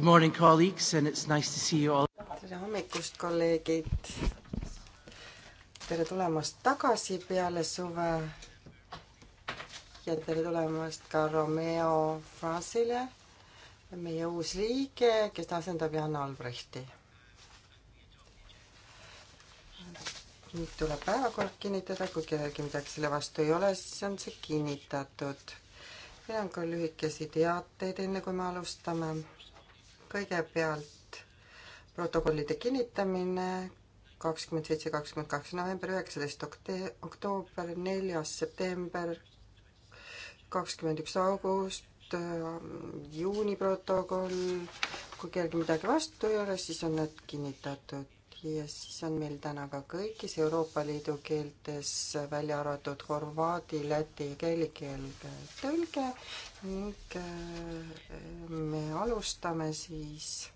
Good morning, colleagues, and it's nice to see you all. tere hommikust, kolleegid. tere tulemast tagasi peale suve. ja tere tulemast ka Romeo Fransile, meie uus liige, kes asendab Jan Albrechti. nüüd tuleb päevakord kinnitada, kui kellelgi midagi selle vastu ei ole, siis on see kinnitatud. meil on ka lühikesi teateid, enne kui me alustame kõigepealt protokollide kinnitamine, kakskümmend seitse, kakskümmend kaks november, üheksateist oktoober, neljas september, kakskümmend üks august, äh, juuni protokoll, kui kellelgi midagi vastu ei ole, siis on need kinnitatud ja siis on meil täna ka kõigis Euroopa Liidu keeltes välja arvatud horvaadi, läti ja keeli keel tõlge ning äh, me alustame siis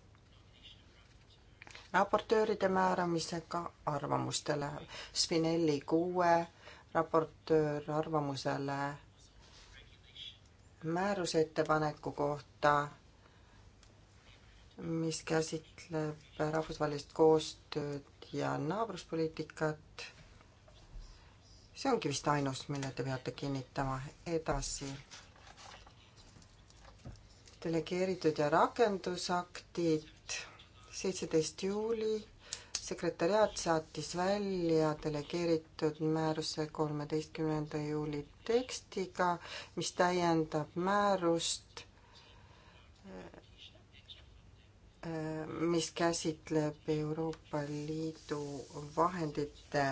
raportööride määramisega arvamustele. Spinelli kuue raportöör arvamusele määruse ettepaneku kohta mis käsitleb rahvusvahelist koostööd ja naabruspoliitikat. see ongi vist ainus, mille te peate kinnitama. edasi. delegeeritud ja rakendusaktid, seitseteist juuli sekretäriaat saatis välja delegeeritud määruse kolmeteistkümnenda juuli tekstiga, mis täiendab määrust mis käsitleb Euroopa Liidu vahendite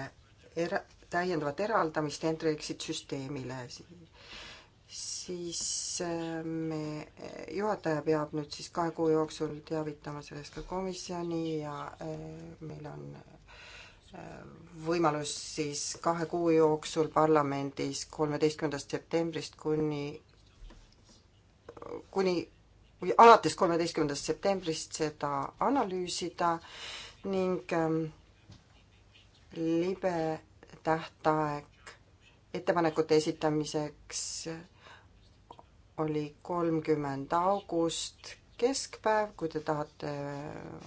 era-, täiendavat eraldamist Hendrixit süsteemile, siis äh, me, juhataja peab nüüd siis kahe kuu jooksul teavitama sellest ka komisjoni ja äh, meil on äh, võimalus siis kahe kuu jooksul parlamendis kolmeteistkümnendast septembrist kuni, kuni või alates kolmeteistkümnendast septembrist seda analüüsida ning ähm, libe tähtaeg ettepanekute esitamiseks oli kolmkümmend august keskpäev, kui te tahate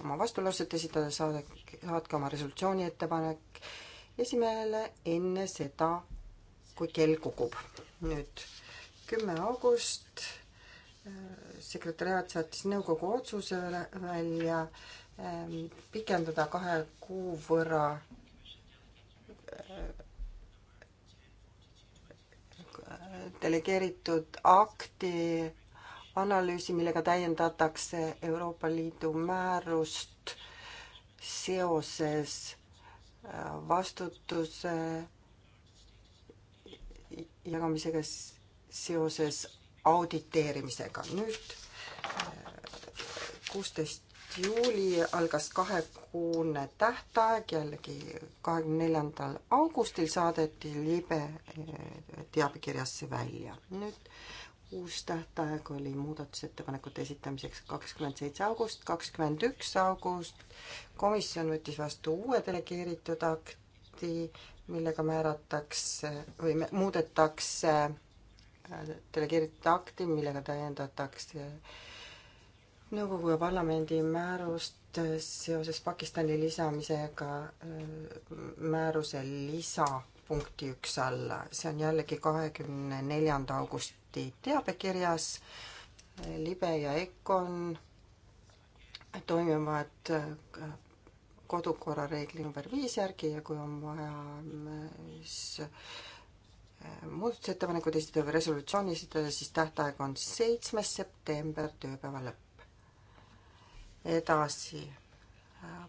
oma vastulauset esitada, saadake, saatke oma resolutsiooni ettepanek esimehele enne seda, kui kell kukub. nüüd kümme august sekretäriaat saatis nõukogu otsuse välja ähm, pikendada kahe kuu võrra äh, delegeeritud akti analüüsi, millega täiendatakse Euroopa Liidu määrust seoses äh, vastutuse jagamisega seoses auditeerimisega. nüüd kuusteist juuli algas kahekuune tähtaeg, jällegi kahekümne neljandal augustil saadeti libe eh, teabekirjas see välja. nüüd uus tähtaeg oli muudatusettepanekute esitamiseks kakskümmend seitse august, kakskümmend üks august. komisjon võttis vastu uue delegeeritud akti, millega määratakse või muudetakse Äh, delegeeritud akti, millega täiendatakse nõukogu ja parlamendi määrust äh, seoses Pakistani lisamisega äh, määruse lisapunkti üks alla. see on jällegi kahekümne neljanda augusti teabekirjas. libe ja Econ toimivad kodukorra reegli number viis järgi ja kui on vaja, siis muudatusettepanekud esitada või resolutsiooni esitada, siis tähtaeg on seitsmes september, tööpäeva lõpp. edasi,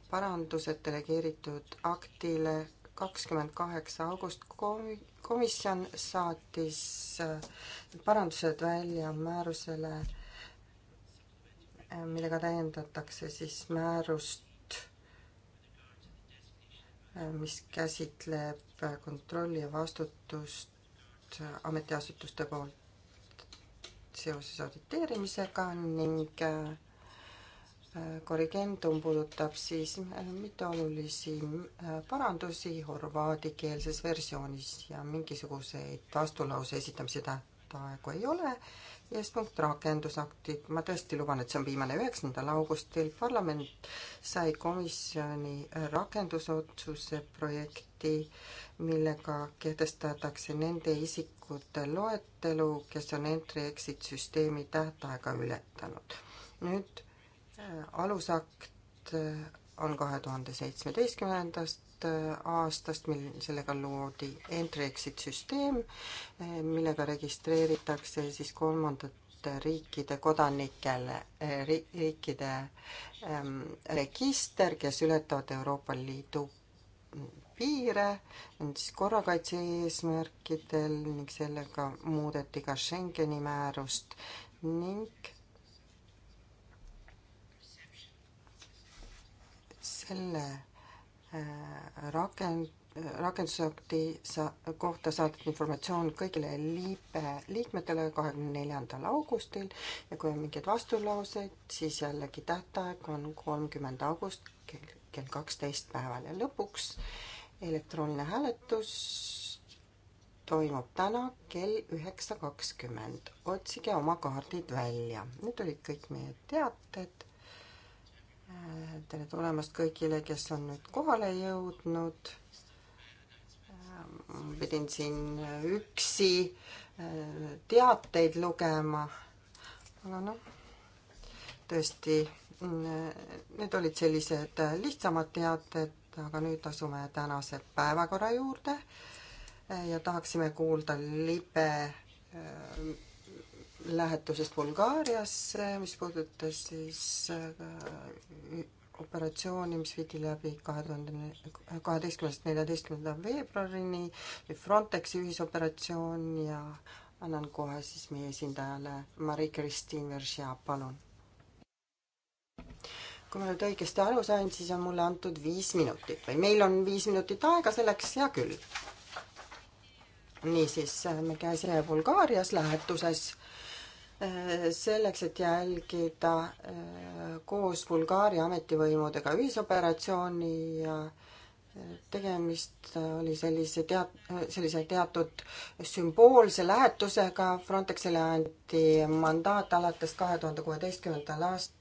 parandused delegeeritud aktile kakskümmend kaheksa august komi-, komisjon saatis äh, parandused välja määrusele, äh, millega täiendatakse siis määrust, äh, mis käsitleb kontrolli ja vastutust ametiasutuste poolt seoses auditeerimisega ning äh, korrigendum puudutab siis äh, mitteolulisi äh, parandusi horvaadikeelses versioonis ja mingisuguseid vastulause esitamise tähtaegu ei ole just punkt rakendusaktid, ma tõesti luban, et see on viimane, üheksandal augustil parlament sai komisjoni rakendusotsuse projekti, millega kehtestatakse nende isikute loetelu, kes on entry-exit süsteemi tähtaega ületanud. nüüd äh, alusakt äh, on kahe tuhande seitsmeteistkümnendast Äh, aastast, mil sellega loodi Entry-Exit süsteem, äh, millega registreeritakse siis kolmandate riikide kodanikele äh, ri,, riikide ähm, register, kes ületavad Euroopa Liidu piire, siis korrakaitse eesmärkidel ning sellega muudeti ka Schengeni määrust ning selle Äh, rakend-, rakendusakti sa-, kohta saadet informatsioon kõigile liibe liikmetele kahekümne neljandal augustil ja kui on mingeid vastulauseid, siis jällegi tähtaeg on kolmkümmend august kell, kell kaksteist päeval ja lõpuks elektrooniline hääletus toimub täna kell üheksa kakskümmend. otsige oma kaardid välja. Need olid kõik meie teated tere tulemast kõigile, kes on nüüd kohale jõudnud. pidin siin üksi äh, teateid lugema, aga noh, tõesti, mm, need olid sellised lihtsamad teated, aga nüüd asume tänase päevakorra juurde ja tahaksime kuulda libe äh, lähetusest Bulgaariasse, mis puudutas siis äh, operatsiooni, mis viidi läbi kahe tuhande kaheteistkümnendast neljateistkümnenda veebruarini, Frontexi ühisoperatsioon ja annan kohe siis meie esindajale Marie-Christine Veržia, palun. kui ma nüüd õigesti aru sain, siis on mulle antud viis minutit või meil on viis minutit aega selleks, hea küll. niisiis, me käisime Bulgaarias lähetuses Äh, selleks, et jälgida äh, koos Bulgaaria ametivõimudega ühisoperatsiooni ja äh, tegemist oli sellise teat-, sellise teatud sümboolse lähetusega, Frontexile anti mandaat alates kahe tuhande kuueteistkümnendal aast-,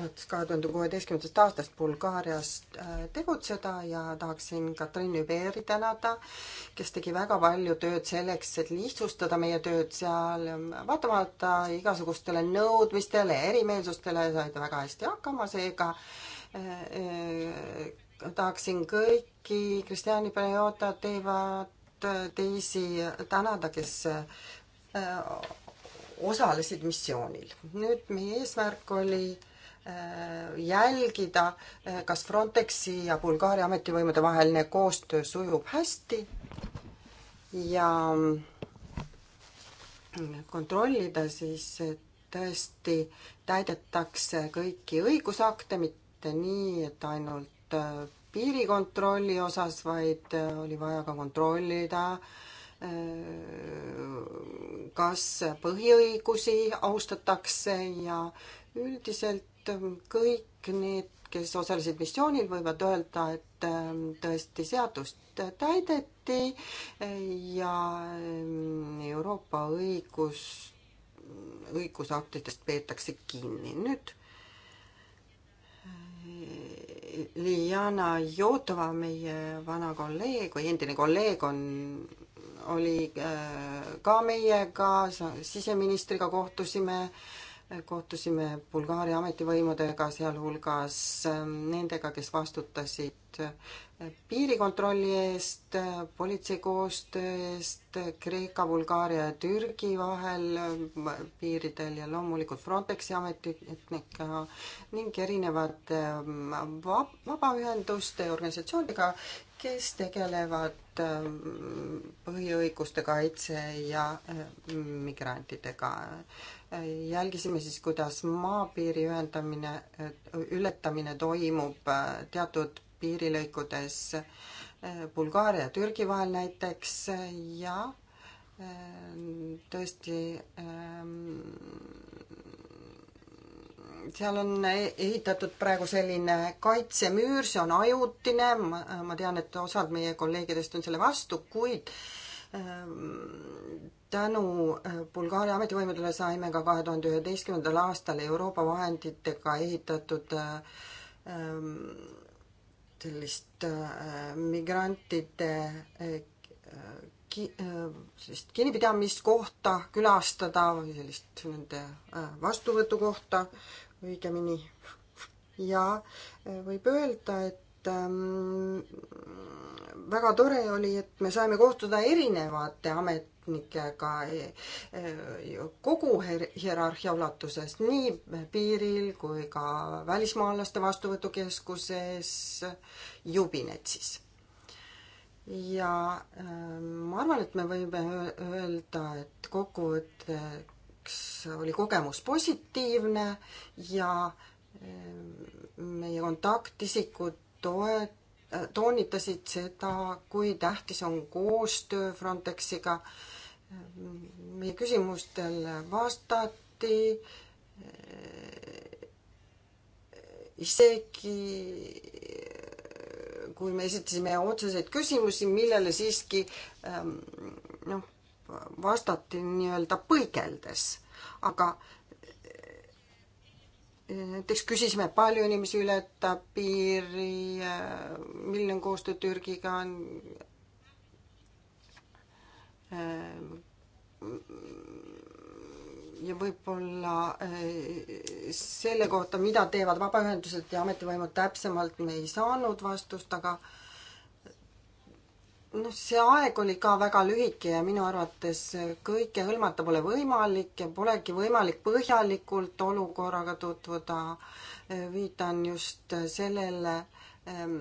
alates kahe tuhande kuueteistkümnendast aastast Bulgaarias äh, tegutseda ja tahaksin Katrin Überi tänada, kes tegi väga palju tööd selleks, et lihtsustada meie tööd seal. vaatamata igasugustele nõudmistele ja erimeelsustele sai ta väga hästi hakkama, seega äh, äh, tahaksin kõiki Kristjani Pajota teevad teisi tänada, kes osalesid missioonil. nüüd meie eesmärk oli Äh, jälgida, äh, kas Frontexi ja Bulgaaria ametivõimude vaheline koostöö sujub hästi ja mm, kontrollida siis, et tõesti täidetakse kõiki õigusakte, mitte nii, et ainult äh, piirikontrolli osas, vaid oli vaja ka kontrollida, kas põhiõigusi austatakse ja üldiselt Ähm, kõik need, kes osalesid missioonil, võivad öelda, et ähm, tõesti seadust täideti äh, ja ähm, Euroopa õigus, õigusaktidest peetakse kinni. nüüd äh, Liljana Jotova, meie vana kolleeg või endine kolleeg on, oli äh, ka meiega, siseministriga kohtusime äh, kohtusime Bulgaaria ametivõimudega, sealhulgas ähm, nendega, kes vastutasid äh, piirikontrolli eest, politsei koostöö eest Kreeka, Bulgaaria ja Türgi vahel äh, piiridel ja loomulikult Frontexi ametnikega ning erinevate ähm, vab-, vabaühenduste ja organisatsioonidega, kes tegelevad ähm, põhiõiguste kaitse ja äh, migrantidega jälgisime siis, kuidas maapiiri ühendamine, ületamine toimub äh, teatud piirilõikudes äh, Bulgaaria ja Türgi vahel näiteks ja äh, tõesti seal on e-, ehitatud praegu selline kaitsemüür, see on ajutine, ma tean, et osad meie kolleegidest on selle vastu, kuid tänu äh, Bulgaaria ametivõimudele saime ka kahe tuhande üheteistkümnendal aastal Euroopa vahenditega ehitatud äh, ähm, sellist äh, migrantide ki-, sellist kinnipidamiskohta külastada või sellist nende vastuvõtukohta õigemini. ja võib öelda, et ähm, väga tore oli, et me saime kohtuda erinevate ametnikega e, e, kogu hierarhia ulatuses, nii piiril kui ka välismaalaste vastuvõtukeskuses Jubinetsis ja e, ma arvan, et me võime öelda, et kokkuvõtteks oli kogemus positiivne ja meie kontaktisikud toet-, toonitasid seda, kui tähtis on koostöö Frontexiga. meie küsimustele vastati. Eh, isegi eh, kui me esitasime otseseid küsimusi, millele siiski eh, noh, vastati nii-öelda põigeldes, aga näiteks küsisime, palju inimesi ületab piiri, äh, milline on koostöö Türgiga, on äh, ja võib-olla äh, selle kohta, mida teevad vabaühendused ja ametivõimud täpsemalt, me ei saanud vastust, aga noh, see aeg oli ka väga lühike ja minu arvates kõike hõlmata pole võimalik ja polegi võimalik põhjalikult olukorraga tutvuda. viitan just sellele, ehm,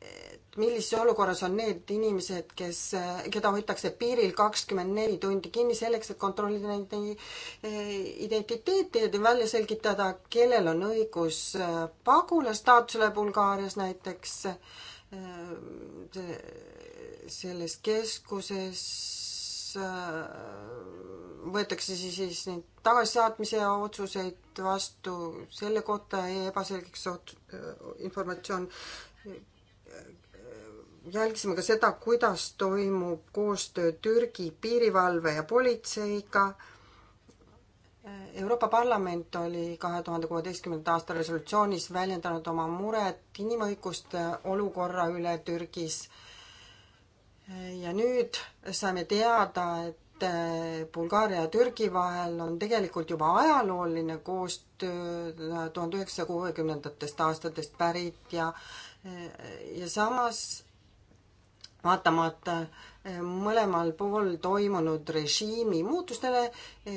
et millises olukorras on need inimesed, kes, keda hoitakse piiril kakskümmend neli tundi kinni selleks, et kontrollida nende eh, identiteeti ja välja selgitada, kellel on õigus eh, pagulastaatusele Bulgaarias näiteks selles keskuses äh, võetakse siis, siis neid tagasisaatmise otsuseid vastu, selle kohta jäi e-, ebaselgeks ot-, informatsioon. jälgisime ka seda, kuidas toimub koostöö Türgi piirivalve ja politseiga Euroopa Parlament oli kahe tuhande kuueteistkümnenda aasta resolutsioonis väljendanud oma muret inimõiguste olukorra üle Türgis. ja nüüd saime teada, et eh, Bulgaaria ja Türgi vahel on tegelikult juba ajalooline koostöö tuhande üheksasaja kuuekümnendatest aastatest pärit ja eh, ja samas vaatamata mõlemal pool toimunud režiimi muutustele e,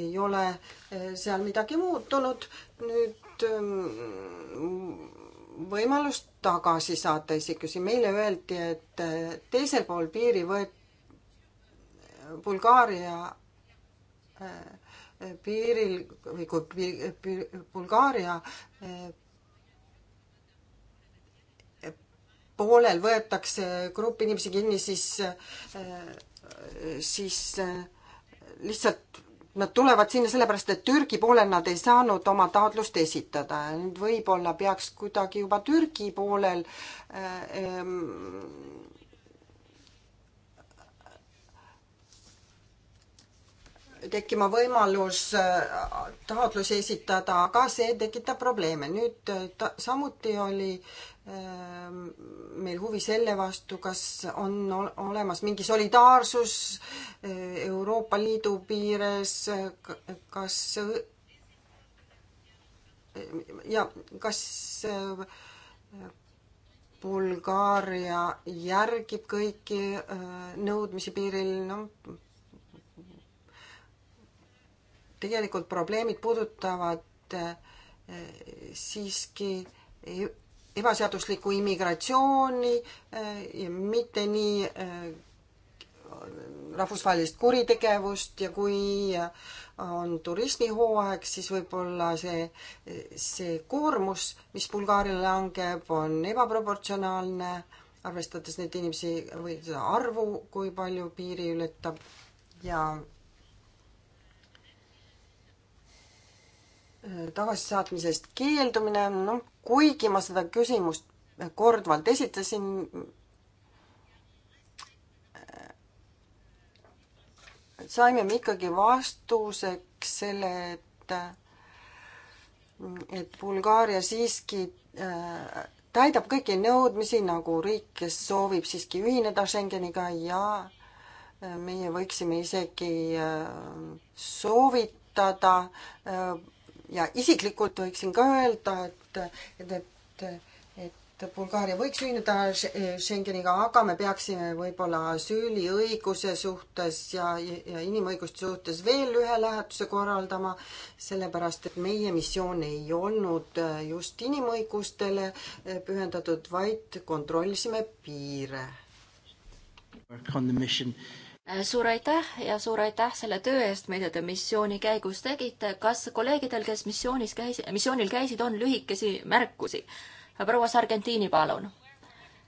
ei ole e, seal midagi muutunud. nüüd mm, võimalust tagasi saata isikusi. meile öeldi, et e, teisel pool piiri võet-, Bulgaaria piiril või kui Bulgaaria poolel võetakse grupp inimesi kinni, siis siis lihtsalt nad tulevad sinna sellepärast, et Türgi poolel nad ei saanud oma taotlust esitada. nüüd võib-olla peaks kuidagi juba Türgi poolel ähm, tekkima võimalus äh, taotlusi esitada, aga see tekitab probleeme. nüüd äh, ta, samuti oli ähm, meil huvi selle vastu, kas on olemas mingi solidaarsus äh, Euroopa Liidu piires, kas ja kas Bulgaaria järgib kõiki nõudmisi piiril, noh tegelikult probleemid puudutavad äh, siiski e-, ebaseaduslikku immigratsiooni äh, ja mitte nii äh, rahvusvahelist kuritegevust ja kui on turismihooaeg, siis võib-olla see, see koormus, mis Bulgaariale langeb, on ebaproportsionaalne, arvestades neid inimesi või seda arvu, kui palju piiri ületab ja tagasisaatmisest keeldumine, noh, kuigi ma seda küsimust korduvalt esitasin, saime me ikkagi vastuseks selle, et et Bulgaaria siiski äh, täidab kõiki nõudmisi nagu riik, kes soovib siiski ühineda Schengeniga ja äh, meie võiksime isegi äh, soovitada äh, ja isiklikult võiksin ka öelda, et, et, et, et Bulgaaria võiks ühineda Schengeniga, aga me peaksime võib-olla asüüliõiguse suhtes ja, ja inimõiguste suhtes veel ühe lähetuse korraldama, sellepärast et meie missioon ei olnud just inimõigustele pühendatud, vaid kontrollisime piire. Work on the mission suur aitäh ja suur aitäh selle töö eest, mida te missiooni käigus tegite. kas kolleegidel, kes missioonis käis, missioonil käisid, on lühikesi märkusi? proua Sargentini, palun.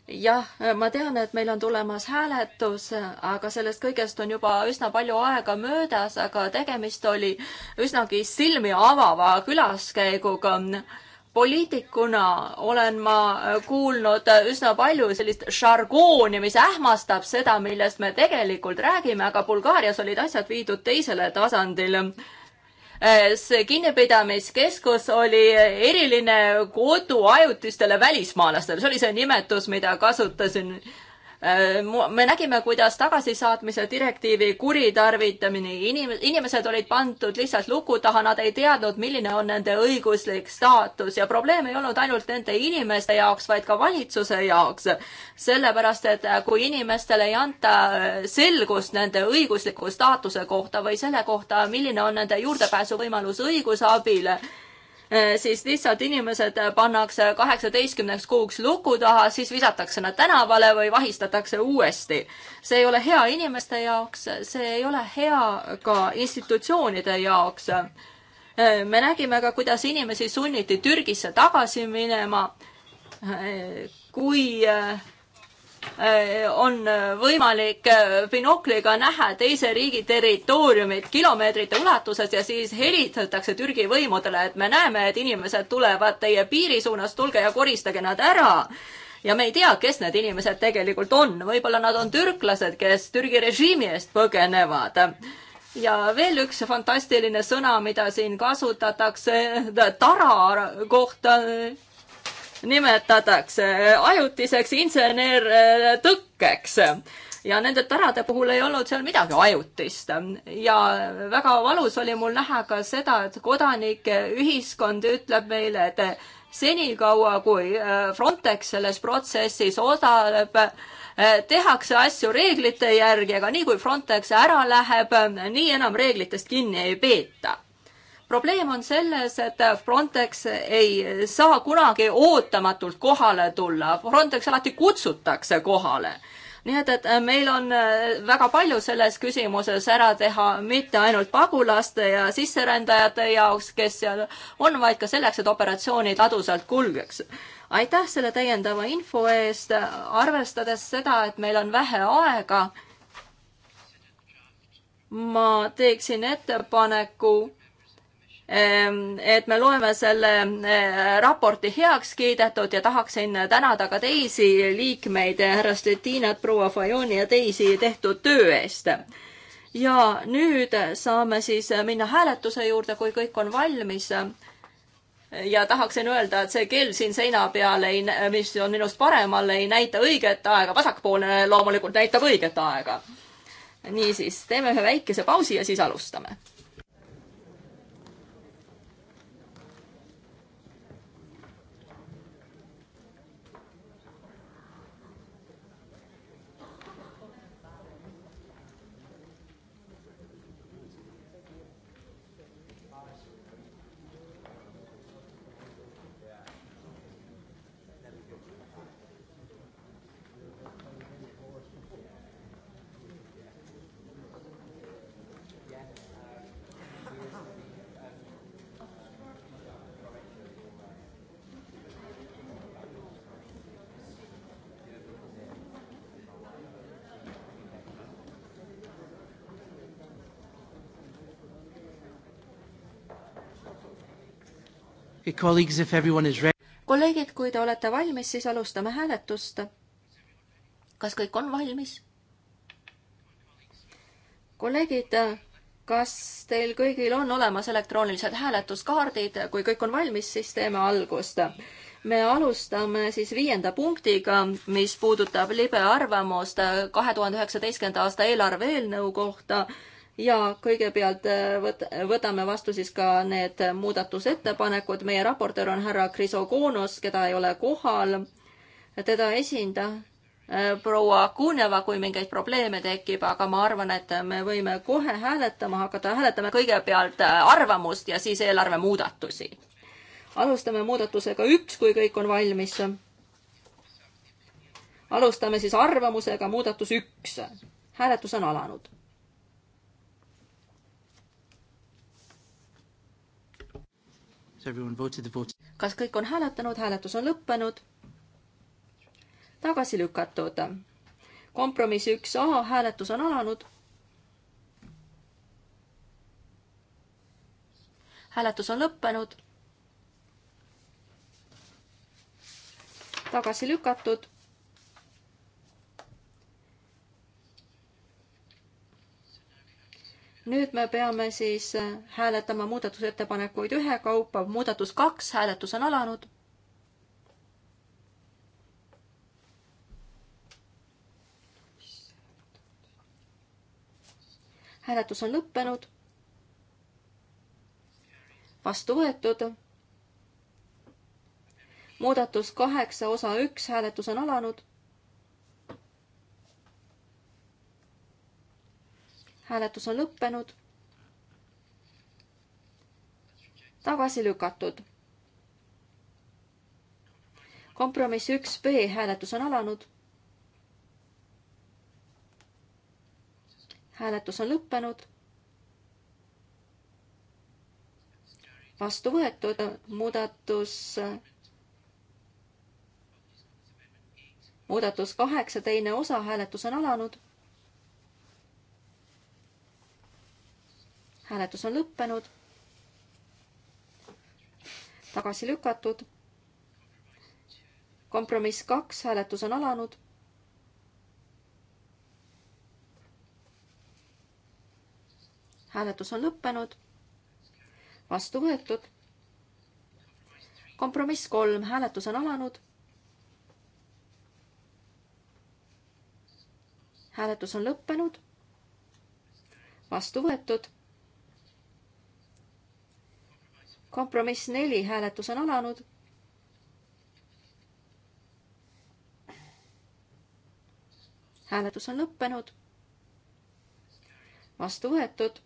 jah, ma tean, et meil on tulemas hääletus, aga sellest kõigest on juba üsna palju aega möödas, aga tegemist oli üsnagi silmi avava külaskäiguga poliitikuna olen ma äh, kuulnud äh, üsna palju sellist žargooni, mis ähmastab seda, millest me tegelikult räägime, aga Bulgaarias olid asjad viidud teisele tasandile. Äh, see kinnipidamiskeskus oli eriline kodu ajutistele välismaalastele, see oli see nimetus, mida kasutasin Äh, me nägime, kuidas tagasisaatmise direktiivi kuritarvitamine, inim-, inimesed olid pandud lihtsalt luku taha, nad ei teadnud, milline on nende õiguslik staatus ja probleem ei olnud ainult nende inimeste jaoks, vaid ka valitsuse jaoks. sellepärast, et äh, kui inimestele ei anta äh, selgust nende õigusliku staatuse kohta või selle kohta, milline on nende juurdepääsuvõimalus õigusabile, Äh, siis lihtsalt inimesed äh, pannakse kaheksateistkümneks kuuks luku taha, siis visatakse nad tänavale või vahistatakse uuesti. see ei ole hea inimeste jaoks, see ei ole hea ka institutsioonide jaoks. Äh, me nägime ka, kuidas inimesi sunniti Türgisse tagasi minema, kui Äh, on võimalik äh, binokliga näha teise riigi territooriumit kilomeetrite ulatuses ja siis helitatakse Türgi võimudele, et me näeme, et inimesed tulevad teie piiri suunas, tulge ja koristage nad ära ja me ei tea, kes need inimesed tegelikult on, võib-olla nad on türklased, kes Türgi režiimi eest põgenevad ja veel üks fantastiline sõna, mida siin kasutatakse tara kohta, nimetatakse ajutiseks insenertõkkeks ja nende tarade puhul ei olnud seal midagi ajutist. ja väga valus oli mul näha ka seda, et kodanike ühiskond ütleb meile, et senikaua, kui äh, Frontex selles protsessis osaleb, äh, tehakse asju reeglite järgi, aga nii kui Frontex ära läheb, nii enam reeglitest kinni ei peeta probleem on selles, et Frontex ei saa kunagi ootamatult kohale tulla, Frontex alati kutsutakse kohale nii et, et meil on väga palju selles küsimuses ära teha, mitte ainult pagulaste ja sisserändajate jaoks, kes seal on, vaid ka selleks, et operatsioonid ladusalt kulgeks. aitäh selle täiendava info eest, arvestades seda, et meil on vähe aega, ma teeksin ettepaneku Ehm, et me loeme selle eh, raporti heaks kiidetud ja tahaksin tänada ka teisi liikmeid, härra Stettinat, proua Fajoni ja teisi tehtud töö eest. ja nüüd saame siis minna hääletuse juurde, kui kõik on valmis ja tahaksin öelda, et see kell siin seina peal ei, mis on minust paremal, ei näita õiget aega, vasakpoolne loomulikult näitab õiget aega. niisiis, teeme ühe väikese pausi ja siis alustame kolleegid, kui te olete valmis, siis alustame hääletust. kas kõik on valmis? kolleegid, kas teil kõigil on olemas elektroonilised hääletuskaardid, kui kõik on valmis, siis teeme algust. me alustame siis viienda punktiga, mis puudutab libe arvamust kahe tuhande üheksateistkümnenda aasta eelarve eelnõu kohta ja kõigepealt äh, võt-, võtame vastu siis ka need muudatusettepanekud. meie raportöör on härra Krisokonos, keda ei ole kohal. teda esinda äh, proua Kuneva, kui mingeid probleeme tekib, aga ma arvan, et me võime kohe hääletama hakata. hääletame kõigepealt äh, arvamust ja siis eelarve muudatusi. alustame muudatusega üks, kui kõik on valmis. alustame siis arvamusega muudatus üks. hääletus on alanud kas kõik on hääletanud, hääletus on lõppenud? tagasi lükatud. kompromiss üks A, hääletus on alanud. hääletus on lõppenud. tagasi lükatud nüüd me peame siis äh, hääletama muudatusettepanekuid ühekaupa, muudatus kaks, hääletus on alanud. hääletus on lõppenud. vastu võetud. muudatus kaheksa, osa üks, hääletus on alanud. hääletus on lõppenud. tagasi lükatud. kompromiss üks B hääletus on alanud. hääletus on lõppenud vastu võetud muudatus, muudatus kaheksa teine osa hääletus on alanud. hääletus on lõppenud. tagasi lükatud. kompromiss kaks, hääletus on alanud. hääletus on lõppenud. vastu võetud. kompromiss kolm, hääletus on alanud hääletus on lõppenud, vastu võetud. kompromiss neli, hääletus on alanud. hääletus on lõppenud. vastu võetud.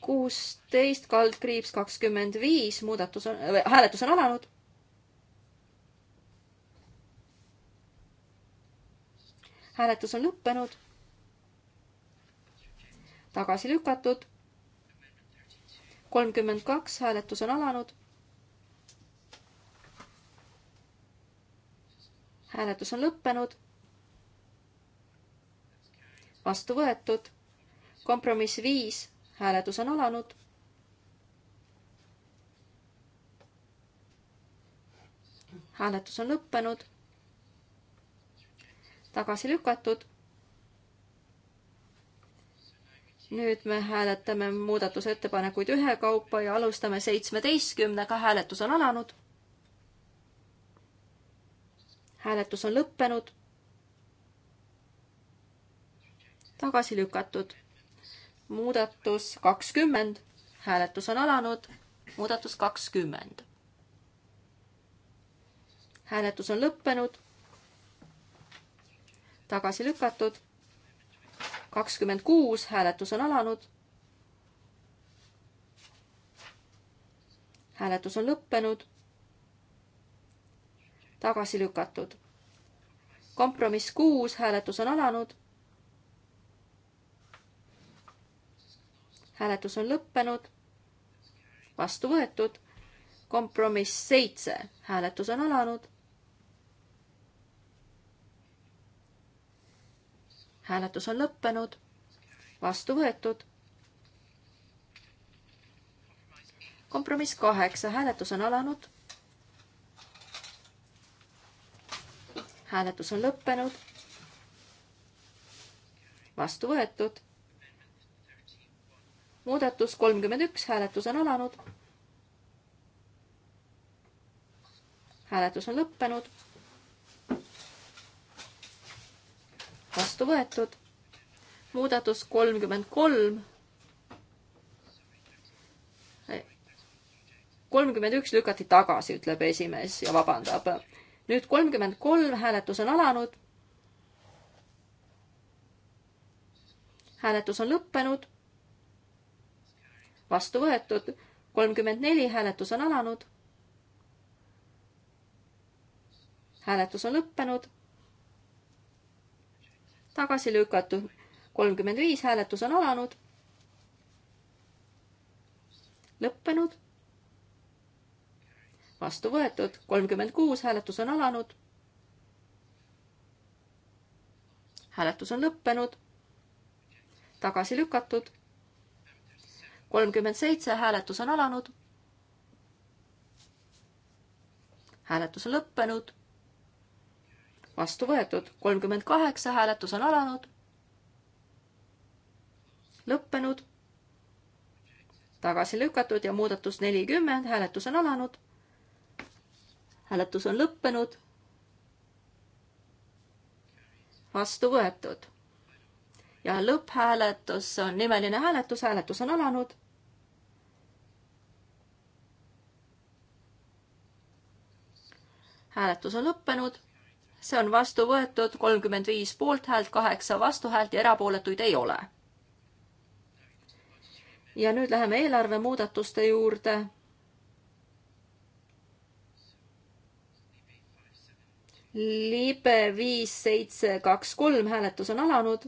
kuusteist kaldkriips kakskümmend viis, muudatus on, äh, hääletus on alanud. hääletus on lõppenud. tagasi lükatud kolmkümmend kaks, hääletus on alanud. hääletus on lõppenud. vastu võetud. kompromiss viis, hääletus on alanud. hääletus on lõppenud. tagasi lükatud nüüd me hääletame muudatusettepanekuid ühekaupa ja alustame seitsmeteistkümnega, hääletus on alanud. hääletus on lõppenud. tagasi lükatud. muudatus kakskümmend, hääletus on alanud, muudatus kakskümmend. hääletus on lõppenud. tagasi lükatud kakskümmend kuus, hääletus on alanud. hääletus on lõppenud. tagasi lükatud. kompromiss kuus, hääletus on alanud. hääletus on lõppenud. vastu võetud. kompromiss seitse, hääletus on alanud hääletus on lõppenud, vastu võetud. kompromiss kaheksa, hääletus on alanud. hääletus on lõppenud, vastu võetud. muudatus kolmkümmend üks, hääletus on alanud. hääletus on lõppenud vastu võetud. muudatus kolmkümmend kolm. kolmkümmend üks lükati tagasi, ütleb esimees ja vabandab. nüüd kolmkümmend kolm, hääletus on alanud. hääletus on lõppenud. vastu võetud. kolmkümmend neli, hääletus on alanud. hääletus on lõppenud tagasi lükatud. kolmkümmend viis hääletus on alanud. lõppenud. vastu võetud. kolmkümmend kuus hääletus on alanud. hääletus on lõppenud. tagasi lükatud. kolmkümmend seitse hääletus on alanud. hääletus on lõppenud vastu võetud, kolmkümmend kaheksa, hääletus on alanud, lõppenud, tagasi lükatud ja muudatus nelikümmend, hääletus on alanud, hääletus on lõppenud, vastu võetud. ja lõpphääletus on nimeline hääletus, hääletus on alanud hääletus on lõppenud see on vastu võetud, kolmkümmend viis poolthäält, kaheksa vastuhäält ja erapooletuid ei ole. ja nüüd läheme eelarve muudatuste juurde. libe viis, seitse, kaks, kolm hääletus on alanud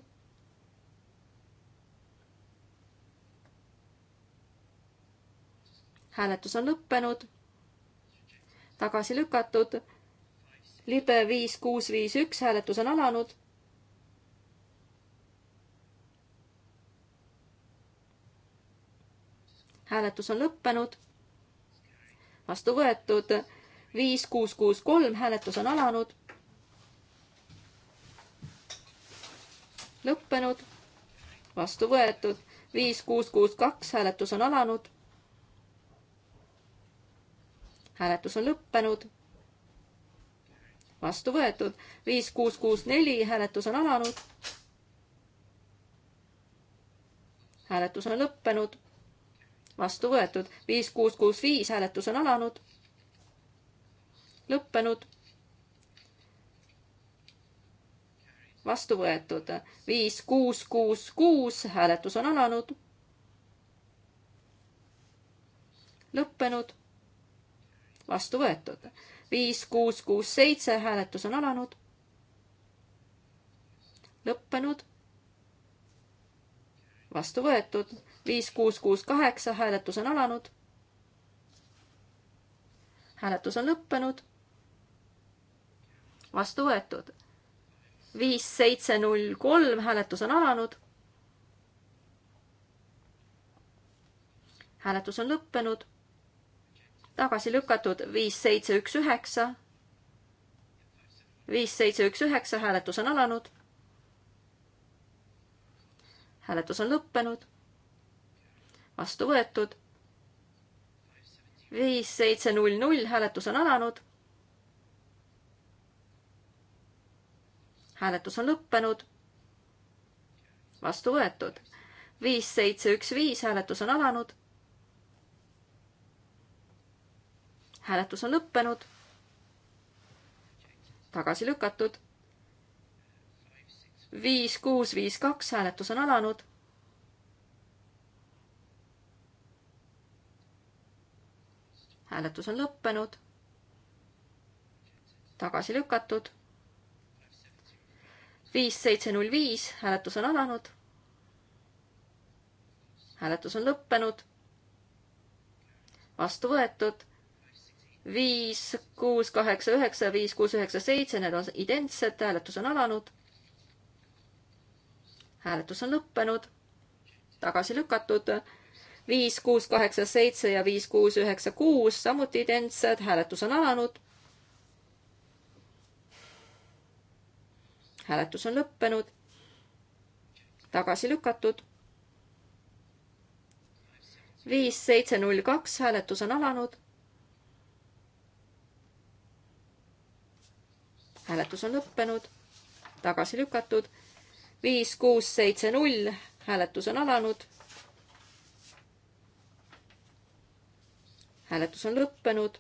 hääletus on lõppenud, tagasi lükatud libe viis, kuus, viis, üks, hääletus on alanud. hääletus on lõppenud. vastu võetud viis, kuus, kuus, kolm, hääletus on alanud. lõppenud, vastu võetud, viis, kuus, kuus, kaks, hääletus on alanud. hääletus on lõppenud vastu võetud. viis, kuus, kuus, neli, hääletus on alanud. hääletus on lõppenud. vastu võetud. viis, kuus, kuus, viis, hääletus on alanud. lõppenud. vastu võetud. viis, kuus, kuus, kuus, hääletus on alanud. lõppenud. vastu võetud viis, kuus, kuus, seitse, hääletus on alanud. lõppenud. vastu võetud. viis, kuus, kuus, kaheksa, hääletus on alanud. hääletus on lõppenud. vastu võetud. viis, seitse, null, kolm, hääletus on alanud. hääletus on lõppenud tagasi lükatud viis, seitse, üks, üheksa. viis, seitse, üks, üheksa, hääletus on alanud. hääletus on lõppenud. vastu võetud. viis, seitse, null, null, hääletus on alanud. hääletus on lõppenud. vastu võetud. viis, seitse, üks, viis, hääletus on alanud hääletus on lõppenud. tagasi lükatud. viis, kuus, viis, kaks, hääletus on alanud. hääletus on lõppenud. tagasi lükatud. viis, seitse, null, viis, hääletus on alanud. hääletus on lõppenud. vastu võetud viis, kuus, kaheksa, üheksa, viis, kuus, üheksa, seitse, need on identsed, hääletus on alanud. hääletus on lõppenud, tagasi lükatud. viis, kuus, kaheksa, seitse ja viis, kuus, üheksa, kuus, samuti identsed, hääletus on alanud. hääletus on lõppenud, tagasi lükatud. viis, seitse, null, kaks, hääletus on alanud hääletus on lõppenud, tagasi lükatud. viis, kuus, seitse, null, hääletus on alanud. hääletus on lõppenud,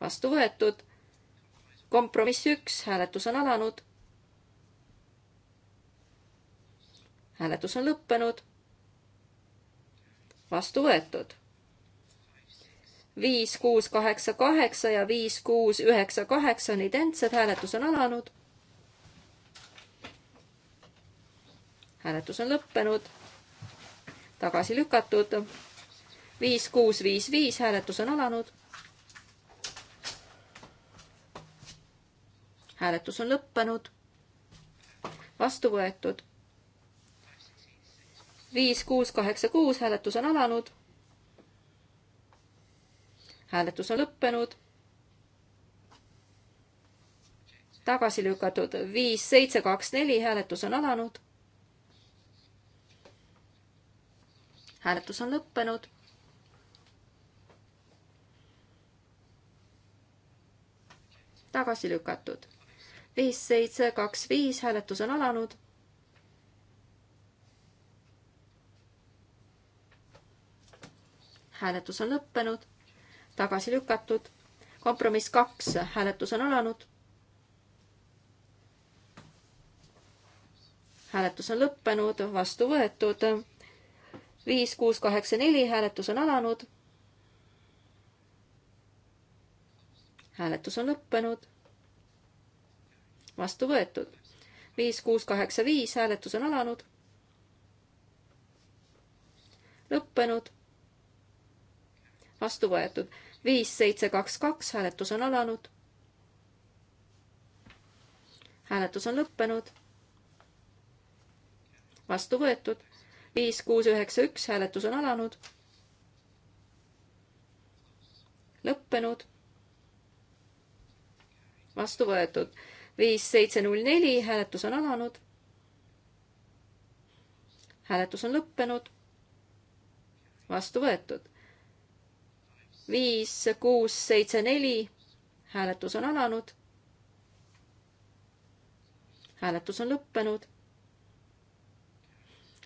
vastu võetud. kompromiss üks, hääletus on alanud. hääletus on lõppenud, vastu võetud viis, kuus, kaheksa, kaheksa ja viis, kuus, üheksa, kaheksa on identsed, hääletus on alanud. hääletus on lõppenud, tagasi lükatud. viis, kuus, viis, viis, hääletus on alanud. hääletus on lõppenud, vastu võetud. viis, kuus, kaheksa, kuus, hääletus on alanud hääletus on lõppenud. tagasi lükatud viis, seitse, kaks, neli, hääletus on alanud. hääletus on lõppenud. tagasi lükatud viis, seitse, kaks, viis, hääletus on alanud. hääletus on lõppenud tagasi lükatud. kompromiss kaks, hääletus on alanud. hääletus on lõppenud, vastu võetud. viis, kuus, kaheksa, neli, hääletus on alanud. hääletus on lõppenud. vastu võetud. viis, kuus, kaheksa, viis, hääletus on alanud. lõppenud vastu võetud. viis, seitse, kaks, kaks, hääletus on alanud. hääletus on lõppenud. vastu võetud. viis, kuus, üheksa, üks, hääletus on alanud. lõppenud. vastu võetud. viis, seitse, null, neli, hääletus on alanud. hääletus on lõppenud. vastu võetud viis, kuus, seitse, neli. hääletus on alanud. hääletus on lõppenud.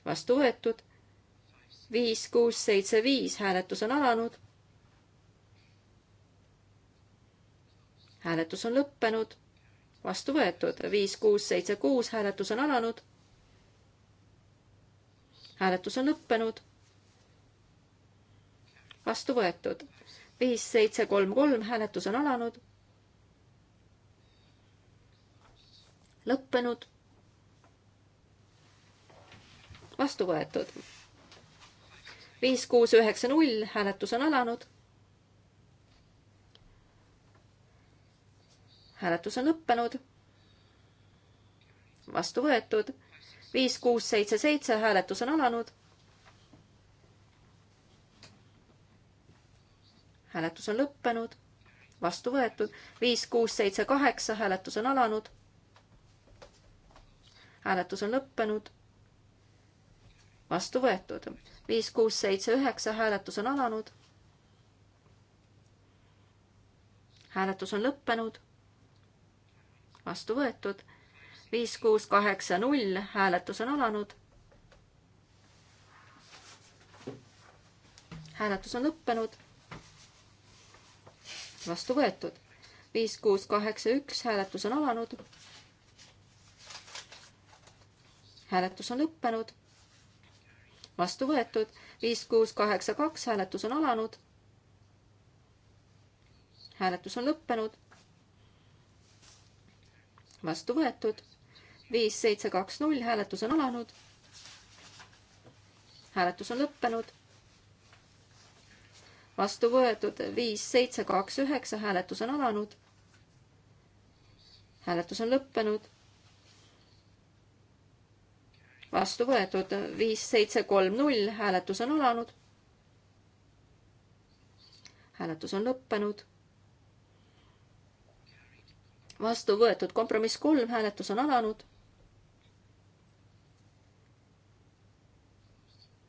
vastu võetud. viis, kuus, seitse, viis, hääletus on alanud. hääletus on lõppenud. vastu võetud. viis, kuus, seitse, kuus, hääletus on alanud. hääletus on lõppenud vastu võetud viis, seitse, kolm, kolm, hääletus on alanud. lõppenud. vastu võetud. viis, kuus, üheksa, null, hääletus on alanud. hääletus on lõppenud. vastu võetud. viis, kuus, seitse, seitse, hääletus on alanud hääletus on lõppenud, vastu võetud, viis, kuus, seitse, kaheksa, hääletus on alanud. hääletus on lõppenud, vastu võetud, viis, kuus, seitse, üheksa, hääletus on alanud. hääletus on lõppenud, vastu võetud, viis, kuus, kaheksa, null, hääletus on alanud hääletus on lõppenud vastu võetud. viis, kuus, kaheksa, üks, hääletus on alanud. hääletus on lõppenud. vastu võetud. viis, kuus, kaheksa, kaks, hääletus on alanud. hääletus on lõppenud. vastu võetud. viis, seitse, kaks, null, hääletus on alanud. hääletus on lõppenud vastu võetud viis, seitse, kaks, üheksa, hääletus on alanud. hääletus on lõppenud. vastu võetud viis, seitse, kolm, null, hääletus on alanud. hääletus on lõppenud. vastu võetud kompromiss kolm, hääletus on alanud.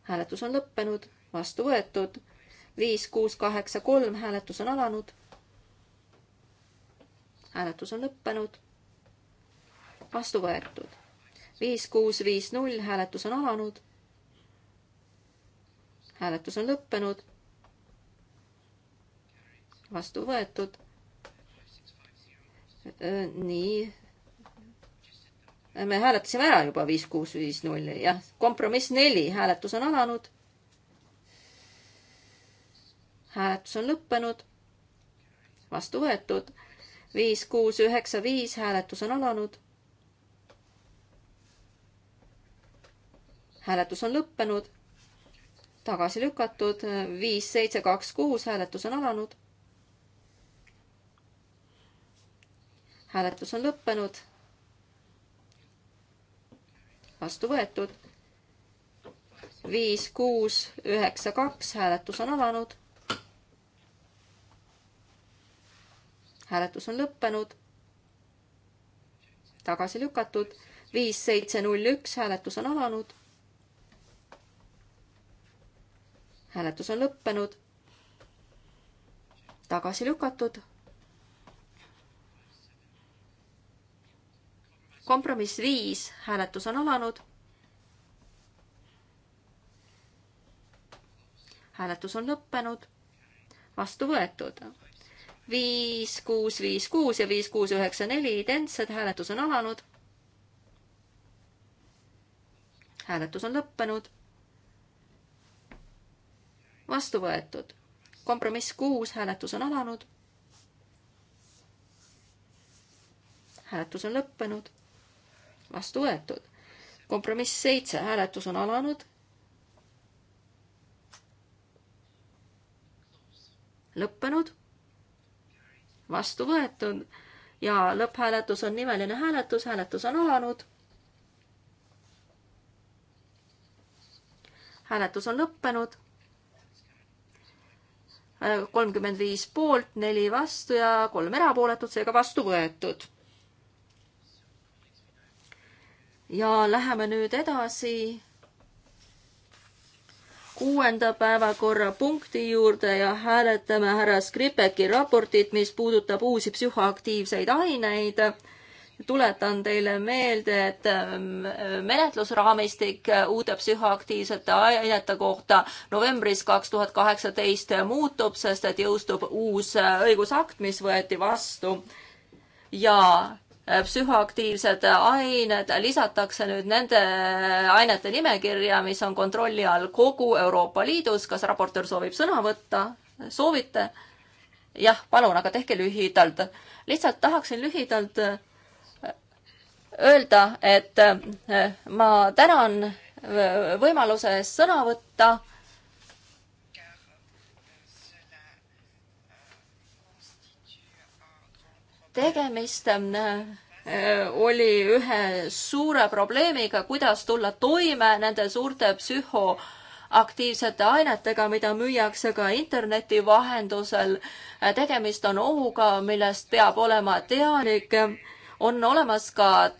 hääletus on lõppenud, vastu võetud viis, kuus, kaheksa, kolm, hääletus on alanud. hääletus on lõppenud. vastu võetud. viis, kuus, viis, null, hääletus on alanud. hääletus on lõppenud. vastu võetud. nii. me hääletasime ära juba viis, kuus, viis, null, jah. kompromiss neli, hääletus on alanud hääletus on lõppenud, vastu võetud. viis, kuus, üheksa, viis, hääletus on alanud. hääletus on lõppenud, tagasi lükatud. viis, seitse, kaks, kuus, hääletus on alanud. hääletus on lõppenud, vastu võetud viis, kuus, üheksa, kaks, hääletus on alanud. hääletus on lõppenud. tagasi lükatud. viis, seitse, null, üks, hääletus on alanud. hääletus on lõppenud. tagasi lükatud. kompromiss viis, hääletus on alanud. hääletus on lõppenud. vastu võetud viis, kuus, viis, kuus ja viis, kuus, üheksa, neli identsed, hääletus on alanud. hääletus on lõppenud. vastu võetud. kompromiss kuus, hääletus on alanud. hääletus on lõppenud. vastu võetud. kompromiss seitse, hääletus on alanud. lõppenud vastu võetud ja lõpphääletus on nimeline hääletus, hääletus on alanud. hääletus on lõppenud. kolmkümmend viis poolt, neli vastu ja kolm erapooletut, seega vastu võetud. ja läheme nüüd edasi kuuenda päevakorrapunkti juurde ja hääletame härra Skripeki raportit, mis puudutab uusi psühhoaktiivseid aineid. tuletan teile meelde, et ähm, menetlusraamistik uute psühhoaktiivsete ainete kohta novembris kaks tuhat kaheksateist muutub, sest et jõustub uus õigusakt, mis võeti vastu ja psühhoaktiivsed ained lisatakse nüüd nende ainete nimekirja, mis on kontrolli all kogu Euroopa Liidus. kas raportöör soovib sõna võtta? soovite? jah, palun, aga tehke lühidalt. lihtsalt tahaksin lühidalt äh, öelda, et äh, ma tänan äh, võimaluse eest sõna võtta tegemist äh, oli ühe suure probleemiga, kuidas tulla toime nende suurte psühhoaktiivsete ainetega, mida müüakse ka interneti vahendusel. Äh, tegemist on ohuga, millest peab olema teadlik. on olemas ka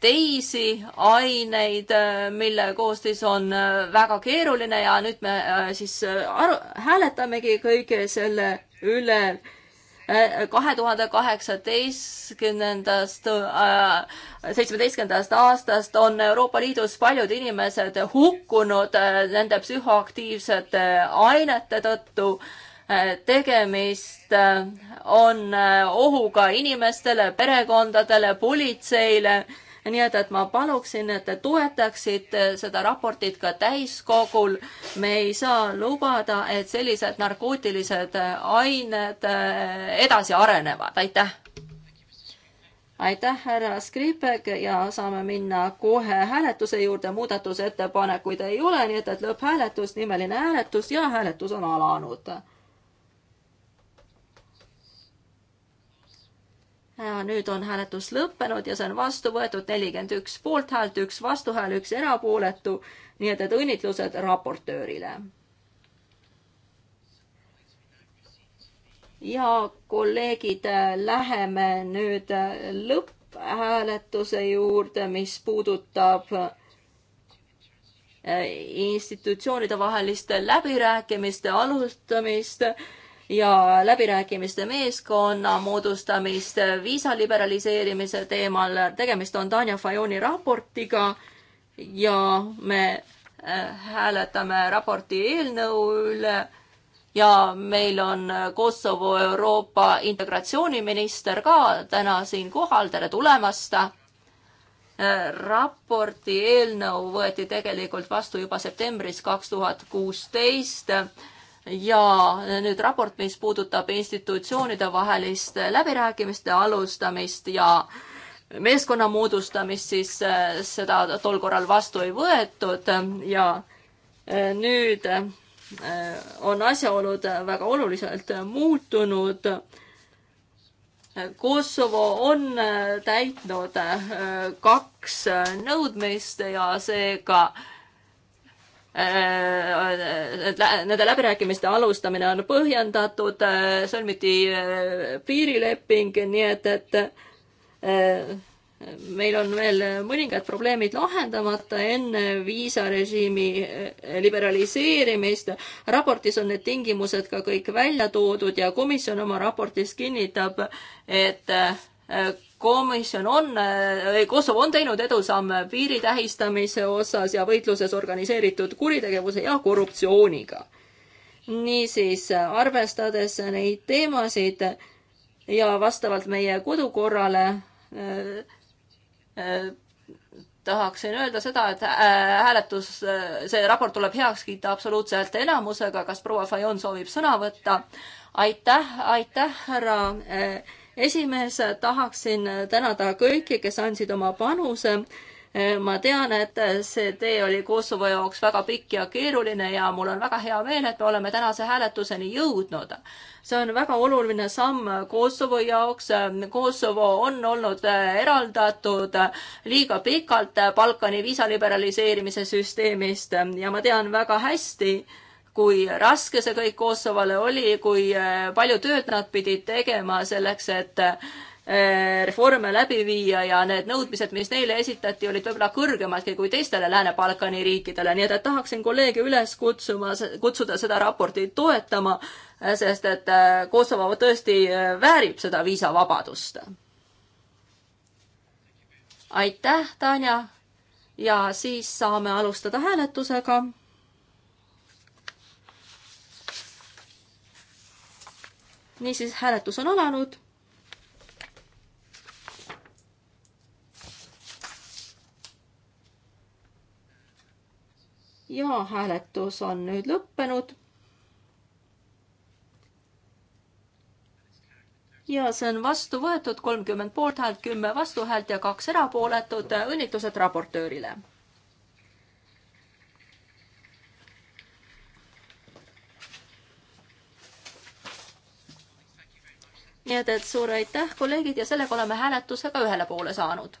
teisi aineid, äh, mille koostis on väga keeruline ja nüüd me siis aru, hääletamegi kõige selle üle kahe tuhande kaheksateistkümnendast, äh, seitsmeteistkümnendast aastast on Euroopa Liidus paljud inimesed hukkunud äh, nende psühhoaktiivsete ainete tõttu. Äh, tegemist on ohuga inimestele, perekondadele, politseile nii et, et ma paluksin, et te toetaksite seda raportit ka täiskogul. me ei saa lubada, et sellised narkootilised ained eh, edasi arenevad, aitäh aitäh, härra Skripek ja saame minna kohe hääletuse juurde. muudatusettepanekuid ei ole, nii et, et lõpphääletus, nimeline hääletus ja hääletus on alanud Äh, nüüd on hääletus lõppenud ja see on vastu võetud nelikümmend üks poolthäält, üks vastuhääl, üks erapooletu. nii et, et õnnitlused raportöörile. ja kolleegid, äh, läheme nüüd äh, lõpphääletuse juurde, mis puudutab institutsioonide vaheliste läbirääkimiste alustamist ja läbirääkimiste meeskonna moodustamist viisa liberaliseerimise teemal. tegemist on Tanja Fajoni raportiga ja me äh, hääletame raporti eelnõu üle ja meil on Kosovo Euroopa integratsiooniminister ka täna siin kohal, tere tulemast! Äh, raporti eelnõu võeti tegelikult vastu juba septembris kaks tuhat kuusteist ja nüüd raport, mis puudutab institutsioonide vahelist läbirääkimiste alustamist ja meeskonna moodustamist, siis äh, seda tol korral vastu ei võetud ja äh, nüüd äh, on asjaolud väga oluliselt muutunud. Kosovo on täitnud kaks nõudmist ja seega ka Äh, nende läbirääkimiste alustamine on põhjendatud, äh, sõlmiti äh, piirileping, nii et, et meil on veel mõningad probleemid lahendamata enne viisarežiimi liberaliseerimist. raportis on need tingimused ka kõik välja toodud ja komisjon oma raportis kinnitab, et komisjon on, äh, Kosovo on teinud edusamme piiri tähistamise osas ja võitluses organiseeritud kuritegevuse ja korruptsiooniga. niisiis, arvestades neid teemasid ja vastavalt meie kodukorrale äh, äh, tahaksin öelda seda, et äh, hääletus, äh, see raport tuleb heaks kiita absoluutse häälteenamusega. kas proua Fajon soovib sõna võtta? aitäh, aitäh, härra äh, esimees, tahaksin tänada kõiki, kes andsid oma panuse. ma tean, et see tee oli Kosovo jaoks väga pikk ja keeruline ja mul on väga hea meel, et me oleme tänase hääletuseni jõudnud. see on väga oluline samm Kosovo jaoks. Kosovo on olnud eraldatud liiga pikalt Balkani viisaliberaliseerimise süsteemist ja ma tean väga hästi, kui raske see kõik Kosovole oli, kui äh, palju tööd nad pidid tegema selleks, et äh, reforme läbi viia ja need nõudmised, mis neile esitati, olid võib-olla kõrgemadki kui teistele Lääne-Balkani riikidele, nii et, et tahaksin kolleege üles kutsuma, kutsuda seda raportit toetama, äh, sest et Kosovo tõesti väärib seda viisavabadust. aitäh, Tanja! ja siis saame alustada hääletusega niisiis, hääletus on alanud. ja hääletus on nüüd lõppenud. ja see on vastu võetud kolmkümmend poolthäält, kümme vastuhäält ja kaks erapooletut. õnnitlused raportöörile nii et, et suur aitäh, kolleegid, ja sellega oleme hääletusega ühele poole saanud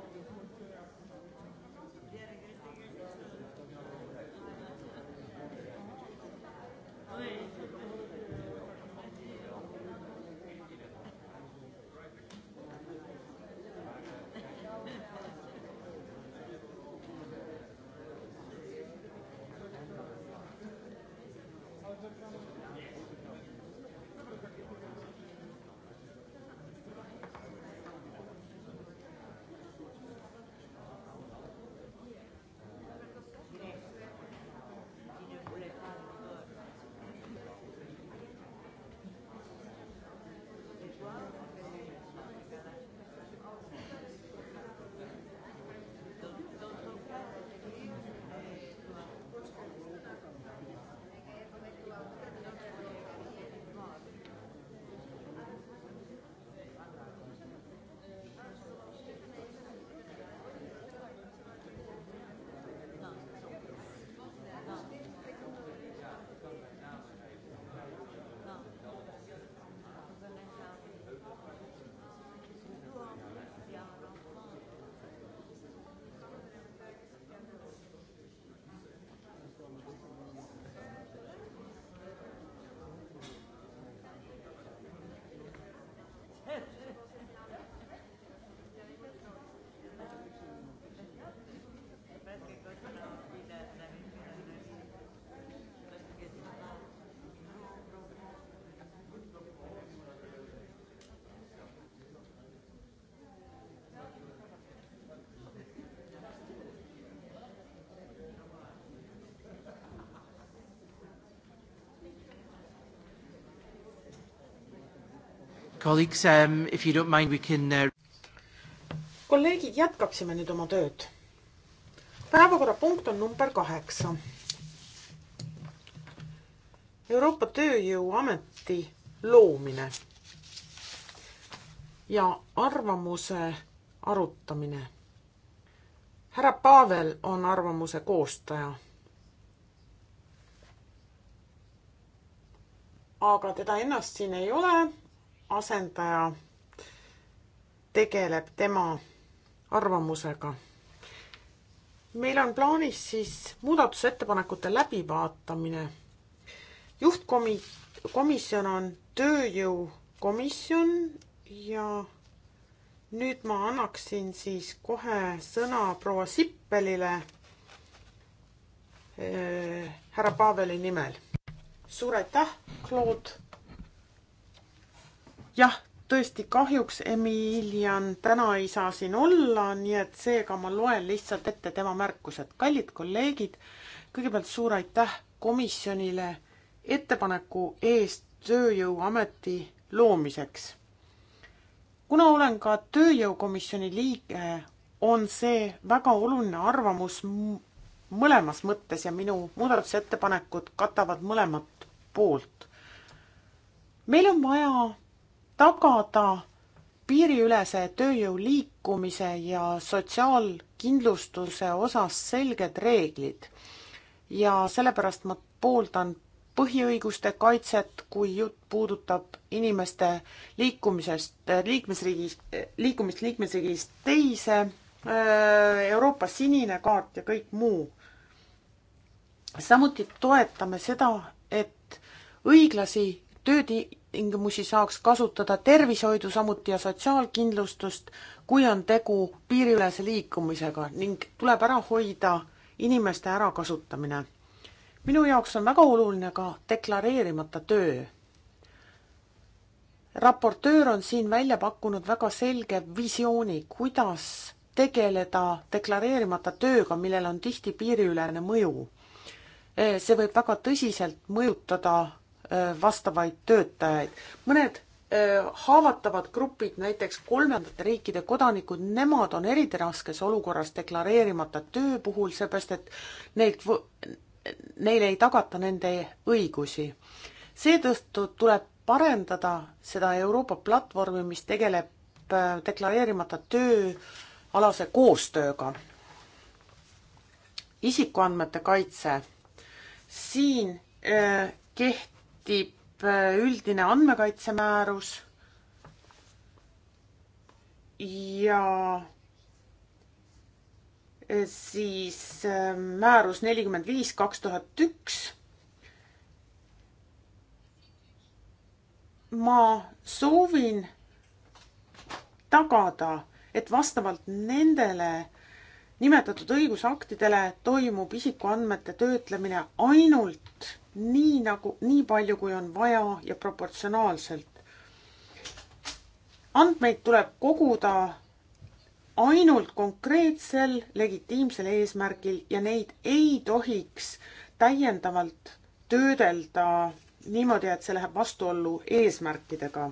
Colleagues, um, if you don't mind, we can uh... kolleegid, jätkaksime nüüd oma tööd. päevakorrapunkt on number kaheksa. Euroopa Tööjõuameti loomine ja arvamuse arutamine. härra Pavel on arvamuse koostaja. aga teda ennast siin ei ole asendaja tegeleb tema arvamusega. meil on plaanis siis muudatusettepanekute läbivaatamine. juhtkomi-, komisjon on tööjõukomisjon ja nüüd ma annaksin siis kohe sõna proua Sippelile äh, härra Paveli nimel. suur aitäh, Claude jah, tõesti kahjuks Emilian täna ei saa siin olla, nii et seega ma loen lihtsalt ette tema märkused. kallid kolleegid, kõigepealt suur aitäh komisjonile ettepaneku eest Tööjõuameti loomiseks. kuna olen ka Tööjõukomisjoni liige, on see väga oluline arvamus mõlemas mõttes ja minu muudatusettepanekud katavad mõlemat poolt. meil on vaja tagada piiriülese tööjõu liikumise ja sotsiaalkindlustuse osas selged reeglid. ja sellepärast ma pooldan põhiõiguste kaitset, kui jutt puudutab inimeste liikumisest liikmesriigis, liikumist liikmesriigist teise, Euroopa sinine kaart ja kõik muu. samuti toetame seda, et õiglasi tööti-, tingimusi saaks kasutada tervishoidu, samuti ja sotsiaalkindlustust, kui on tegu piiriülese liikumisega ning tuleb ära hoida inimeste ärakasutamine. minu jaoks on väga oluline ka deklareerimata töö. raportöör on siin välja pakkunud väga selge visiooni, kuidas tegeleda deklareerimata tööga, millel on tihti piiriülene mõju. Eh, see võib väga tõsiselt mõjutada Äh, vastavaid töötajaid. mõned äh, haavatavad grupid, näiteks kolmandate riikide kodanikud, nemad on eriti raskes olukorras deklareerimata töö puhul, seepärast et neilt, neile ei tagata nende õigusi. seetõttu tuleb parendada seda Euroopa platvormi, mis tegeleb äh, deklareerimata tööalase koostööga. isikuandmete kaitse, siin keht-, kehtib äh, üldine andmekaitsemäärus ja äh, siis äh, määrus nelikümmend viis kaks tuhat üks ma soovin tagada, et vastavalt nendele nimetatud õigusaktidele toimub isikuandmete töötlemine ainult nii nagu, nii palju, kui on vaja ja proportsionaalselt. andmeid tuleb koguda ainult konkreetsel legitiimsel eesmärgil ja neid ei tohiks täiendavalt töödelda niimoodi, et see läheb vastuollu eesmärkidega.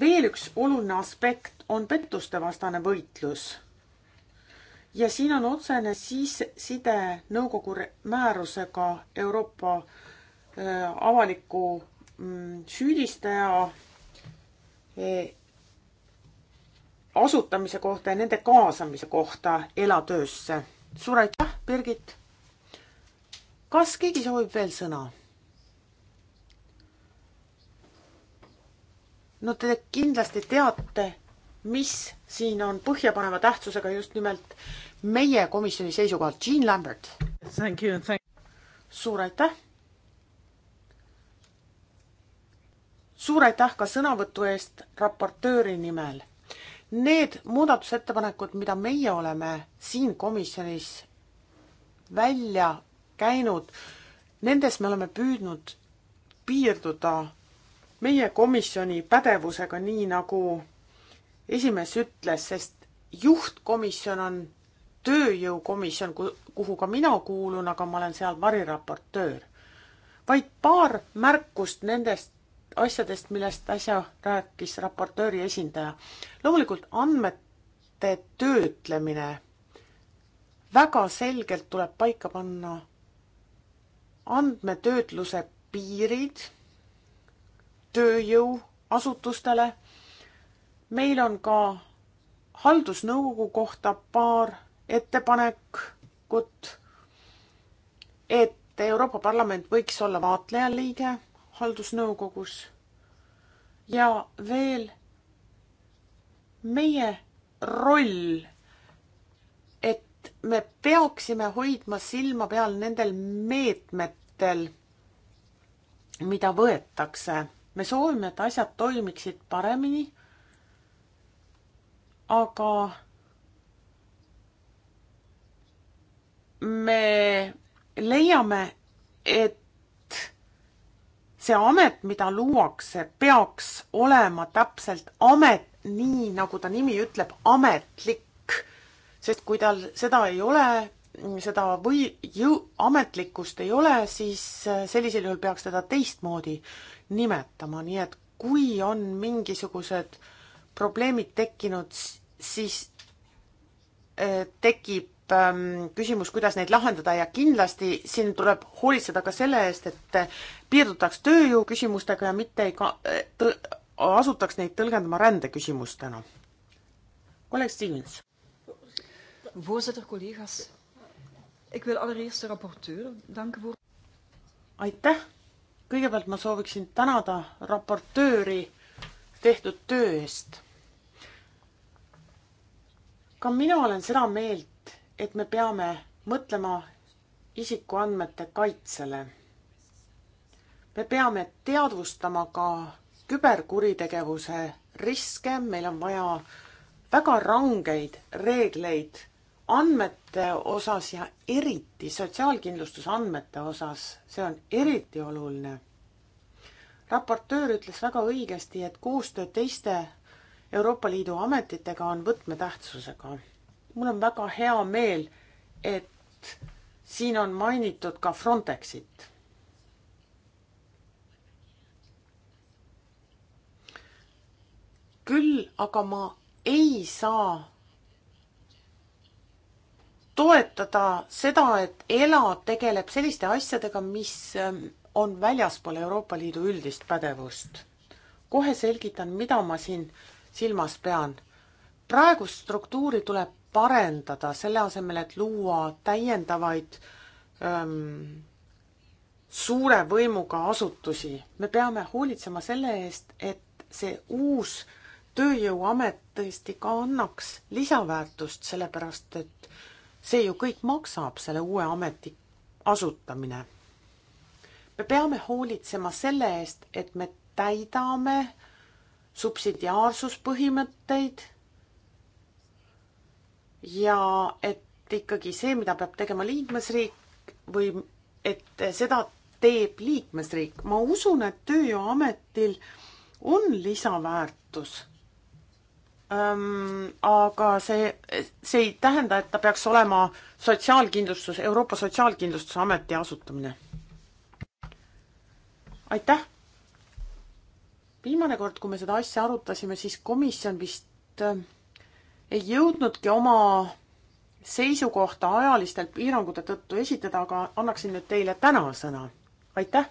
veel üks oluline aspekt on pettuste vastane võitlus ja siin on otsene siis side nõukogu määrusega Euroopa äh, avaliku mm, süüdistaja e, asutamise kohta ja nende kaasamise kohta elatöösse. suur aitäh, Birgit! kas keegi soovib veel sõna? no te kindlasti teate, mis siin on põhjapaneva tähtsusega just nimelt meie komisjoni seisukohalt. Jean Lambert. suur aitäh. suur aitäh ka sõnavõtu eest raportööri nimel. Need muudatusettepanekud, mida meie oleme siin komisjonis välja käinud, nendes me oleme püüdnud piirduda meie komisjoni pädevusega, nii nagu esimees ütles, sest juhtkomisjon on tööjõukomisjon, kuhu ka mina kuulun, aga ma olen seal variraportöör. vaid paar märkust nendest asjadest, millest äsja rääkis raportööri esindaja. loomulikult andmete töötlemine väga selgelt tuleb paika panna andmetöötluse piirid tööjõuasutustele. meil on ka haldusnõukogu kohta paar ettepanekut, et Euroopa Parlament võiks olla vaatlejaliige haldusnõukogus ja veel meie roll, et me peaksime hoidma silma peal nendel meetmetel, mida võetakse. me soovime, et asjad toimiksid paremini, aga me leiame, et see amet, mida luuakse, peaks olema täpselt amet, nii nagu ta nimi ütleb, ametlik. sest kui tal seda ei ole, seda või jõu, ametlikkust ei ole, siis äh, sellisel juhul peaks teda teistmoodi nimetama, nii et kui on mingisugused probleemid tekkinud, siis äh, tekib Ähm, küsimus, kuidas neid lahendada ja kindlasti siin tuleb hoolitseda ka selle eest, et piirdutaks tööjõu küsimustega ja mitte ei ka-, äh, asutaks neid tõlgendama rändeküsimustena. kolleeg Stevens. aitäh, kõigepealt ma sooviksin tänada raportööri tehtud töö eest. ka mina olen seda meelt, et me peame mõtlema isikuandmete kaitsele. me peame teadvustama ka küberkuritegevuse riske, meil on vaja väga rangeid reegleid andmete osas ja eriti sotsiaalkindlustusandmete osas, see on eriti oluline. raportöör ütles väga õigesti, et koostöö teiste Euroopa Liidu ametitega on võtmetähtsusega mul on väga hea meel, et siin on mainitud ka Frontexit. küll aga ma ei saa toetada seda, et ELA tegeleb selliste asjadega, mis ähm, on väljaspool Euroopa Liidu üldist pädevust. kohe selgitan, mida ma siin silmas pean praegust struktuuri tuleb parendada, selle asemel, et luua täiendavaid ähm, suure võimuga asutusi. me peame hoolitsema selle eest, et see uus tööjõuamet tõesti ka annaks lisaväärtust, sellepärast et see ju kõik maksab, selle uue ameti asutamine. me peame hoolitsema selle eest, et me täidame subsidiaarsuspõhimõtteid ja et ikkagi see, mida peab tegema liikmesriik või et seda teeb liikmesriik. ma usun, et Tööjõuametil on lisaväärtus. aga see, see ei tähenda, et ta peaks olema sotsiaalkindlustus, Euroopa Sotsiaalkindlustuse Ameti asutamine. aitäh! viimane kord, kui me seda asja arutasime, siis komisjon vist ei jõudnudki oma seisukohta ajaliste piirangute tõttu esitada, aga annaksin nüüd teile täna sõna. aitäh,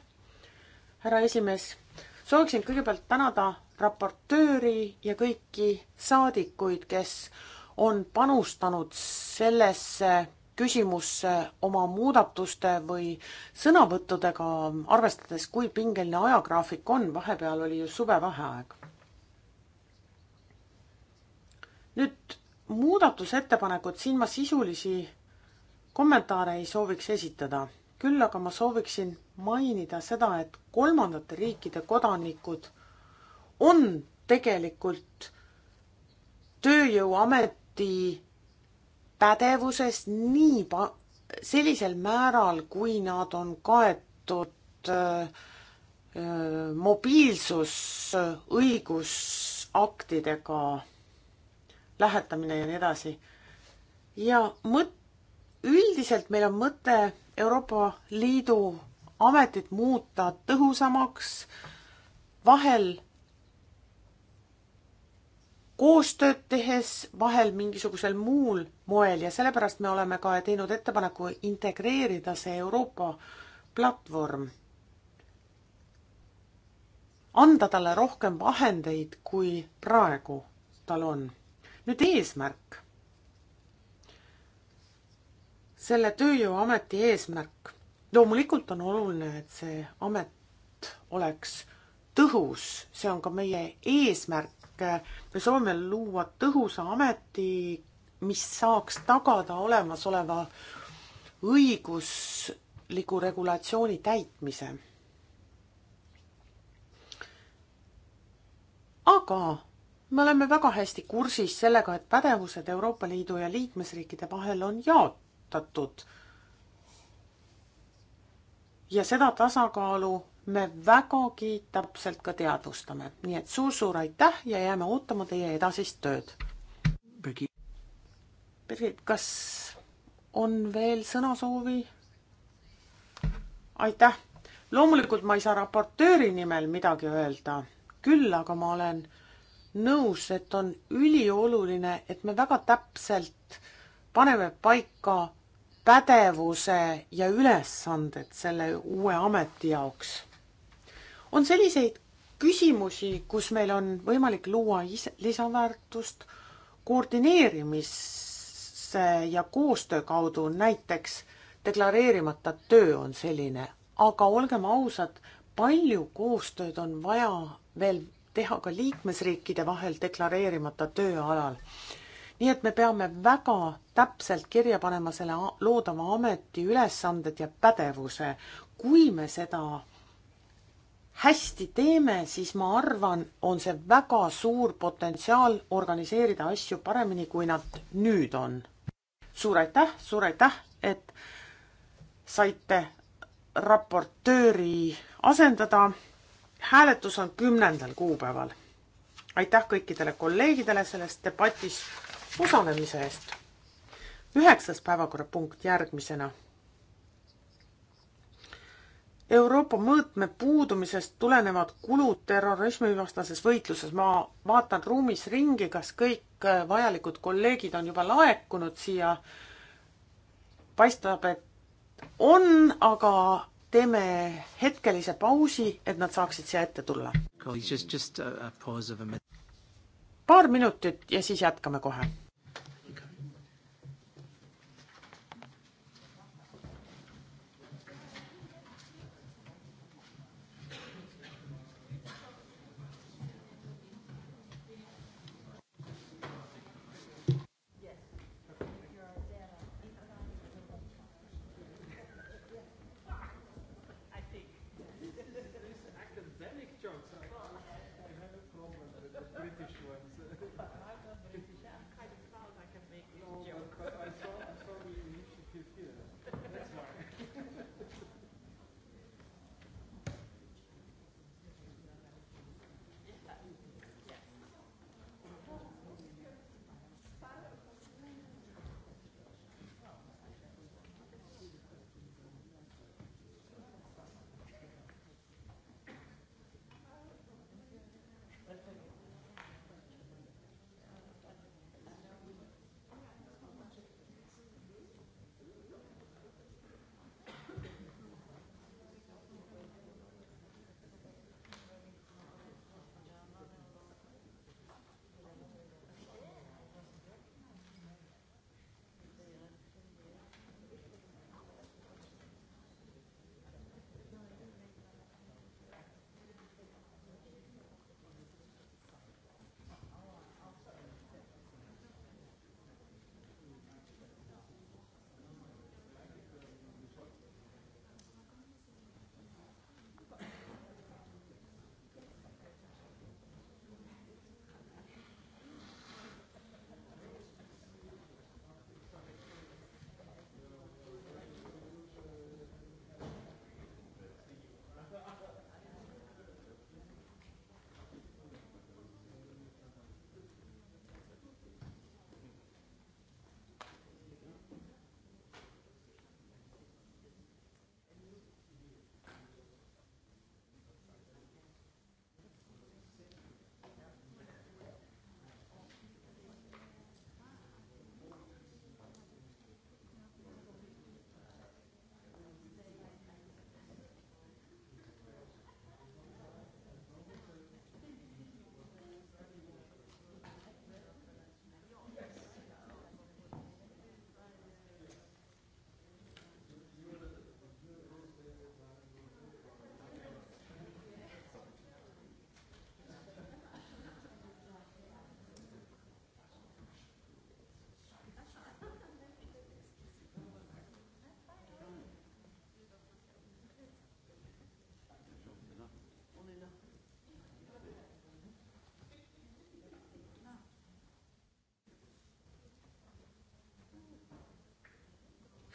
härra esimees. sooviksin kõigepealt tänada raportööri ja kõiki saadikuid, kes on panustanud sellesse küsimusse oma muudatuste või sõnavõttudega, arvestades, kui pingeline ajagraafik on, vahepeal oli ju suvevaheaeg. nüüd muudatusettepanekud, siin ma sisulisi kommentaare ei sooviks esitada, küll aga ma sooviksin mainida seda, et kolmandate riikide kodanikud on tegelikult tööjõuameti pädevuses nii pa-, sellisel määral, kui nad on kaetud öö, äh, äh, mobiilsusõigusaktidega lähetamine ja nii edasi. ja mõt-, üldiselt meil on mõte Euroopa Liidu ametit muuta tõhusamaks, vahel koostööd tehes, vahel mingisugusel muul moel ja sellepärast me oleme ka teinud ettepaneku integreerida see Euroopa platvorm. anda talle rohkem vahendeid, kui praegu tal on nüüd eesmärk. selle Tööjõuameti eesmärk. loomulikult on oluline, et see amet oleks tõhus, see on ka meie eesmärk. me soovime luua tõhusa ameti, mis saaks tagada olemasoleva õigusliku regulatsiooni täitmise. aga me oleme väga hästi kursis sellega, et pädevused Euroopa Liidu ja liikmesriikide vahel on jaotatud. ja seda tasakaalu me vägagi täpselt ka teadvustame, nii et suur-suur aitäh ja jääme ootama teie edasist tööd. Birgit, kas on veel sõnasoovi? aitäh, loomulikult ma ei saa raportööri nimel midagi öelda, küll aga ma olen nõus, et on ülioluline, et me väga täpselt paneme paika pädevuse ja ülesanded selle uue ameti jaoks. on selliseid küsimusi, kus meil on võimalik luua ise, lisaväärtust koordineerimise ja koostöö kaudu, näiteks deklareerimata töö on selline, aga olgem ausad, palju koostööd on vaja veel teha ka liikmesriikide vahel deklareerimata tööalal. nii et me peame väga täpselt kirja panema selle loodava ameti ülesanded ja pädevuse. kui me seda hästi teeme, siis ma arvan, on see väga suur potentsiaal organiseerida asju paremini, kui nad nüüd on. suur aitäh, suur aitäh, et saite raportööri asendada hääletus on kümnendal kuupäeval. aitäh kõikidele kolleegidele selles debatis osalemise eest. üheksas päevakorrapunkt järgmisena. Euroopa mõõtme puudumisest tulenevad kulud terrorismivastases võitluses. ma vaatan ruumis ringi, kas kõik vajalikud kolleegid on juba laekunud siia. paistab, et on, aga teeme hetkelise pausi, et nad saaksid siia ette tulla. paar minutit ja siis jätkame kohe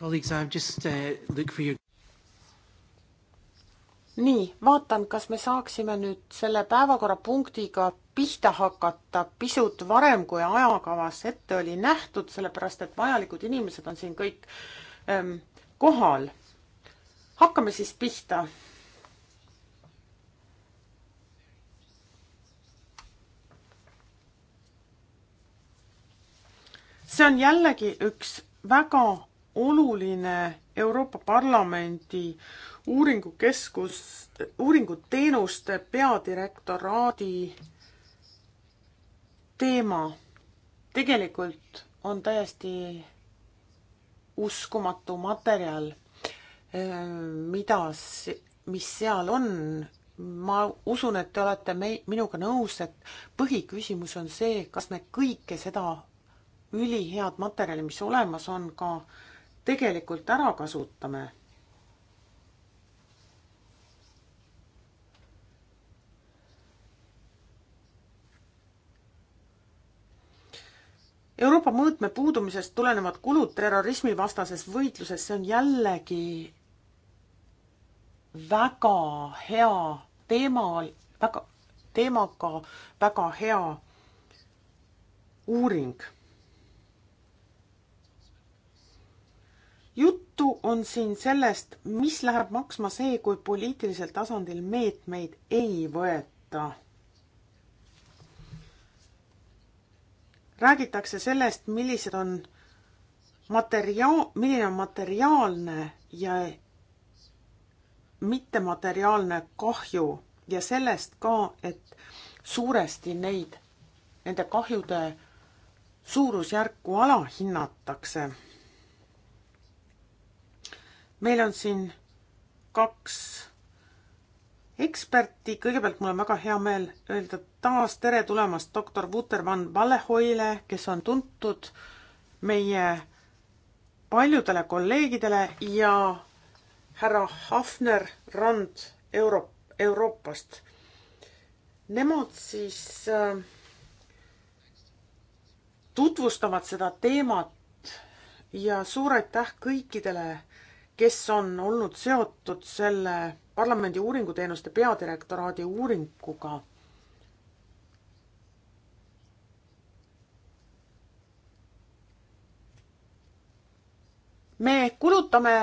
Uh, nii, vaatan, kas me saaksime nüüd selle päevakorrapunktiga pihta hakata pisut varem, kui ajakavas ette oli nähtud, sellepärast et vajalikud inimesed on siin kõik ähm, kohal. hakkame siis pihta. see on jällegi üks väga oluline Euroopa Parlamendi uuringukeskus, uuringuteenuste peadirektoraadi teema. tegelikult on täiesti uskumatu materjal, eh, mida, mis seal on. ma usun, et te olete mei-, minuga nõus, et põhiküsimus on see, kas me kõike seda ülihead materjali, mis olemas on, ka äh, tegelikult ära kasutame. Euroopa mõõtme puudumisest tulenevad kulud terrorismivastases võitluses, see on jällegi väga hea teemal, väga, teemaga väga hea uuring juttu on siin sellest, mis läheb maksma see, kui poliitilisel tasandil meetmeid ei võeta. räägitakse sellest, millised on materiaal, milline on materiaalne ja mittemateriaalne kahju ja sellest ka, et suuresti neid, nende kahjude suurusjärku alahinnatakse meil on siin kaks eksperti, kõigepealt mul on väga hea meel öelda taas tere tulemast doktor Wouter van Vallehoile, kes on tuntud meie paljudele kolleegidele ja härra Hafner Rand Euro-, Euroopast. Nemad siis äh, tutvustavad seda teemat ja suur aitäh kõikidele kes on olnud seotud selle parlamendi uuringuteenuste peadirektoraadi uuringuga. me kulutame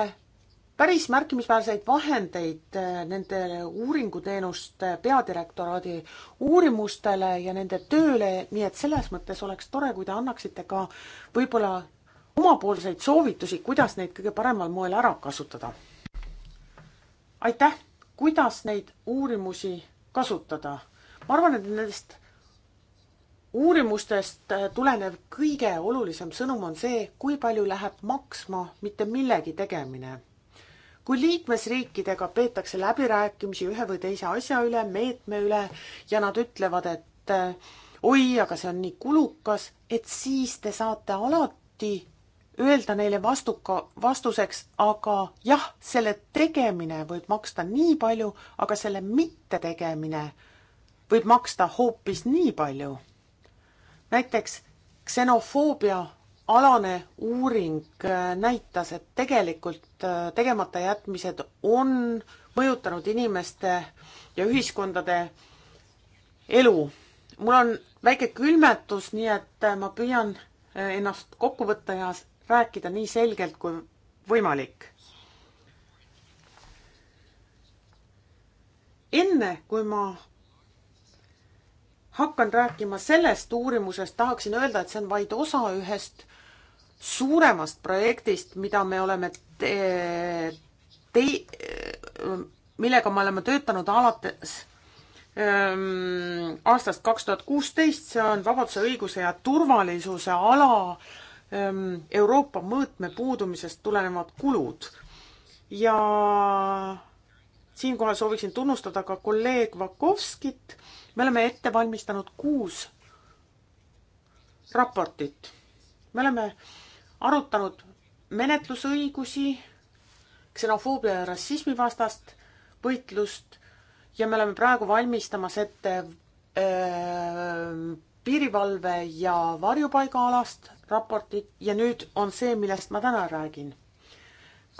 päris märkimisväärseid vahendeid eh, nende uuringuteenuste peadirektoraadi uurimustele ja nende tööle, nii et selles mõttes oleks tore, kui te annaksite ka võib-olla omapoolseid soovitusi, kuidas neid kõige paremal moel ära kasutada? aitäh, kuidas neid uurimusi kasutada? ma arvan, et nendest uurimustest äh, tulenev kõige olulisem sõnum on see, kui palju läheb maksma mitte millegi tegemine. kui liikmesriikidega peetakse läbirääkimisi ühe või teise asja üle, meetme üle ja nad ütlevad, et äh, oi, aga see on nii kulukas, et siis te saate alati öelda neile vastuka, vastuseks, aga jah, selle tegemine võib maksta nii palju, aga selle mittetegemine võib maksta hoopis nii palju. näiteks ksenofoobia alane uuring äh, näitas, et tegelikult äh, tegemata jätmised on mõjutanud inimeste ja ühiskondade elu. mul on väike külmetus, nii et äh, ma püüan ennast kokku võtta ja rääkida nii selgelt kui võimalik. enne kui ma hakkan rääkima sellest uurimusest, tahaksin öelda, et see on vaid osa ühest suuremast projektist, mida me oleme te-, te-, millega me oleme töötanud alates ähm, aastast kaks tuhat kuusteist, see on vabaduse, õiguse ja turvalisuse ala Ehm, Euroopa mõõtme puudumisest tulenevad kulud. ja siinkohal sooviksin tunnustada ka kolleeg Vakovskit, me oleme ette valmistanud kuus raportit. me oleme arutanud menetlusõigusi, ksenofoobia ja rassismi vastast võitlust ja me oleme praegu valmistamas ette öö, ehm, piirivalve ja varjupaigaalast raportit ja nüüd on see, millest ma täna räägin.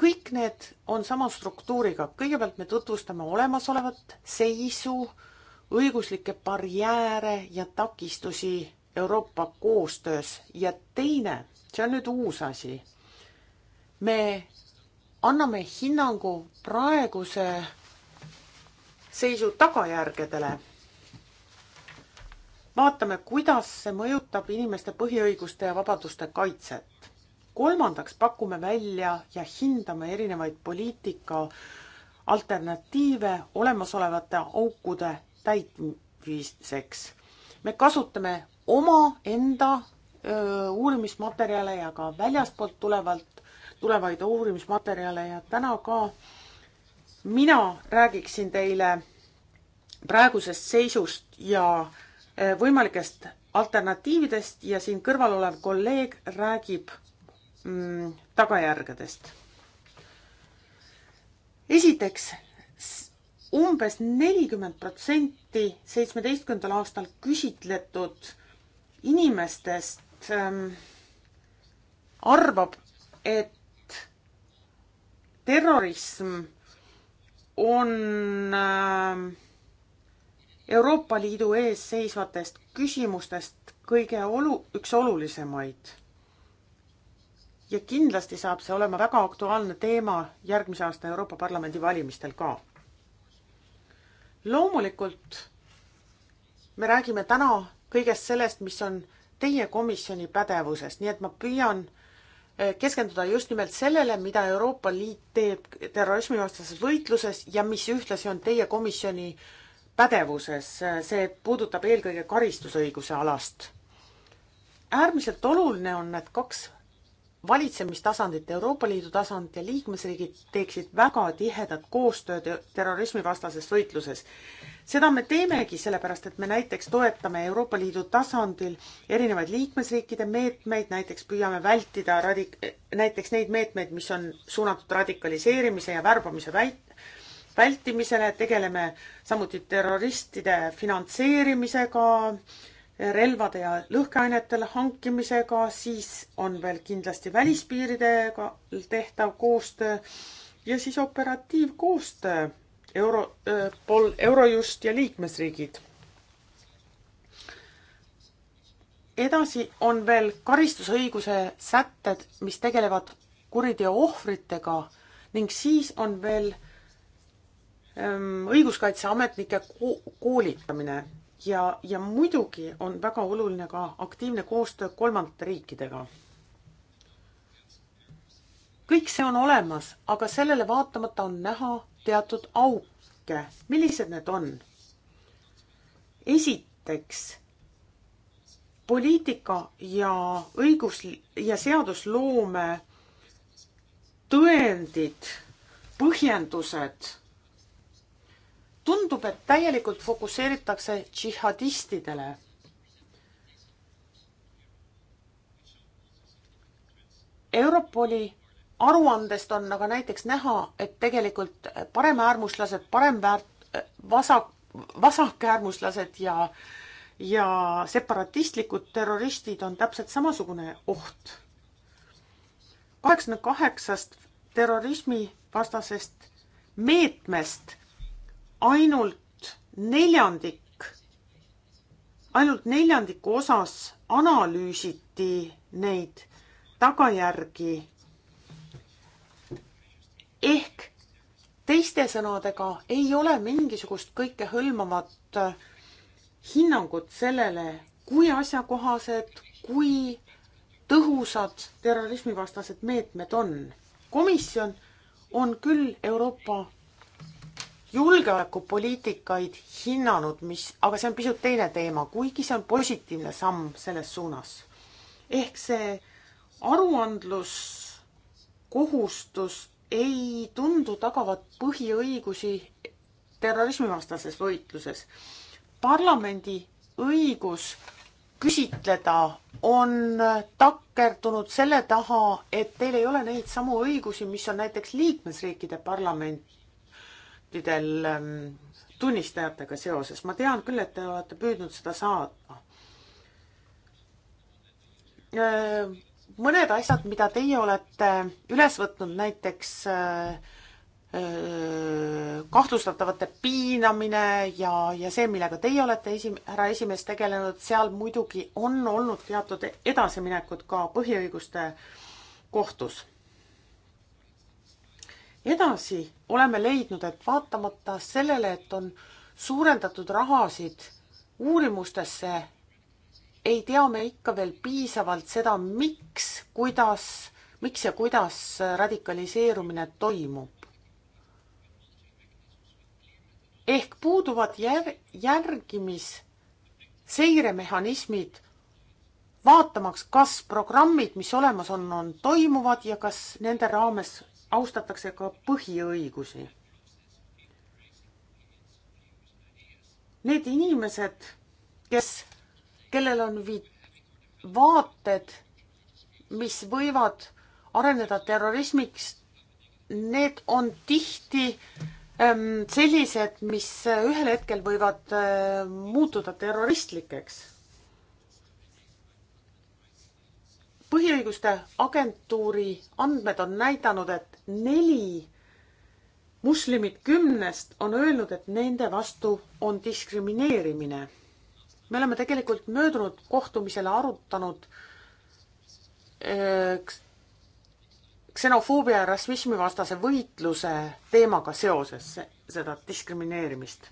kõik need on sama struktuuriga, kõigepealt me tutvustame olemasolevat seisu, õiguslikke barjääre ja takistusi Euroopa koostöös ja teine, see on nüüd uus asi, me anname hinnangu praeguse seisu tagajärgedele vaatame, kuidas see mõjutab inimeste põhiõiguste ja vabaduste kaitset. kolmandaks pakume välja ja hindame erinevaid poliitika alternatiive olemasolevate aukude täitmiseks. me kasutame omaenda uurimismaterjale ja ka väljaspoolt tulevalt, tulevaid uurimismaterjale ja täna ka mina räägiksin teile praegusest seisust ja võimalikest alternatiividest ja siin kõrval olev kolleeg räägib mm, tagajärgedest. esiteks umbes nelikümmend protsenti seitsmeteistkümnendal aastal küsitletud inimestest ähm, arvab, et terrorism on äh, Euroopa Liidu ees seisvatest küsimustest kõige olu-, üks olulisemaid. ja kindlasti saab see olema väga aktuaalne teema järgmise aasta Euroopa Parlamendi valimistel ka. loomulikult me räägime täna kõigest sellest, mis on teie komisjoni pädevuses, nii et ma püüan eh, keskenduda just nimelt sellele, mida Euroopa Liit teeb terrorismivastases võitluses ja mis ühtlasi on teie komisjoni äh, pädevuses, see puudutab eelkõige karistusõiguse alast. äärmiselt oluline on, et kaks valitsemistasandit, Euroopa Liidu tasand ja liikmesriigid teeksid väga tihedat koostööd terrorismivastases võitluses. seda me teemegi sellepärast, et me näiteks toetame Euroopa Liidu tasandil erinevaid liikmesriikide meetmeid, näiteks püüame vältida radik-, näiteks neid meetmeid, mis on suunatud radikaliseerimise ja värbamise väit-, vältimisele, tegeleme samuti terroristide finantseerimisega, relvade ja lõhkeainetele hankimisega, siis on veel kindlasti välispiiridega tehtav koostöö ja siis operatiivkoostöö Europol, Eurojust ja liikmesriigid. edasi on veel karistusõiguse sätted, mis tegelevad kuriteo ohvritega ning siis on veel Ehm, õiguskaitseametnike koolitamine ja, ja muidugi on väga oluline ka aktiivne koostöö kolmandate riikidega. kõik see on olemas, aga sellele vaatamata on näha teatud auke. millised need on? esiteks poliitika ja õigus ja seadusloome tõendid, põhjendused tundub, et täielikult fokusseeritakse džihadistidele. Europoli aruandest on aga näiteks näha, et tegelikult paremäärmuslased, paremväärt-, vasak, vasakäärmuslased ja, ja separatistlikud terroristid on täpselt samasugune oht. kaheksakümne kaheksast terrorismivastasest meetmest ainult neljandik, ainult neljandiku osas analüüsiti neid tagajärgi. ehk teiste sõnadega ei ole mingisugust kõikehõlmavat äh, hinnangut sellele, kui asjakohased, kui tõhusad terrorismivastased meetmed on. komisjon on küll Euroopa julgeolekupoliitikaid hinnanud, mis, aga see on pisut teine teema, kuigi see on positiivne samm selles suunas. ehk see aruandluskohustus ei tundu tagavat põhiõigusi terrorismivastases võitluses. parlamendi õigus küsitleda on takerdunud selle taha, et teil ei ole neid samu õigusi, mis on näiteks liikmesriikide parlament juhtidel ähm, tunnistajatega seoses, ma tean küll, et te olete püüdnud seda saada. Äh, mõned asjad, mida teie olete üles võtnud, näiteks äh, äh, kahtlustatavate piinamine ja, ja see, millega teie olete esi-, härra esimees tegelenud, seal muidugi on olnud teatud edasiminekut ka põhiõiguste kohtus edasi oleme leidnud, et vaatamata sellele, et on suurendatud rahasid uurimustesse, ei tea me ikka veel piisavalt seda, miks, kuidas, miks ja kuidas radikaliseerumine toimub. ehk puuduvad jär-, järgimis- seiremehhanismid vaatamaks, kas programmid, mis olemas on, on toimuvad ja kas nende raames austatakse ka põhiõigusi. Need inimesed, kes, kellel on vi-, vaated, mis võivad areneda terrorismiks, need on tihti ähm, sellised, mis ühel hetkel võivad äh, muutuda terroristlikeks põhiõiguste agentuuri andmed on näidanud, et neli moslemit kümnest on öelnud, et nende vastu on diskrimineerimine. me oleme tegelikult möödunud kohtumisel arutanud öö, äh, ksenofoobia ja rassismi vastase võitluse teemaga seoses seda diskrimineerimist.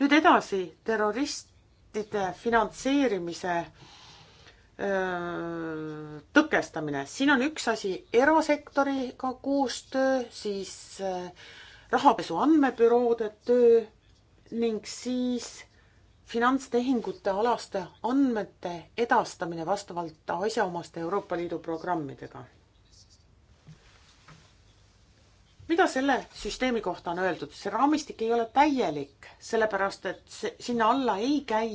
nüüd edasi terroristide finantseerimise tõkestamine, siin on üks asi erasektoriga koostöö, siis rahapesu andmebüroode töö ning siis finantstehingute alaste andmete edastamine vastavalt asjaomaste Euroopa Liidu programmidega. mida selle süsteemi kohta on öeldud, see raamistik ei ole täielik, sellepärast et see, sinna alla ei käi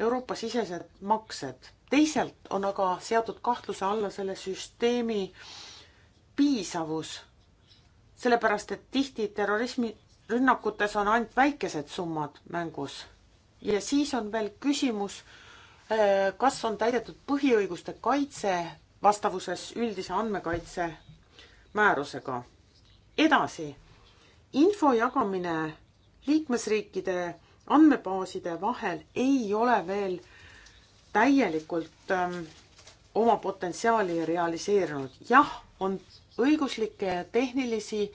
Euroopa-sisesed maksed teisalt on aga seatud kahtluse alla selle süsteemi piisavus, sellepärast et tihti terrorismirünnakutes on ainult väikesed summad mängus. ja siis on veel küsimus, äh, kas on täidetud põhiõiguste kaitse vastavuses üldise andmekaitse määrusega. edasi, info jagamine liikmesriikide andmebaaside vahel ei ole veel äh, täielikult öö, ähm, oma potentsiaali realiseerinud. jah, on õiguslikke ja tehnilisi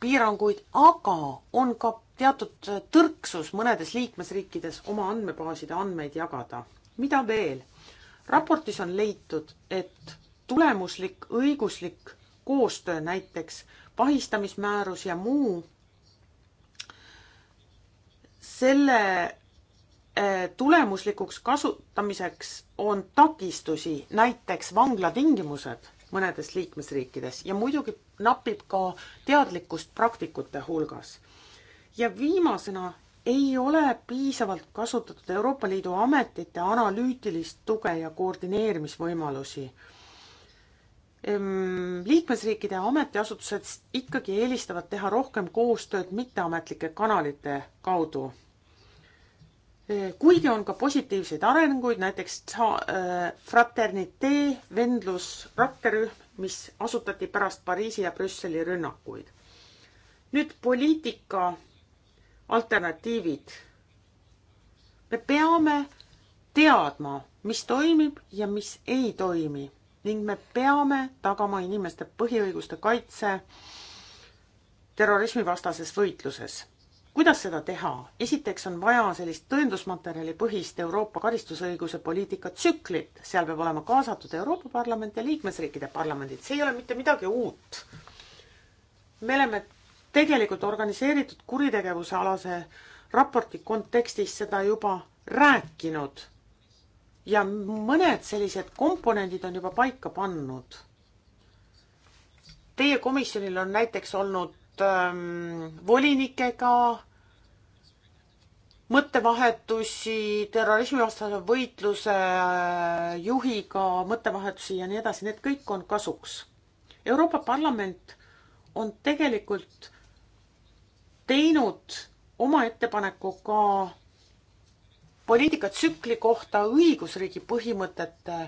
piiranguid, aga on ka teatud äh, tõrksus mõnedes liikmesriikides oma andmebaaside andmeid jagada. mida veel? raportis on leitud, et tulemuslik õiguslik koostöö näiteks vahistamismäärus ja muu, selle Äh, tulemuslikuks kasutamiseks on takistusi, näiteks vanglatingimused mõnedes liikmesriikides ja muidugi napib ka teadlikkust praktikute hulgas. ja viimasena ei ole piisavalt kasutatud Euroopa Liidu ametite analüütilist tuge ja koordineerimisvõimalusi. Ehm, liikmesriikide ametiasutused ikkagi eelistavad teha rohkem koostööd mitteametlike kanalite kaudu Äh, kuigi on ka positiivseid arenguid, näiteks äh, Fraternitee vendlusrakkerühm, mis asutati pärast Pariisi ja Brüsseli rünnakuid. nüüd poliitika alternatiivid. me peame teadma, mis toimib ja mis ei toimi ning me peame tagama inimeste põhiõiguste kaitse terrorismivastases võitluses kuidas seda teha? esiteks on vaja sellist tõendusmaterjali põhist Euroopa karistusõiguse poliitika tsüklit, seal peab olema kaasatud Euroopa Parlament ja liikmesriikide parlamendid, see ei ole mitte midagi uut. me oleme tegelikult organiseeritud kuritegevuse alase raporti kontekstis seda juba rääkinud. ja mõned sellised komponendid on juba paika pannud. Teie komisjonil on näiteks olnud ähm, volinikega, mõttevahetusi terrorismivastase võitluse äh, juhiga, mõttevahetusi ja nii edasi, need kõik on kasuks. Euroopa Parlament on tegelikult teinud oma ettepaneku ka poliitikatsükli kohta õigusriigi põhimõtete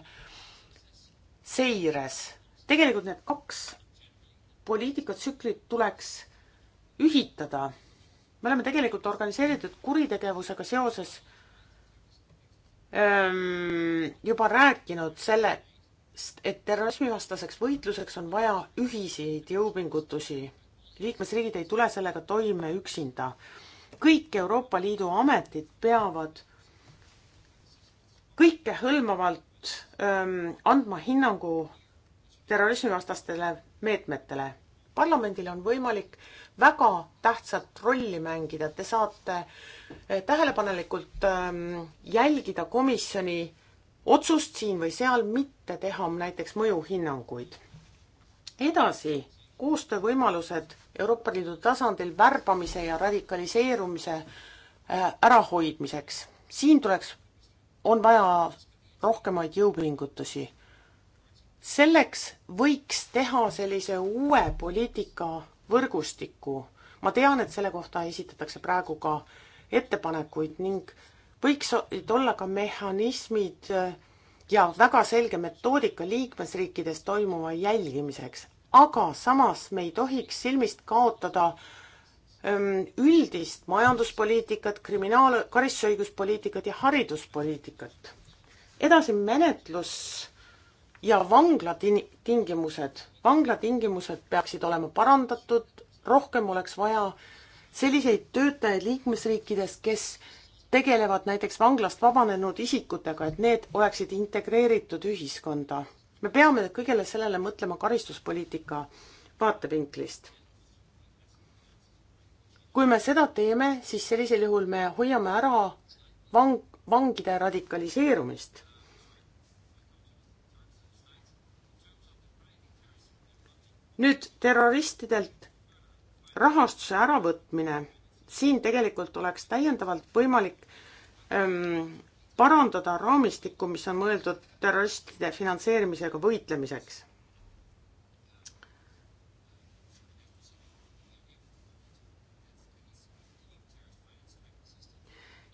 seires. tegelikult need kaks poliitikatsüklid tuleks ühitada. me oleme tegelikult organiseeritud kuritegevusega seoses öö, ähm, juba rääkinud sellest, et terrorismivastaseks võitluseks on vaja ühiseid jõupingutusi. liikmesriigid ei tule sellega toime üksinda. kõik Euroopa Liidu ametid peavad kõikehõlmavalt ähm, andma hinnangu terrorismivastastele meetmetele. parlamendil on võimalik väga tähtsat rolli mängida, te saate eh, tähelepanelikult ähm, jälgida komisjoni otsust siin või seal, mitte teha näiteks mõjuhinnanguid. edasi, koostöövõimalused Euroopa Liidu tasandil värbamise ja radikaliseerumise äh, ärahoidmiseks. siin tuleks, on vaja rohkemaid jõupingutusi selleks võiks teha sellise uue poliitika võrgustiku. ma tean, et selle kohta esitatakse praegu ka ettepanekuid ning võiks olla ka mehhanismid äh, ja väga selge metoodika liikmesriikides toimuva jälgimiseks, aga samas me ei tohiks silmist kaotada ähm, üldist majanduspoliitikat, kriminaal-, karistusõiguspoliitikat ja hariduspoliitikat. edasi menetlus ja vangla tingimused, vangla tingimused peaksid olema parandatud, rohkem oleks vaja selliseid töötajaid liikmesriikides, kes tegelevad näiteks vanglast vabanenud isikutega, et need oleksid integreeritud ühiskonda. me peame kõigele sellele mõtlema karistuspoliitika vaatevinklist. kui me seda teeme, siis sellisel juhul me hoiame ära vang, vangide radikaliseerumist nüüd terroristidelt rahastuse äravõtmine, siin tegelikult oleks täiendavalt võimalik ähm, parandada raamistikku, mis on mõeldud terroristide finantseerimisega võitlemiseks.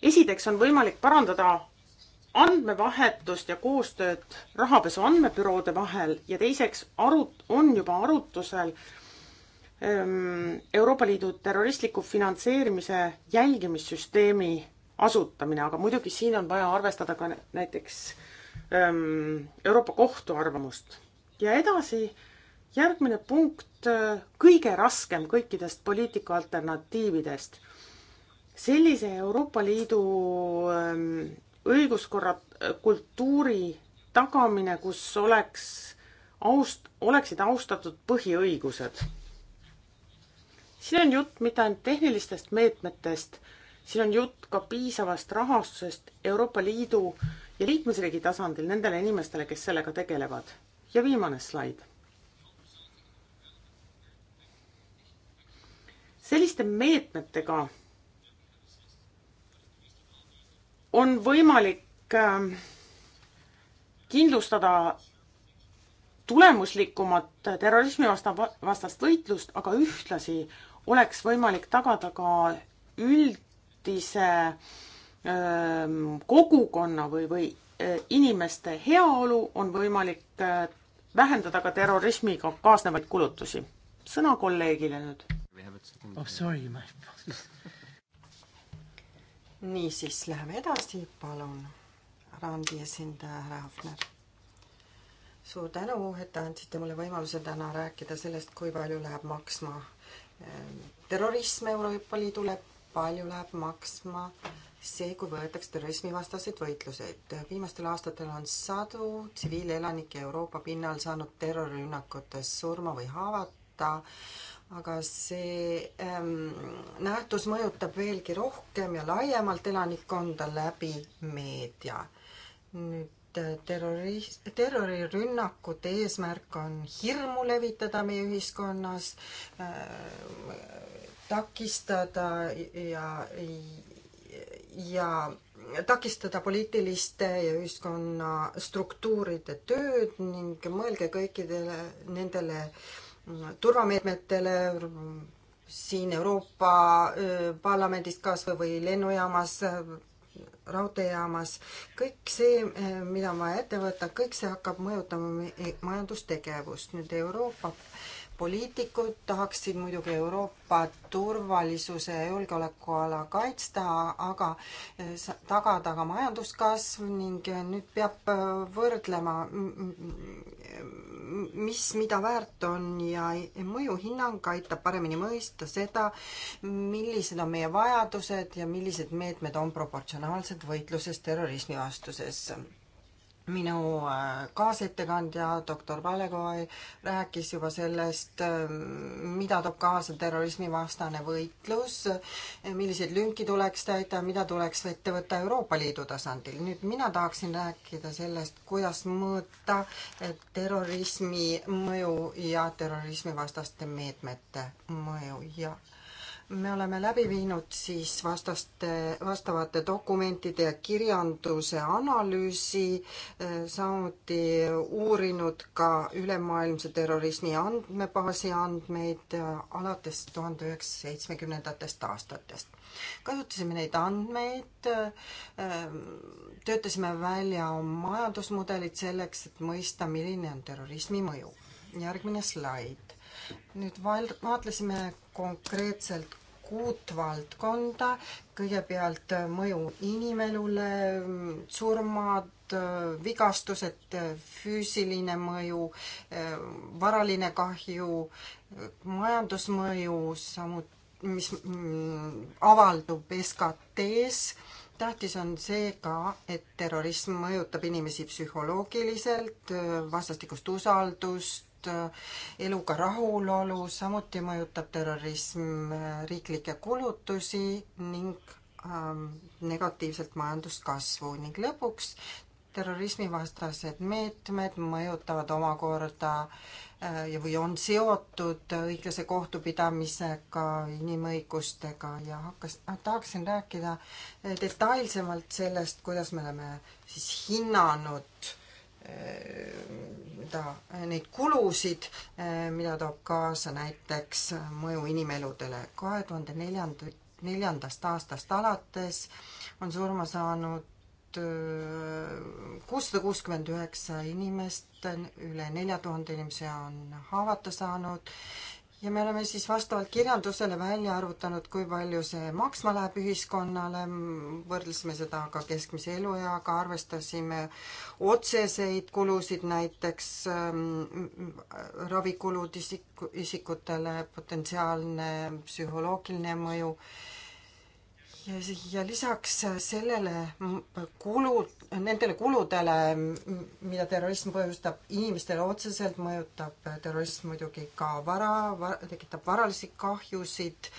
esiteks on võimalik parandada andmevahetust ja koostööd rahapesu andmebüroode vahel ja teiseks arut-, on juba arutusel ehm, Euroopa Liidu terroristliku finantseerimise jälgimissüsteemi asutamine, aga muidugi siin on vaja arvestada ka näiteks ehm, Euroopa Kohtu arvamust. ja edasi, järgmine punkt, kõige raskem kõikidest poliitika alternatiividest. sellise Euroopa Liidu ehm, õiguskorra äh, kultuuri tagamine, kus oleks aust-, oleksid austatud põhiõigused. siin on jutt mitte ainult tehnilistest meetmetest, siin on jutt ka piisavast rahastusest Euroopa Liidu ja liikmesriigi tasandil nendele inimestele, kes sellega tegelevad. ja viimane slaid. selliste meetmetega on võimalik ähm, kindlustada tulemuslikumat terrorismivastast võitlust, aga ühtlasi oleks võimalik tagada ka üldise öö, ähm, kogukonna või, või äh, inimeste heaolu, on võimalik äh, vähendada ka terrorismiga kaasnevaid kulutusi. sõna kolleegile nüüd. oh sorry, my apologies niisiis, läheme edasi, palun, Randi esindaja härra Hafner. suur tänu, et te andsite mulle võimaluse täna rääkida sellest, kui palju läheb maksma ehm, terrorism Euroopa Liidule, palju läheb maksma see, kui võetakse terrorismivastaseid võitluseid. viimastel aastatel on sadu tsiviilelanikke Euroopa pinnal saanud terrorirünnakutes surma või haavata aga see ähm, nähtus mõjutab veelgi rohkem ja laiemalt elanikkonda läbi meedia. nüüd äh, terroris-, terrorirünnakute eesmärk on hirmu levitada meie ühiskonnas äh,, takistada ja, ja takistada poliitiliste ja ühiskonna struktuuride tööd ning mõelge kõikidele nendele äh, turvameetmetele siin Euroopa Parlamendist kas või lennujaamas, raudteejaamas, kõik see, mida on vaja ette võtta, kõik see hakkab mõjutama majandustegevust. nüüd Euroopa poliitikud tahaksid muidugi Euroopa turvalisuse ja julgeoleku ala kaitsta, aga eh, tagada ka majanduskasv ning eh, nüüd peab eh, võrdlema, mis mida väärt on ja mõjuhinnang aitab paremini mõista seda, millised on meie vajadused ja millised meetmed on proportsionaalsed võitluses terrorismi vastuses minu äh, kaasettekandja doktor Valekoi rääkis juba sellest, ähm, mida toob kaasa terrorismivastane võitlus, äh, milliseid lünki tuleks täita, mida tuleks ette võtta Euroopa Liidu tasandil. nüüd mina tahaksin rääkida sellest, kuidas mõõta äh, terrorismi mõju ja terrorismivastaste meetmete mõju ja me oleme läbi viinud siis vastaste, vastavate dokumentide ja kirjanduse analüüsi, eh, samuti uurinud ka ülemaailmse terrorismi andmebaasi andmeid eh, alates tuhande üheksasaja seitsmekümnendatest aastatest. kasutasime neid andmeid, eh, töötasime välja majandusmudelid selleks, et mõista, milline on terrorismi mõju. järgmine slaid nüüd vaid-, vaatlesime konkreetselt kuut valdkonda, kõigepealt äh, mõju inimelule, surmad, äh, vigastused, äh, füüsiline mõju, varaline kahju, majandusmõju, samuti mis mm, avaldub SKT-s, tähtis on see ka, et terrorism mõjutab inimesi psühholoogiliselt, vastastikust usaldust, Äh, eluga rahulolu, samuti mõjutab terrorism äh, riiklikke kulutusi ning ähm, negatiivselt majanduskasvu ning lõpuks terrorismivastased meetmed mõjutavad omakorda äh, ja või on seotud õiglase kohtupidamisega, inimõigustega ja hakkas, ah, tahaksin rääkida detailsemalt sellest, kuidas me oleme siis hinnanud ta, neid kulusid, mida toob kaasa näiteks mõju inimeludele. kahe tuhande neljanda, neljandast aastast alates on surma saanud äh, kuussada kuuskümmend üheksa inimest, üle nelja tuhande inimese on haavata saanud ja me oleme siis vastavalt kirjeldusele välja arvutanud, kui palju see maksma läheb ühiskonnale, võrdlesime seda ka keskmise elueaga, arvestasime otseseid kulusid, näiteks ähm, ravikulud isiku, isikutele, potentsiaalne psühholoogiline mõju äh,, ja lisaks sellele kulud, nendele kuludele, mida terrorism põhjustab inimestele otseselt, mõjutab terrorism muidugi ka vara, vara, tekitab varalisi kahjusid.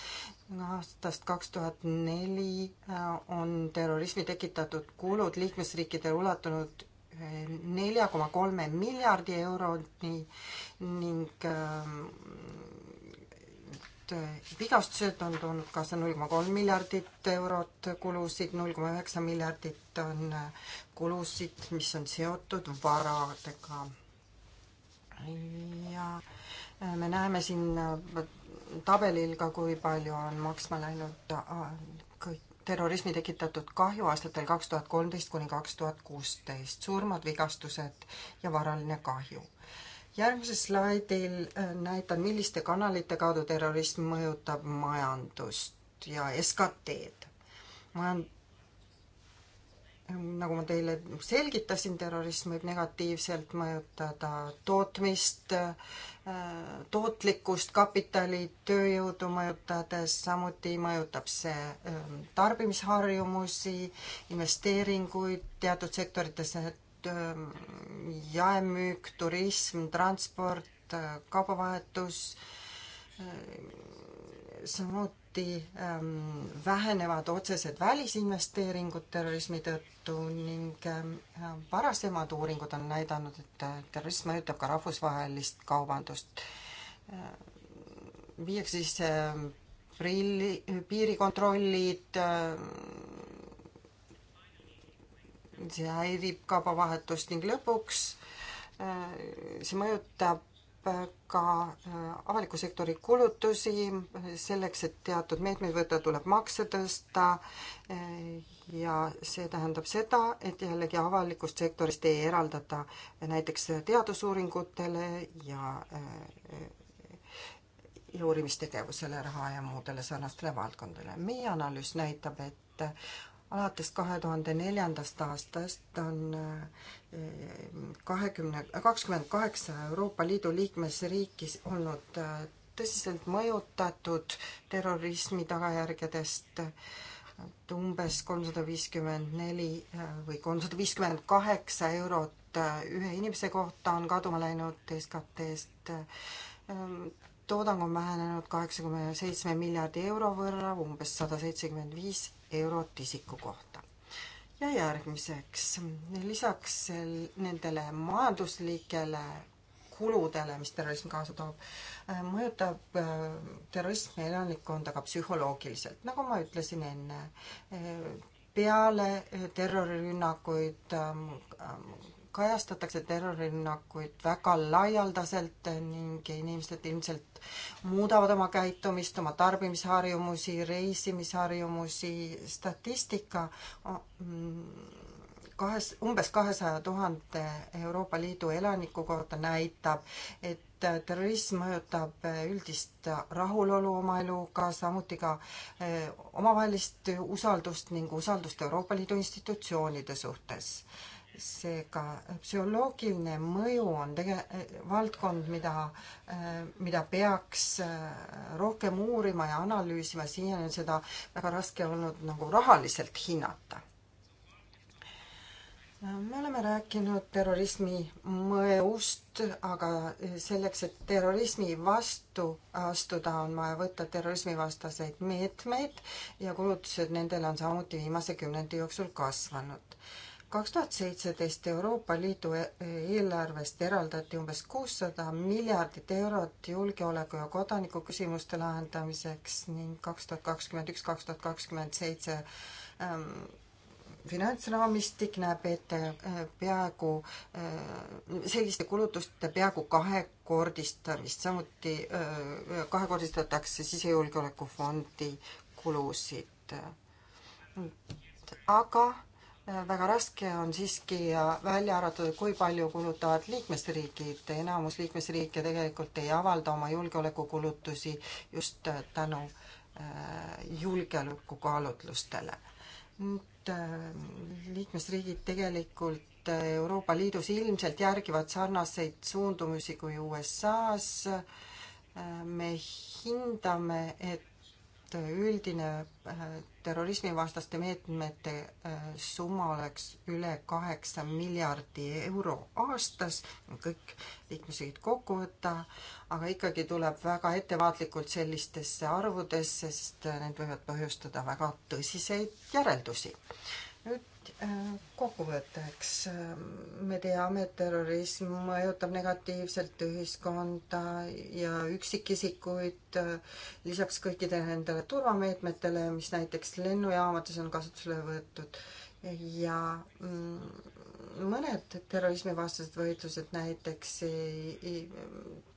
aastast kaks tuhat neli äh, on terrorismi tekitatud kulud liikmesriikidele ulatunud äh, nelja koma kolme miljardi euroni ning ähm, vigastused on toonud kaasa null koma kolm miljardit eurot kulusid, null koma üheksa miljardit on äh, kulusid, mis on seotud varadega. ja äh, me näeme siin äh, tabelil ka, kui palju on maksma läinud kõik terrorismi tekitatud kahju aastatel kaks tuhat kolmteist kuni kaks tuhat kuusteist, surmad, vigastused ja varaline kahju järgmisel slaidil äh, näitan, milliste kanalite kaudu terrorism mõjutab majandust ja SKT-d. majan-, nagu ma teile selgitasin, terrorism võib negatiivselt mõjutada tootmist, äh, tootlikkust, kapitali, tööjõudu mõjutades, samuti mõjutab see äh, tarbimisharjumusi, investeeringuid teatud sektorites, Äh, jaemüük, turism, transport, äh, kaubavahetus, äh, samuti ähm, vähenevad otsesed välisinvesteeringud terrorismi tõttu ning ähm, varasemad uuringud on näidanud, et terrorism mõjutab ka rahvusvahelist kaubandust. viiakse sisse ähm, prilli, piirikontrollid, see häirib kaubavahetust ning lõpuks äh, see mõjutab ka äh, avaliku sektori kulutusi, selleks, et teatud meetmeid võtta, tuleb makse tõsta äh, ja see tähendab seda, et jällegi avalikust sektorist ei eraldata näiteks teadusuuringutele ja ja uurimistegevusele raha ja muudele sarnastele valdkondadele. meie analüüs näitab, et alates kahe tuhande neljandast aastast on eh, kahekümne, kakskümmend kaheksa Euroopa Liidu liikmesriigis olnud eh, tõsiselt mõjutatud terrorismi tagajärgedest, et umbes kolmsada viiskümmend neli eh, või kolmsada viiskümmend kaheksa eurot ühe inimese kohta on kaduma läinud SKT-st toodang on vähenenud kaheksakümne seitsme miljardi euro võrra, umbes sada seitsekümmend viis eurot isiku kohta. ja järgmiseks, lisaks sel, nendele majanduslikele kuludele, mis terrorism kaasa toob, äh, mõjutab äh, terrorism elanikkonda ka psühholoogiliselt, nagu ma ütlesin enne. Äh, peale terrorirünnakuid ähm, kajastatakse terrorirünnakuid väga laialdaselt ning inimesed ilmselt muudavad oma käitumist, oma tarbimisharjumusi, reisimisharjumusi, statistika mm, kahes, umbes kahesaja tuhande Euroopa Liidu elaniku kohta näitab, et terrorism mõjutab eh, üldist rahulolu oma eluga, samuti ka eh, omavahelist usaldust ning usaldust Euroopa Liidu institutsioonide suhtes seega psühholoogiline mõju on tege-, valdkond, mida, mida peaks äh, rohkem uurima ja analüüsima, siiani on seda väga raske olnud nagu rahaliselt hinnata. me oleme rääkinud terrorismi mõjust, aga selleks, et terrorismi vastu astuda, on vaja võtta terrorismivastaseid meetmeid ja kulutused nendele on samuti viimase kümnendi jooksul kasvanud kaks tuhat seitseteist Euroopa Liidu e-, eelarvest eraldati umbes kuussada miljardit eurot julgeoleku ja kodaniku küsimuste lahendamiseks ning kaks tuhat kakskümmend üks, kaks tuhat kakskümmend seitse ähm, finantsraamistik näeb ette äh, peaaegu äh, selliste kulutuste peaaegu kahekordistamist, samuti äh, kahekordistatakse sisejulgeolekufondi kulusid. aga väga raske on siiski välja arvatud, kui palju kulutavad liikmesriigid, enamus liikmesriike tegelikult ei avalda oma julgeolekukulutusi just äh, tänu äh, julgeolekukaalutlustele. nüüd äh, liikmesriigid tegelikult Euroopa Liidus ilmselt järgivad sarnaseid suundumusi kui USA-s. me hindame, et et üldine äh, terrorismivastaste meetmete äh, summa oleks üle kaheksa miljardi euro aastas, kõik liikmesriigid kokku võtta, aga ikkagi tuleb väga ettevaatlikult sellistesse arvudesse, sest äh, need võivad põhjustada väga tõsiseid järeldusi. nüüd Äh, kokkuvõtteks, äh, me teame, et terrorism mõjutab negatiivselt ühiskonda ja üksikisikuid, äh, lisaks kõikidele nendele turvameetmetele, mis näiteks lennujaamades on kasutusele võetud ja mm, mõned terrorismivastased võitlused, näiteks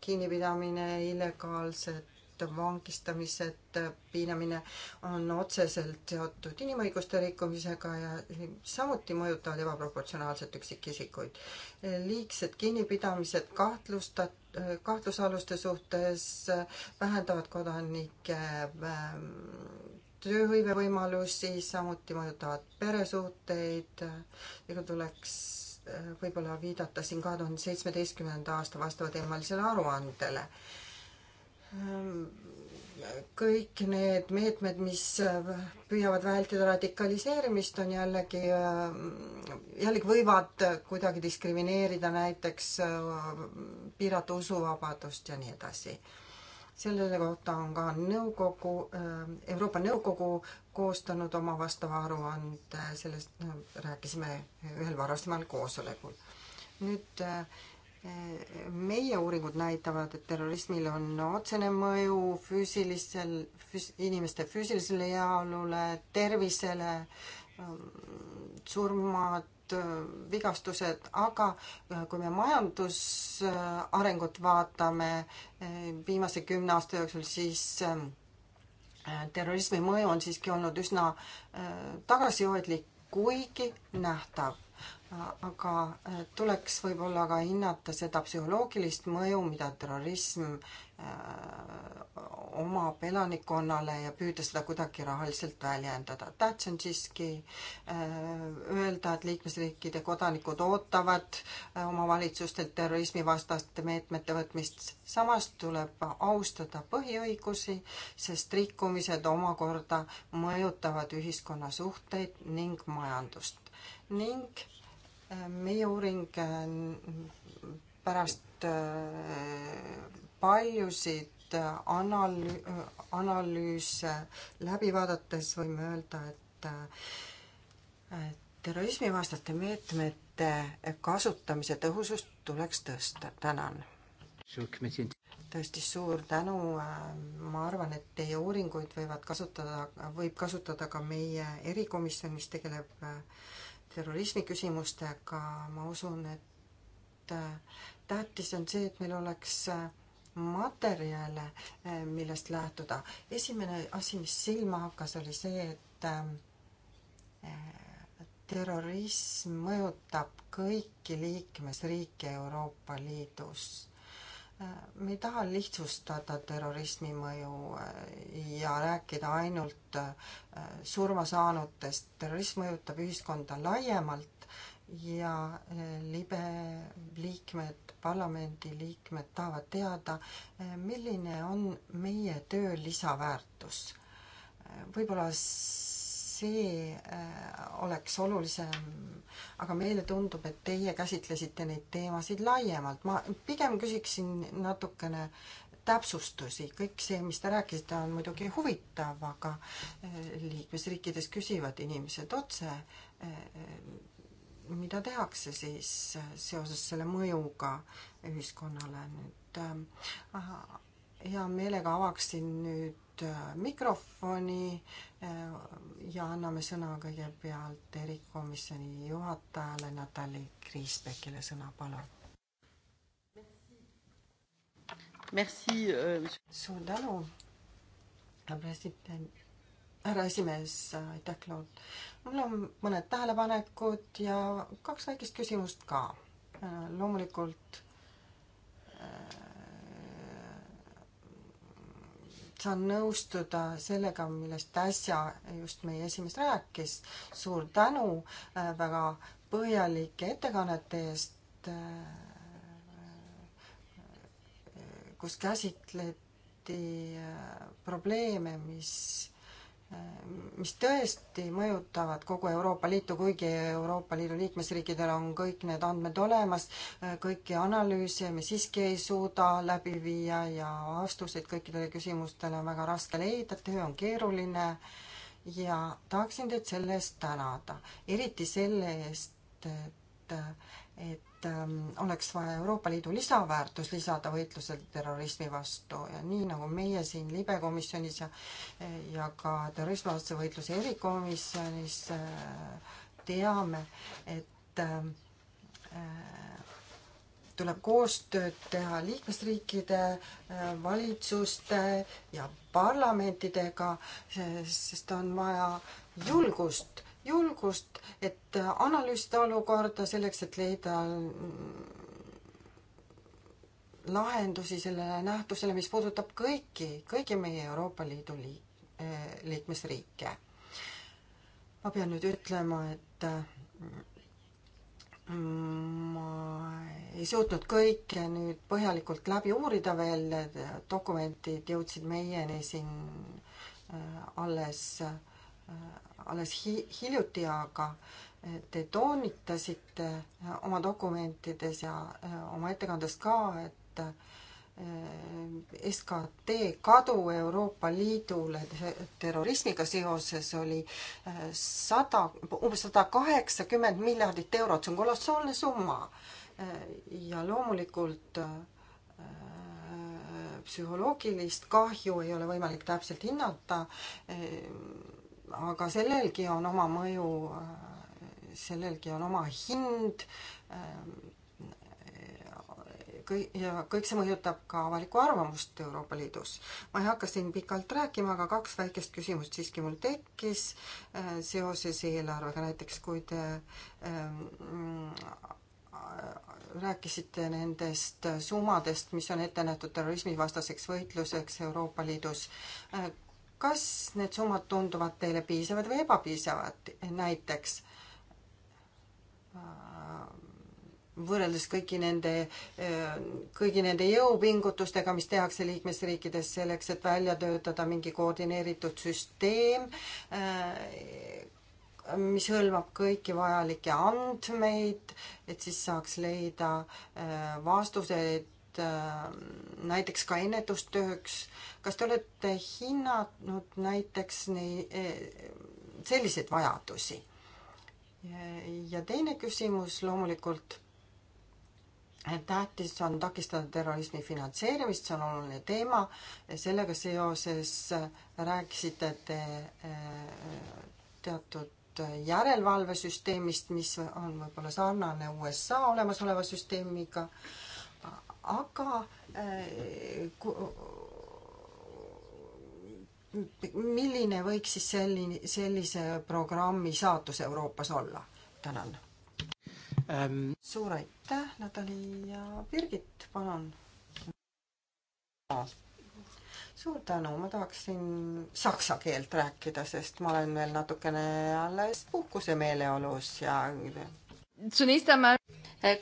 kinnipidamine, illegaalsed vangistamised, piinamine on otseselt seotud inimõiguste rikkumisega ja samuti mõjutavad ebaproportsionaalselt üksikisikuid. liigsed kinnipidamised kahtlustat-, kahtlusaluste suhtes vähendavad kodanike ähm, tööhõivevõimalusi, samuti mõjutavad peresuhteid, ega tuleks äh, võib-olla viidata siin kahe tuhande seitsmeteistkümnenda aasta vastavatelemalisele aruandele kõik need meetmed, mis püüavad vältida radikaliseerimist, on jällegi, jällegi võivad kuidagi diskrimineerida näiteks, piirata usuvabadust ja nii edasi. selle kohta on ka nõukogu, Euroopa Nõukogu koostanud oma vastava aruande, sellest rääkisime ühel varasemal koosolekul. nüüd äh, meie uuringud näitavad, et terrorismil on otsene mõju füüsilisel füüs,, inimeste füüsilisele heaolule, tervisele, surmad, vigastused, aga äh, kui me majandusarengut vaatame äh, viimase kümne aasta jooksul, siis äh, terrorismi mõju on siiski olnud üsna tagasihoidlik, kuigi nähtav Äh, aga äh, tuleks võib-olla ka hinnata seda psühholoogilist mõju, mida terrorism äh, omab elanikkonnale ja püüda seda kuidagi rahaliselt väljendada. tähtis on siiski öelda, et liikmesriikide kodanikud ootavad omavalitsustelt terrorismivastaste meetmete võtmist. samas tuleb austada põhiõigusi, sest rikkumised omakorda mõjutavad ühiskonna suhteid ning majandust ning meie uuring äh, pärast äh, paljusid äh, analüü-, analüüse läbi vaadates võime öelda, et terrorismivastaste meetmete kasutamise tõhusust tuleks tõsta, tänan. tõesti suur tänu, ma arvan, et teie uuringuid võivad kasutada, võib kasutada ka meie erikomisjon, mis tegeleb äh, terrorismi küsimustega, ma usun, et äh, tähtis on see, et meil oleks äh, materjale, äh, millest lähtuda. esimene asi, mis silma hakkas, oli see, et ähm, terrorism mõjutab kõiki liikmesriike Euroopa Liidus me ei taha lihtsustada terrorismi mõju äh, ja rääkida ainult äh, surma saanutest. terrorism mõjutab ühiskonda laiemalt ja äh, libe liikmed, parlamendi liikmed tahavad teada, milline on meie töö lisaväärtus. võib-olla see äh, oleks olulisem, aga meile tundub, et teie käsitlesite neid teemasid laiemalt. ma pigem küsiksin natukene täpsustusi, kõik see, mis te rääkisite, on muidugi huvitav, aga äh, liikmesriikides küsivad inimesed otse, äh, mida tehakse siis seoses selle mõjuga ühiskonnale nüüd. hea meelega avaksin nüüd Äh, mikrofoni äh, ja anname sõna kõigepealt erikomisjoni juhatajale Natali Kriisbekile sõna, palun. Merci euh.... suur tänu, president, härra esimees, aitäh, Claude. mul on mõned tähelepanekud ja kaks väikest küsimust ka. loomulikult äh, saan nõustuda sellega, millest äsja just meie esimees rääkis. suur tänu äh, väga põhjalike ettekannete eest, äh, äh, kus käsitleti probleeme, mis mis tõesti mõjutavad kogu Euroopa Liitu, kuigi Euroopa Liidu liikmesriikidel on kõik need andmed olemas, kõiki analüüse me siiski ei suuda läbi viia ja vastuseid kõikidele küsimustele on väga raske leida, töö on keeruline ja tahaksin teid selle eest tänada, eriti selle eest, et, et Ähm, oleks vaja Euroopa Liidu lisaväärtus lisada võitlusel terrorismi vastu ja nii nagu meie siin libekomisjonis ja ja ka terrorismivastase võitluse erikomisjonis äh, teame, et ähm, äh, tuleb koostööd teha liikmesriikide äh, valitsuste ja parlamentidega, sest on vaja julgust julgust, et analüüsida olukorda selleks, et leida lahendusi sellele nähtusele, mis puudutab kõiki, kõigi meie Euroopa Liidu liik-, eh, liikmesriike. ma pean nüüd ütlema, et mm, ma ei suutnud kõike nüüd põhjalikult läbi uurida veel, dokumendid jõudsid meieni siin eh, alles äh, Äh, alles hi-, hiljuti, aga äh, te toonitasite äh, oma dokumentides ja oma ettekandes ka, et SKT kadu Euroopa Liidule terrorismiga seoses oli sada, umbes sada kaheksakümmend miljardit eurot, see on kolossaalne summa. ja loomulikult psühholoogilist kahju ei ole võimalik täpselt hinnata aga sellelgi on oma mõju, sellelgi on oma hind, kõik, ja kõik see mõjutab ka avalikku arvamust Euroopa Liidus. ma ei hakka siin pikalt rääkima, aga kaks väikest küsimust siiski mul tekkis äh, seoses eelarvega, näiteks kui te ähm, äh, rääkisite nendest summadest, mis on ette nähtud terrorismivastaseks võitluseks Euroopa Liidus. Äh, kas need summad tunduvad teile piisavad või ebapiisavad, näiteks äh, võrreldes kõigi nende, äh, kõigi nende jõupingutustega, mis tehakse liikmesriikides selleks, et välja töötada mingi koordineeritud süsteem, äh, mis hõlmab kõiki vajalikke andmeid, et siis saaks leida vastuseid Äh, näiteks ka ennetustööks. kas te olete hinnanud näiteks nii, äh, selliseid vajadusi? ja teine küsimus loomulikult, tähtis on takistada terrorismi finantseerimist, see on oluline teema, sellega seoses äh, rääkisite te teatud järelevalvesüsteemist, mis on võib-olla sarnane USA olemasoleva süsteemiga aga äh, milline võiks siis selline, sellise programmi saatus Euroopas olla? tänan ähm.. suur aitäh, Natali ja Birgit, palun. suur tänu, ma tahaksin saksa keelt rääkida, sest ma olen veel natukene alles puhkusemeeleolus ja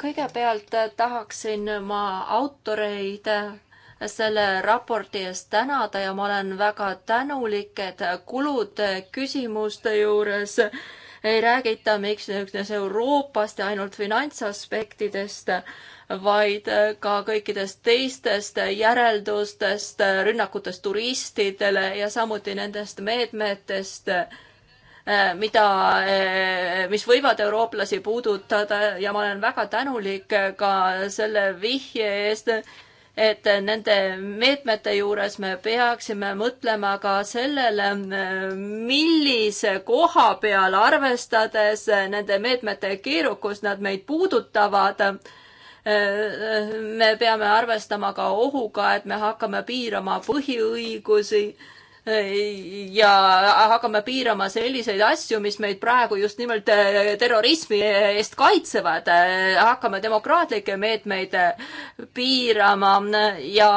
kõigepealt tahaksin ma autoreid selle raporti eest tänada ja ma olen väga tänulik, et kulude küsimuste juures ei räägita miks niisugusest Euroopast ja ainult finantsaspektidest, vaid ka kõikidest teistest järeldustest, rünnakutest turistidele ja samuti nendest meetmetest, Äh, mida, äh, mis võivad eurooplasi puudutada ja ma olen väga tänulik äh, ka selle vihje eest, et nende meetmete juures me peaksime mõtlema ka sellele, millise koha peal, arvestades nende meetmete keerukust, nad meid puudutavad me peame arvestama ka ohuga, et me hakkame piirama põhiõigusi ja hakkame piirama selliseid asju, mis meid praegu just nimelt eh, terrorismi eest kaitsevad. hakkame demokraatlikke meetmeid eh, piirama ja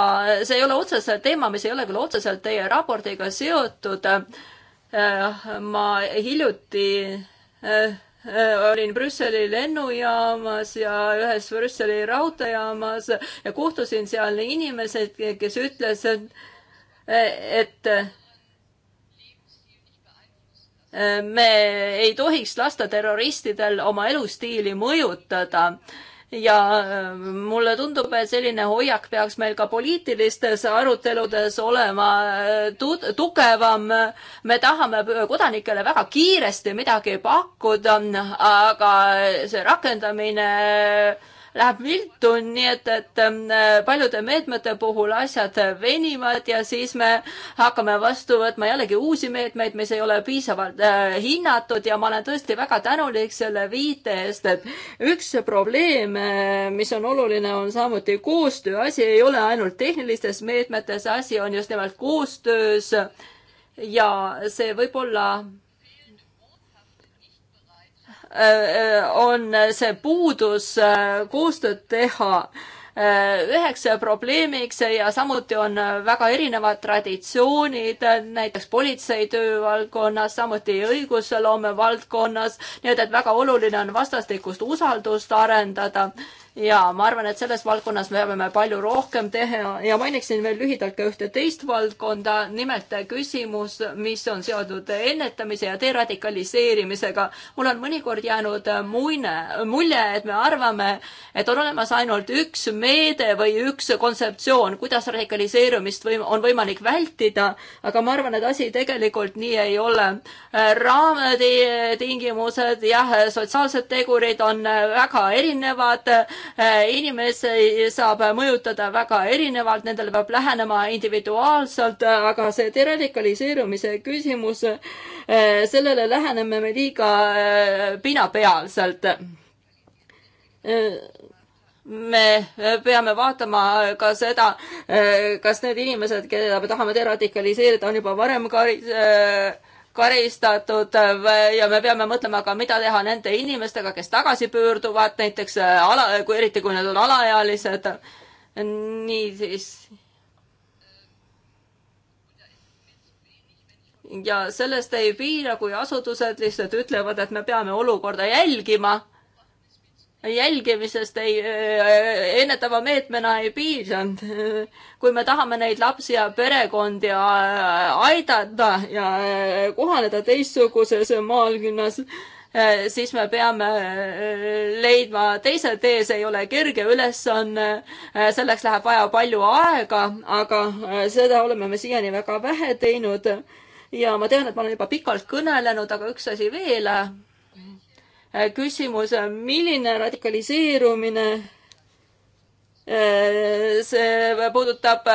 see ei ole otseselt teema, mis ei ole küll otseselt teie raportiga seotud. Eh, ma hiljuti olin Brüsseli lennujaamas ja ühes Brüsseli raudteejaamas ja kohtusin seal inimesed, kes ütles, et et äh, me ei tohiks lasta terroristidel oma elustiili mõjutada ja äh, mulle tundub, et selline hoiak peaks meil ka poliitilistes aruteludes olema äh, tu-, tugevam. me tahame kodanikele väga kiiresti midagi pakkuda, aga see rakendamine läheb viltu, nii et, et ähm, paljude meetmete puhul asjad venivad ja siis me hakkame vastu võtma jällegi uusi meetmeid, mis ei ole piisavalt äh, hinnatud ja ma olen tõesti väga tänulik selle viite eest, et üks probleem, äh, mis on oluline, on samuti koostöö. asi ei ole ainult tehnilistes meetmetes, asi on just nimelt koostöös ja see võib olla Äh, on see puudus äh, koostööd teha äh, üheks probleemiks ja samuti on väga erinevad traditsioonid, näiteks politseitöö valdkonnas, samuti õigusloome valdkonnas, nii et, et väga oluline on vastastikust usaldust arendada ja ma arvan, et selles valdkonnas me peame palju rohkem teha ja mainiksin veel lühidalt ka ühte teist valdkonda, nimelt küsimus, mis on seotud ennetamise ja deradikaliseerimisega. mul on mõnikord jäänud muine, mulje, et me arvame, et on olemas ainult üks meede või üks kontseptsioon, kuidas radikaliseerumist või on võimalik vältida, aga ma arvan, et asi tegelikult nii ei ole. raamati tingimused, jah, sotsiaalsed tegurid on väga erinevad Äh, inimesi saab mõjutada väga erinevalt, nendele peab lähenema individuaalselt, äh, aga see deradikaliseerumise küsimus, äh, sellele läheneme me liiga pinnapealselt me peame vaatama ka seda, kas need inimesed, keda me tahame deradikaliseerida, on juba varem kar-, karistatud äh, ja me peame mõtlema ka, mida teha nende inimestega, kes tagasi pöörduvad, näiteks äh, ala, kui eriti, kui nad on alaealised. niisiis. ja sellest ei piira, kui asutused lihtsalt ütlevad, et me peame olukorda jälgima jälgimisest ei, äh, ennetava meetmena ei piisanud. kui me tahame neid lapsi ja perekondi äh, aidata ja äh, kohaneda teistsuguses maailmas, siis me peame leidma teise tee, see ei ole kerge ülesanne, selleks läheb vaja palju aega, aga seda oleme me siiani väga vähe teinud. ja ma tean, et ma olen juba pikalt kõnelenud, aga üks asi veel Äh, küsimus, äh, milline radikaliseerumine äh, see puudutab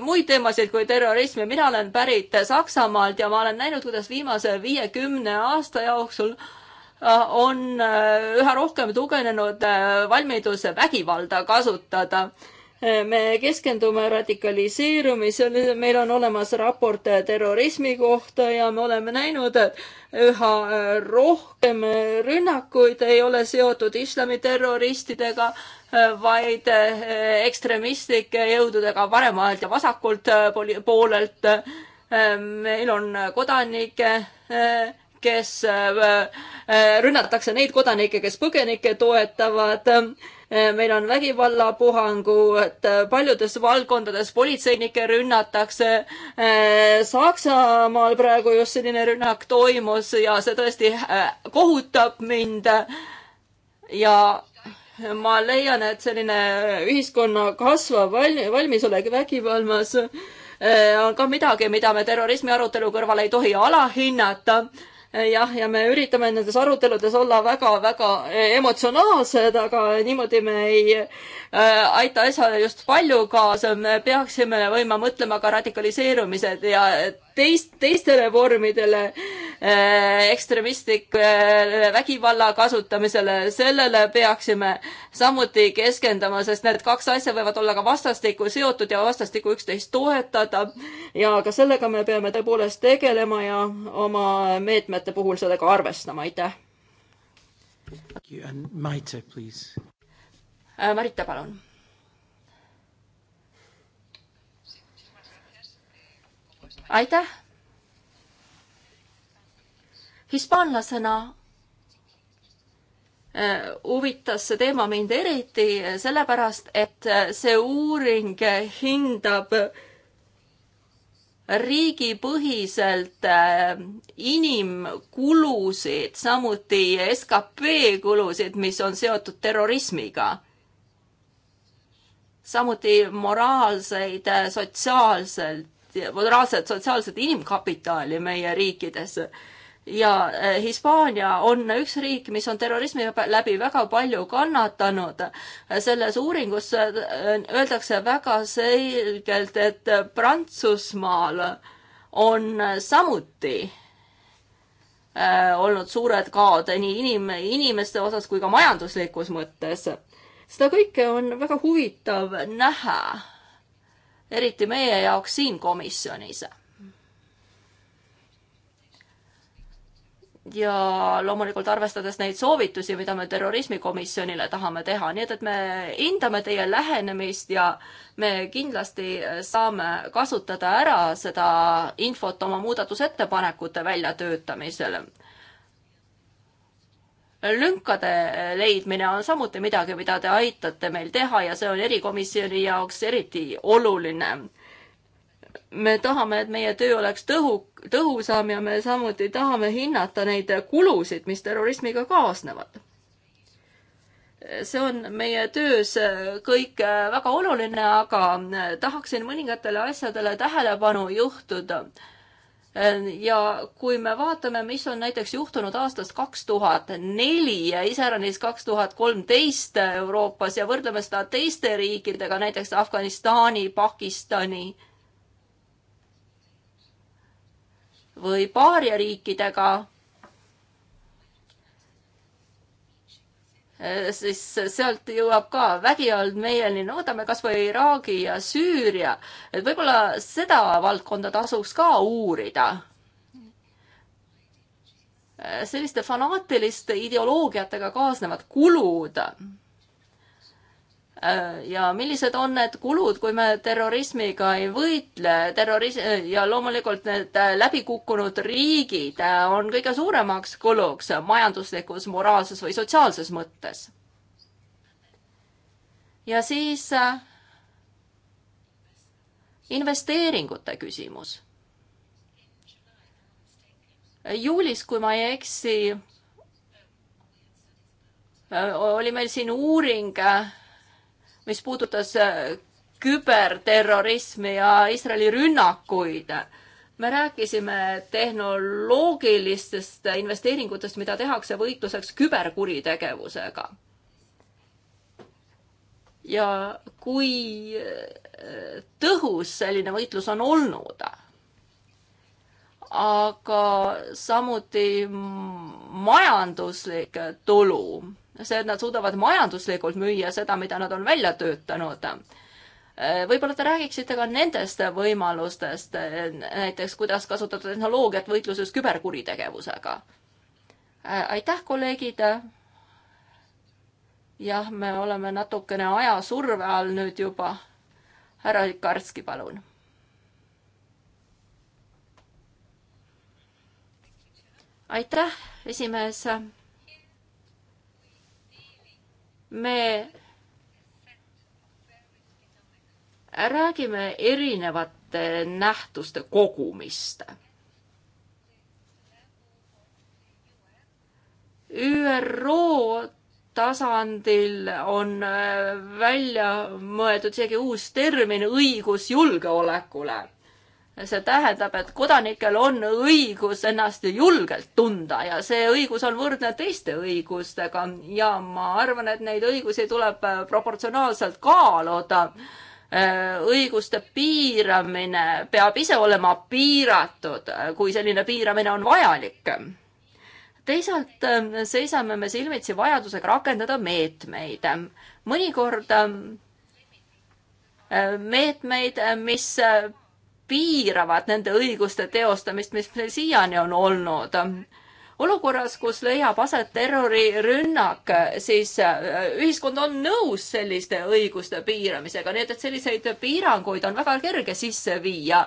muid teemasid kui terrorismi. mina olen pärit Saksamaalt ja ma olen näinud, kuidas viimase viiekümne aasta jooksul on üha rohkem tugevnenud valmidus vägivalda kasutada me keskendume radikaliseerumisele, meil on olemas raport terrorismi kohta ja me oleme näinud, et üha rohkem rünnakuid ei ole seotud islamiterroristidega, vaid ekstremistlike jõududega paremalt ja vasakult poolelt. meil on kodanikke kes rünnatakse neid kodanikke, kes põgenikke toetavad. Eh, meil on vägivallapuhangud eh, paljudes valdkondades, politseinikke rünnatakse. Eh, Saksamaal praegu just selline rünnak toimus ja see tõesti kohutab mind. ja ma leian, et selline ühiskonna kasvav valmisolek vägivallas on ka midagi, mida me terrorismi arutelu kõrval ei tohi alahinnata Eh, jah, ja me üritame nendes aruteludes olla väga-väga eh, emotsionaalsed, aga niimoodi me ei eh, aita asjale just palju kaasa, me peaksime võima mõtlema ka radikaliseerumised ja et teist, teistele vormidele äh,, ekstremistlikule äh, vägivalla kasutamisele, sellele peaksime samuti keskenduma, sest need kaks asja võivad olla ka vastastikku seotud ja vastastikku üksteist toetada. ja ka sellega me peame tõepoolest tegelema ja oma meetmete puhul sellega arvestama, aitäh. Äh, Marita, palun aitäh! hispaanlasena äh, huvitas see teema mind eriti äh, sellepärast, et äh, see uuring hindab riigipõhiselt inimkulusid, samuti skp kulusid, mis on seotud terrorismiga. samuti moraalseid, sotsiaalselt moraalset, sotsiaalset inimkapitaali meie riikides. ja eh, Hispaania on üks riik, mis on terrorismi läbi väga palju kannatanud. selles uuringus eh, öeldakse väga selgelt, et Prantsusmaal on samuti eh, olnud suured kaod nii inim, inimeste osas kui ka majanduslikus mõttes. seda kõike on väga huvitav näha eriti meie jaoks siin komisjonis. ja loomulikult arvestades neid soovitusi, mida me terrorismikomisjonile tahame teha, nii et, et me hindame teie lähenemist ja me kindlasti saame kasutada ära seda infot oma muudatusettepanekute väljatöötamisel lünkade leidmine on samuti midagi, mida te aitate meil teha ja see on erikomisjoni jaoks eriti oluline. me tahame, et meie töö oleks tõhu, tõhusam ja me samuti tahame hinnata neid kulusid, mis terrorismiga kaasnevad. see on meie töös kõik väga oluline, aga tahaksin mõningatele asjadele tähelepanu juhtuda Äh, ja kui me vaatame, mis on näiteks juhtunud aastast kaks tuhat neli ja iseäranis kaks tuhat kolmteist Euroopas ja võrdleme seda teiste riikidega, näiteks Afganistani, Pakistani või paaria riikidega, Äh, siis sealt jõuab ka vägivald meieni, no võtame kas või Iraagi ja Süüria, et võib-olla seda valdkonda tasuks ka uurida. Äh, selliste fanaatiliste ideoloogiatega kaasnevad kulud Äh, ja millised on need kulud, kui me terrorismiga ei võitle, terroris- äh, ja loomulikult need äh, läbikukkunud riigid on kõige suuremaks kuluks majanduslikus, moraalses või sotsiaalses mõttes. ja siis investeeringute küsimus. juulis, kui ma ei eksi, oli meil siin uuring mis puudutas äh, küberterrorismi ja Iisraeli rünnakuid. me rääkisime tehnoloogilistest investeeringutest, mida tehakse võitluseks küberkuritegevusega. ja kui äh, tõhus selline võitlus on olnud. aga samuti majanduslik tulu see, et nad suudavad majanduslikult müüa seda, mida nad on välja töötanud võib-olla te räägiksite ka nendest võimalustest, näiteks kuidas kasutada tehnoloogiat võitluses küberkuritegevusega. aitäh, kolleegid. jah, me oleme natukene ajasurve all nüüd juba. härra Ikarski, palun. aitäh, esimees me räägime erinevate nähtuste kogumist. ÜRO tasandil on äh, välja mõeldud isegi uus termin õigus julgeolekule see tähendab, et kodanikel on õigus ennast julgelt tunda ja see õigus on võrdne teiste õigustega ja ma arvan, et neid õigusi tuleb äh, proportsionaalselt kaaluda. Äh, õiguste piiramine peab ise olema piiratud, äh, kui selline piiramine on vajalik. teisalt seisame me silmitsi vajadusega rakendada meetmeid. mõnikord meetmeid, mis piiravad nende õiguste teostamist, mis meil siiani on olnud olukorras, kus leiab aset terrorirünnak, siis äh, ühiskond on nõus selliste õiguste piiramisega, nii et, et selliseid piiranguid on väga kerge sisse viia.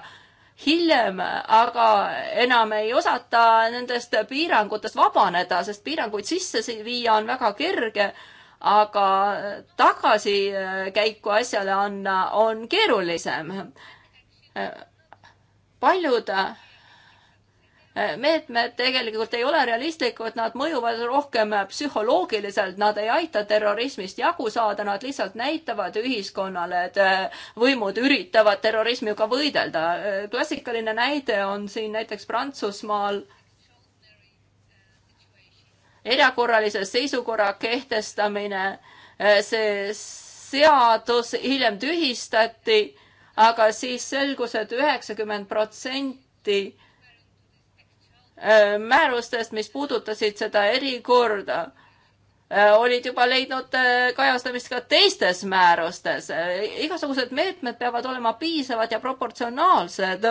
hiljem aga enam ei osata nendest piirangutest vabaneda, sest piiranguid sisse viia on väga kerge, aga tagasikäiku asjale anda on, on keerulisem paljud äh, meetmed tegelikult ei ole realistlikud, nad mõjuvad rohkem psühholoogiliselt, nad ei aita terrorismist jagu saada, nad lihtsalt näitavad ühiskonnale, et äh, võimud üritavad terrorismiga võidelda. Äh, klassikaline näide on siin näiteks Prantsusmaal erakorralise seisukorra kehtestamine, see seadus hiljem tühistati aga siis selgus et, et üheksakümmend protsenti äh, määrustest, mis puudutasid seda erikorda, äh, olid juba leidnud äh, kajastamist ka teistes määrustes. igasugused meetmed peavad olema piisavad ja proportsionaalsed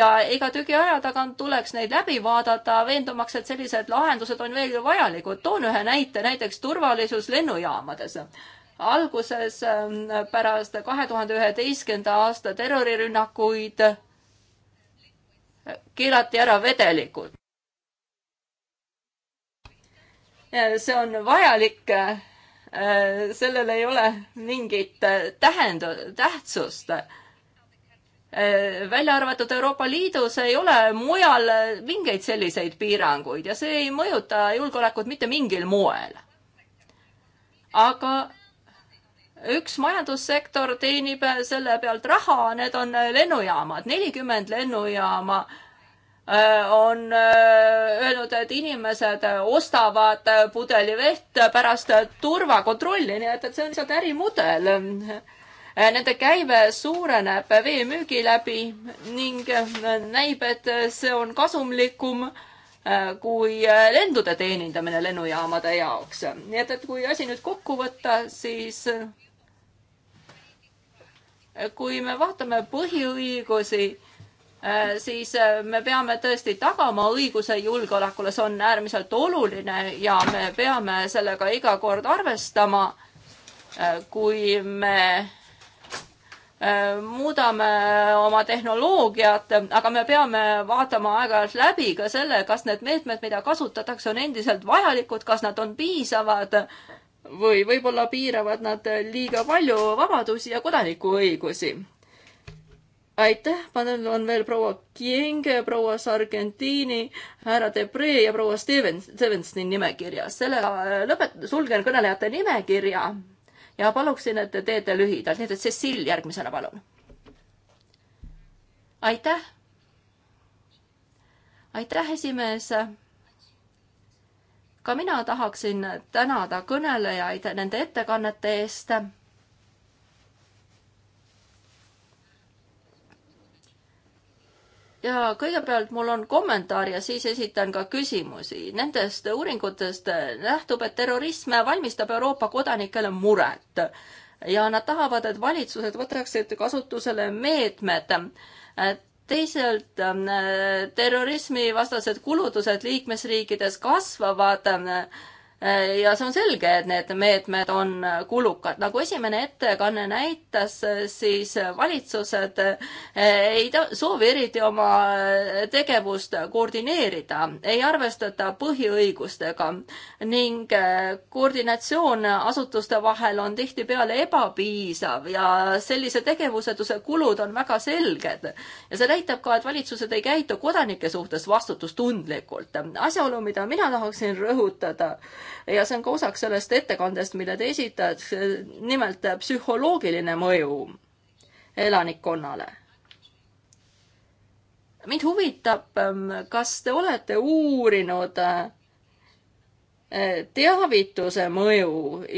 ja iga tüki aja tagant tuleks neid läbi vaadata, veendumaks, et sellised lahendused on veel vajalikud. toon ühe näite, näiteks turvalisus lennujaamades alguses ähm, pärast kahe tuhande üheteistkümnenda aasta terrorirünnakuid keelati ära vedelikud. see on vajalik, äh, sellel ei ole mingit äh, tähend-, tähtsust. Äh, välja arvatud Euroopa Liidus ei ole mujal mingeid selliseid piiranguid ja see ei mõjuta julgeolekut mitte mingil moel. aga üks majandussektor teenib selle pealt raha, need on lennujaamad, nelikümmend lennujaama äh, on äh, öelnud, et inimesed ostavad pudeli vett pärast turvakontrolli, nii et, et see on lihtsalt ärimudel. Äh, nende käive suureneb veemüügi läbi ning näib, et see on kasumlikum kui lendude teenindamine lennujaamade jaoks. nii et, et kui asi nüüd kokku võtta, siis kui me vaatame põhiõigusi, äh, siis äh, me peame tõesti tagama õiguse julgeolekule, see on äärmiselt oluline ja me peame sellega iga kord arvestama, äh, kui me muudame oma tehnoloogiat, aga me peame vaatama aeg-ajalt läbi ka selle, kas need meetmed, mida kasutatakse, on endiselt vajalikud, kas nad on piisavad või võib-olla piiravad nad liiga palju vabadusi ja kodanikuõigusi. aitäh, panel on veel proua King, proua Sargentini, härra Debre ja proua Stevens, Stevensi nimekirjas. sellega äh, lõpet-, sulgen kõnelejate nimekirja ja paluksin, et te teete lühidalt, nii et Cecil järgmisena, palun. aitäh. aitäh, esimees ka mina tahaksin tänada kõnelejaid nende ettekannete eest. ja kõigepealt mul on kommentaar ja siis esitan ka küsimusi. Nendest uuringutest nähtub, et terrorism valmistab Euroopa kodanikele muret ja nad tahavad, et valitsused võtaksid kasutusele meetmed, teisalt ähm, terrorismivastased kulutused liikmesriikides kasvavad ähm, Äh, ja see on selge, et need meetmed on kulukad. nagu esimene ettekanne näitas, siis valitsused äh, ei soovi eriti oma tegevust koordineerida, ei arvestata põhiõigustega ning äh, koordinatsioon asutuste vahel on tihtipeale ebapiisav ja sellise tegevusetuse kulud on väga selged. ja see näitab ka, et valitsused ei käitu kodanike suhtes vastutustundlikult. asjaolu, mida mina tahaksin rõhutada, ja see on ka osaks sellest ettekandest, mille te esitate, nimelt psühholoogiline mõju elanikkonnale. mind huvitab, kas te olete uurinud eh, teavituse mõju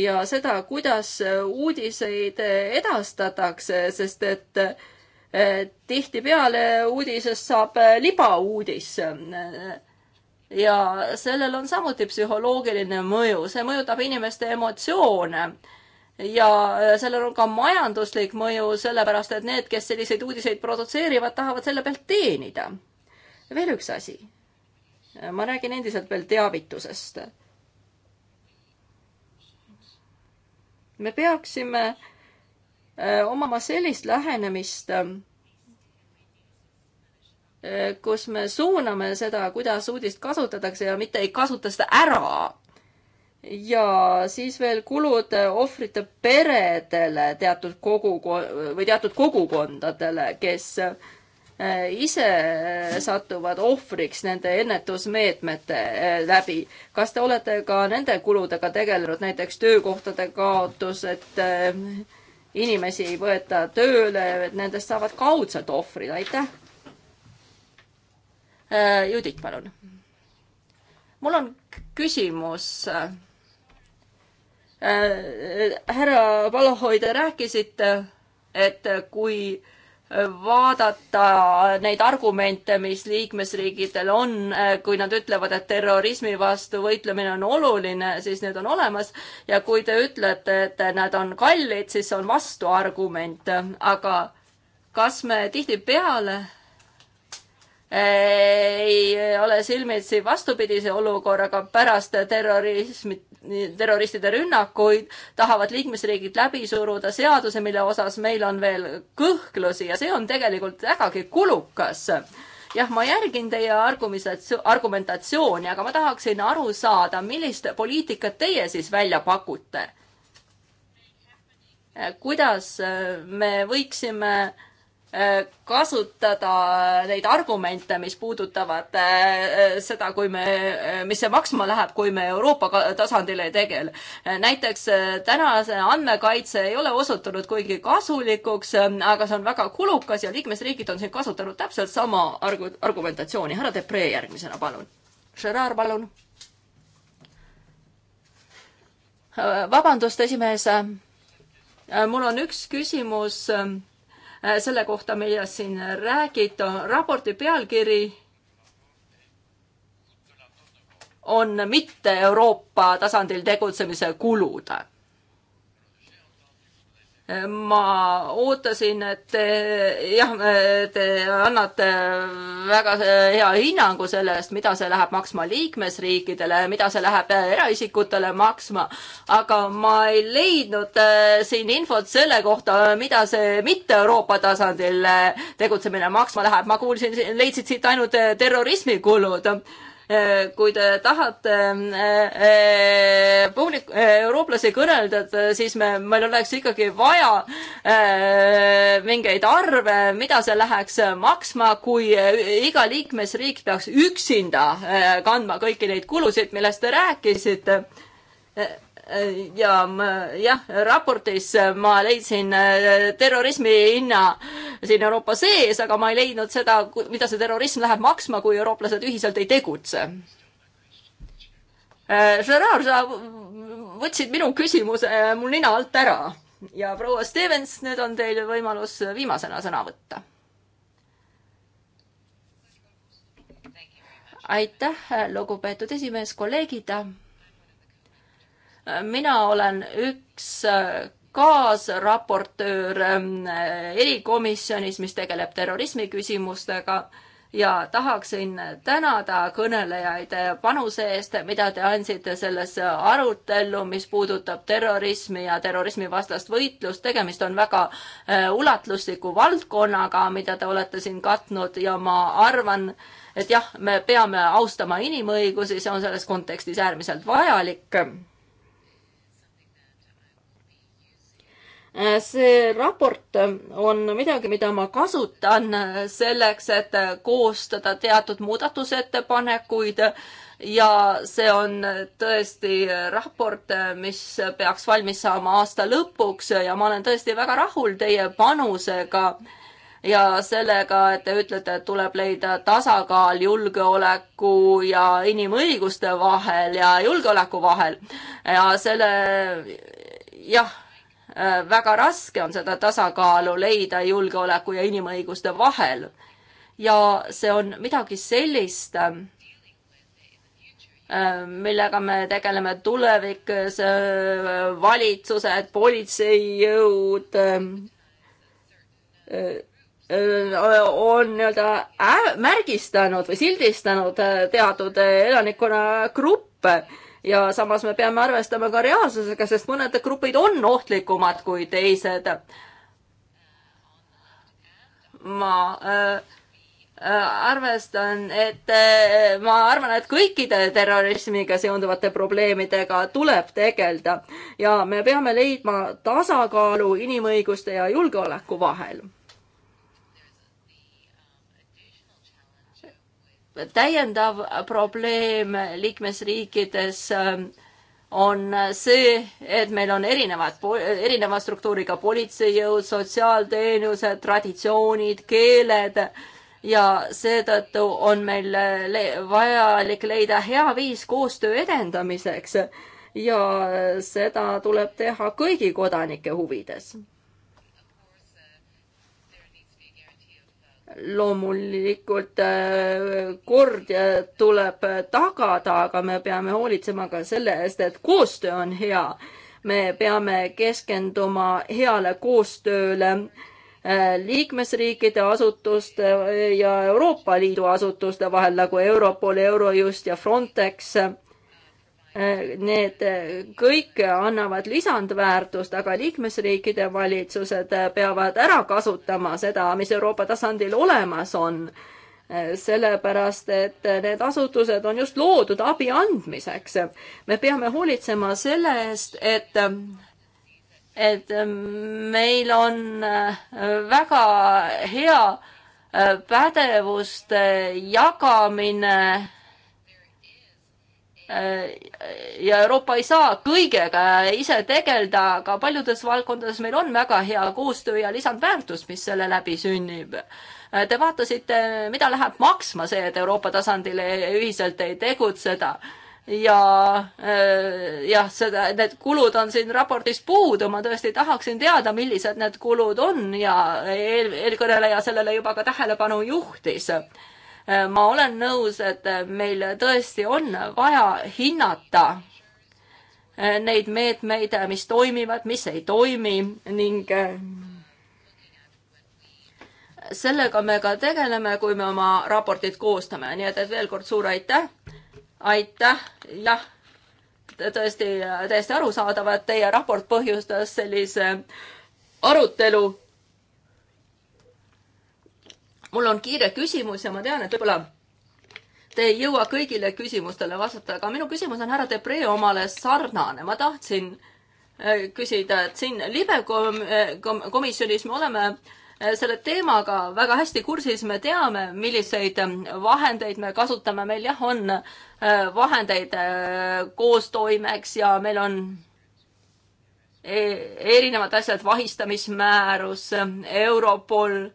ja seda, kuidas uudiseid edastatakse, sest et eh, tihtipeale uudisest saab libauudis ja sellel on samuti psühholoogiline mõju, see mõjutab inimeste emotsioone ja äh, sellel on ka majanduslik mõju, sellepärast et need, kes selliseid uudiseid produtseerivad, tahavad selle pealt teenida. veel üks asi. ma räägin endiselt veel teavitusest. me peaksime äh, omama sellist lähenemist, Äh, kus me suuname seda, kuidas uudist kasutatakse ja mitte ei kasuta seda ära. ja siis veel kulud ohvrite peredele teatud kogu või teatud kogukondadele, kes äh, ise satuvad ohvriks nende ennetusmeetmete äh, läbi. kas te olete ka nende kuludega tegelenud, näiteks töökohtade kaotus, et inimesi ei võeta tööle, et nendest saavad kaudselt ohvrid, aitäh Äh, Judit, palun. mul on küsimus. Äh, härra Palohoi, te rääkisite, et kui vaadata neid argumente, mis liikmesriigidel on, äh, kui nad ütlevad, et terrorismi vastu võitlemine on oluline, siis need on olemas ja kui te ütlete, et nad on kallid, siis on vastuargument, aga kas me tihtipeale ei ole silmitsi vastupidise olukorraga pärast terrorismi, terroristide rünnakuid, tahavad liikmesriigid läbi suruda seaduse, mille osas meil on veel kõhklusi ja see on tegelikult vägagi kulukas. jah, ma järgin teie argumentatsiooni, aga ma tahaksin aru saada, millist poliitikat teie siis välja pakute? kuidas me võiksime äh, Äh, kasutada neid argumente, mis puudutavad äh, seda, kui me, äh, mis see maksma läheb, kui me Euroopa tasandil ei tegele. näiteks tänase andmekaitse ei ole osutunud kuigi kasulikuks, aga see on väga kulukas ja liikmesriigid on siin kasutanud täpselt sama argu-, argumentatsiooni. härra Depree järgmisena, palun. Gerard, palun. vabandust, esimees. mul on üks küsimus Äh, selle kohta, millest siin räägiti, raporti pealkiri on mitte Euroopa tasandil tegutsemise kulud ma ootasin, et te, jah, te annate väga hea hinnangu sellest, mida see läheb maksma liikmesriikidele, mida see läheb eraisikutele maksma, aga ma ei leidnud eh, siin infot selle kohta, mida see mitte Euroopa tasandil eh, tegutsemine maksma läheb. ma kuulsin, leidsid siit ainult eh, terrorismikulud Äh, kui te tahate äh, äh, publik-, eurooplasi kõnelda, et siis me, meil oleks ikkagi vaja mingeid arve, mida see läheks maksma, kui iga liikmesriik peaks üksinda kandma kõiki neid kulusid, millest te rääkisite ja jah, raportis ma leidsin äh, terrorismi hinna siin Euroopa sees, aga ma ei leidnud seda, mida see terrorism läheb maksma, kui eurooplased ühiselt ei tegutse. Äh, Gerard, sa võtsid minu küsimuse äh, mul nina alt ära ja proua Stevens, nüüd on teil võimalus viimasena sõna võtta. aitäh, lugupeetud esimees, kolleegid mina olen üks äh, kaasraportöör ähm, erikomisjonis, mis tegeleb terrorismi küsimustega ja tahaksin tänada kõnelejaid panuse eest, mida te andsite sellesse arutellu, mis puudutab terrorismi ja terrorismivastast võitlust. tegemist on väga äh, ulatusliku valdkonnaga, mida te olete siin katnud ja ma arvan, et jah, me peame austama inimõigusi, see on selles kontekstis äärmiselt vajalik Äh, see raport on midagi, mida ma kasutan äh, selleks, et äh, koostada teatud muudatusettepanekuid ja see on tõesti raport, mis peaks valmis saama aasta lõpuks ja ma olen tõesti väga rahul teie panusega ja sellega, et te ütlete, et tuleb leida tasakaal julgeoleku ja inimõiguste vahel ja julgeoleku vahel ja selle jah Äh, väga raske on seda tasakaalu leida julgeoleku ja inimõiguste vahel. ja see on midagi sellist, äh, millega me tegeleme tulevikus, äh, valitsused, politseijõud on nii-öelda märgistanud või sildistanud teatud elanikkonna gruppe ja samas me peame arvestama ka reaalsusega, sest mõned grupid on ohtlikumad kui teised. ma äh, äh arvestan, et äh, ma arvan, et kõikide terrorismiga seonduvate probleemidega tuleb tegeleda ja me peame leidma tasakaalu inimõiguste ja julgeoleku vahel. täiendav probleem liikmesriikides ähm, on see, et meil on erinevad, erineva struktuuriga politseijõud, sotsiaalteenused, traditsioonid, keeled ja seetõttu on meil le vajalik leida hea viis koostöö edendamiseks ja seda tuleb teha kõigi kodanike huvides loomulikult äh, kord äh, tuleb äh, tagada, aga me peame hoolitsema ka selle eest, et koostöö on hea. me peame keskenduma heale koostööle liikmesriikide asutuste ja Euroopa Liidu asutuste vahel nagu Europol, Eurojust ja Frontex Äh, need äh, kõik annavad lisandväärtust, aga liikmesriikide valitsused äh, peavad ära kasutama seda, mis Euroopa tasandil olemas on. sellepärast, et need asutused on just loodud abi andmiseks. me peame hoolitsema selle eest, et et meil on väga hea pädevuste jagamine Äh, ja Euroopa ei saa kõigega ise tegeleda, aga paljudes valdkondades meil on väga hea koostöö ja lisandväärtus, mis selle läbi sünnib. Äh, te vaatasite, mida läheb maksma see, et Euroopa tasandil ühiselt ei tegutseda ja äh, jah, seda, need kulud on siin raportis puudu, ma tõesti tahaksin teada, millised need kulud on ja eel, eelkõneleja sellele juba ka tähelepanu juhtis ma olen nõus, et meil tõesti on vaja hinnata eh, neid meetmeid, mis toimivad, mis ei toimi ning eh, sellega me ka tegeleme, kui me oma raportit koostame, nii et, et veel kord suur aitäh. aitäh, jah, tõesti, täiesti arusaadav, et teie raport põhjustas sellise arutelu mul on kiire küsimus ja ma tean, et võib-olla te ei jõua kõigile küsimustele vastata, aga minu küsimus on härra Debre omale sarnane. ma tahtsin äh, küsida, et siin libe kom-, äh, kom-, komisjonis me oleme äh, selle teemaga väga hästi kursis, me teame, milliseid ähm, vahendeid me kasutame, meil jah, on vahendeid koostoimeks ja meil on e-, erinevad asjad, vahistamismäärus, ähm, Europol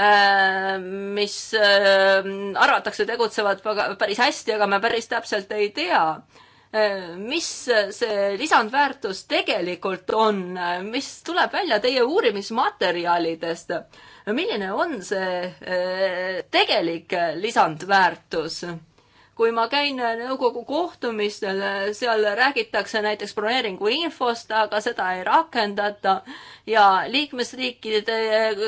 Äh, mis äh, arvatakse tegutsevad päris hästi, aga me päris täpselt ei tea äh, mis see lisandväärtus tegelikult on, mis tuleb välja teie uurimismaterjalidest? milline on see tegelik lisandväärtus? kui ma käin nõukogu kohtumistel, seal räägitakse näiteks broneeringu infost, aga seda ei rakendata ja liikmesriikide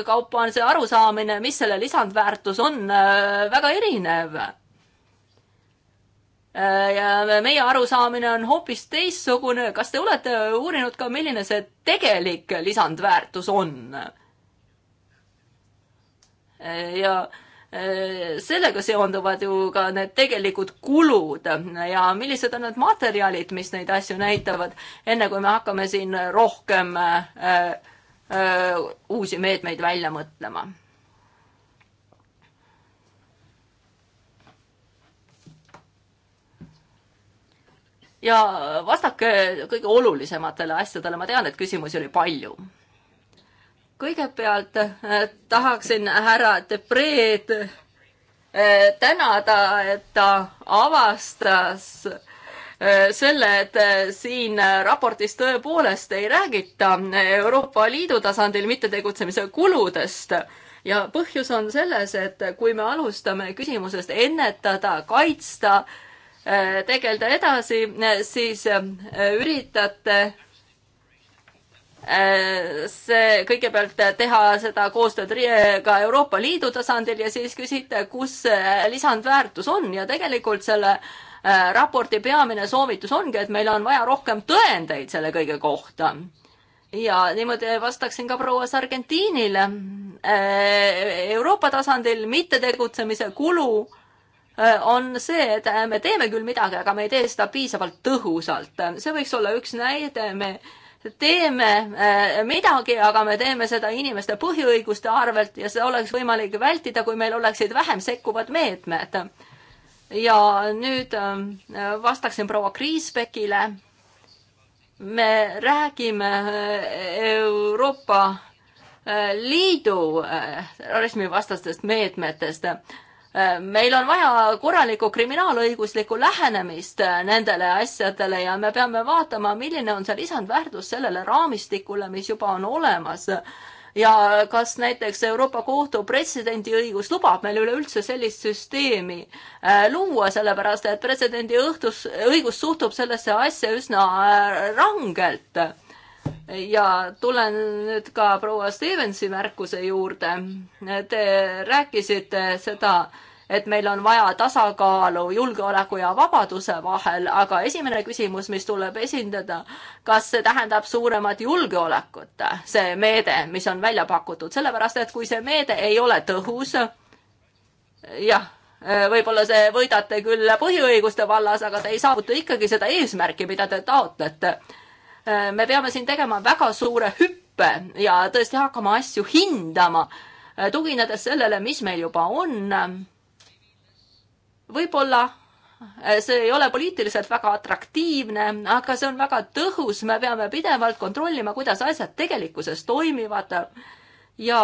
kaupa on see arusaamine, mis selle lisandväärtus on, äh, väga erinev. Äh, ja meie arusaamine on hoopis teistsugune. kas te olete uurinud ka, milline see tegelik lisandväärtus on? Äh, ja Äh, sellega seonduvad ju ka need tegelikud kulud ja millised on need materjalid, mis neid asju näitavad, enne kui me hakkame siin rohkem äh, äh, uusi meetmeid välja mõtlema. ja vastake kõige olulisematele asjadele, ma tean, et küsimusi oli palju kõigepealt äh, tahaksin härra Depreed äh, tänada, et ta avastas äh, selle, et siin raportis tõepoolest ei räägita Euroopa Liidu tasandil mittetegutsemise kuludest ja põhjus on selles, et kui me alustame küsimusest ennetada, kaitsta, tegeleda edasi, siis üritate Äh, see kõigepealt teha seda koostööd ka Euroopa Liidu tasandil ja siis küsite, kus lisandväärtus on ja tegelikult selle äh, raporti peamine soovitus ongi, et meil on vaja rohkem tõendeid selle kõige kohta. ja niimoodi vastaksin ka proua Sargentinile. Äh, Euroopa tasandil mittetegutsemise kulu on see, et me teeme küll midagi, aga me ei tee seda piisavalt tõhusalt. see võiks olla üks näide, me teeme äh, midagi, aga me teeme seda inimeste põhiõiguste arvelt ja seda oleks võimalik vältida, kui meil oleksid vähem sekkuvad meetmed. ja nüüd äh, vastaksin proua Kriisbekile. me räägime äh, Euroopa Liidu terrorismivastastest meetmetest meil on vaja korralikku kriminaalõiguslikku lähenemist äh, nendele asjadele ja me peame vaatama, milline on see lisandväärtus sellele raamistikule, mis juba on olemas. ja kas näiteks Euroopa Kohtu presidendi õigus lubab meil üleüldse sellist süsteemi äh, luua, sellepärast et presidendi õhtus, õigus suhtub sellesse asja üsna äh, rangelt ja tulen nüüd ka proua Stevensi märkuse juurde. Te rääkisite seda, et meil on vaja tasakaalu julgeoleku ja vabaduse vahel, aga esimene küsimus, mis tuleb esindada, kas see tähendab suuremat julgeolekut, see meede, mis on välja pakutud, sellepärast et kui see meede ei ole tõhus, jah, võib-olla see võidate küll põhiõiguste vallas, aga te ei saavuta ikkagi seda eesmärki, mida te taotlete Äh, me peame siin tegema väga suure hüppe ja tõesti hakkama asju hindama, äh, tuginedes sellele, mis meil juba on. võib-olla äh, see ei ole poliitiliselt väga atraktiivne, aga see on väga tõhus, me peame pidevalt kontrollima, kuidas asjad tegelikkuses toimivad ja,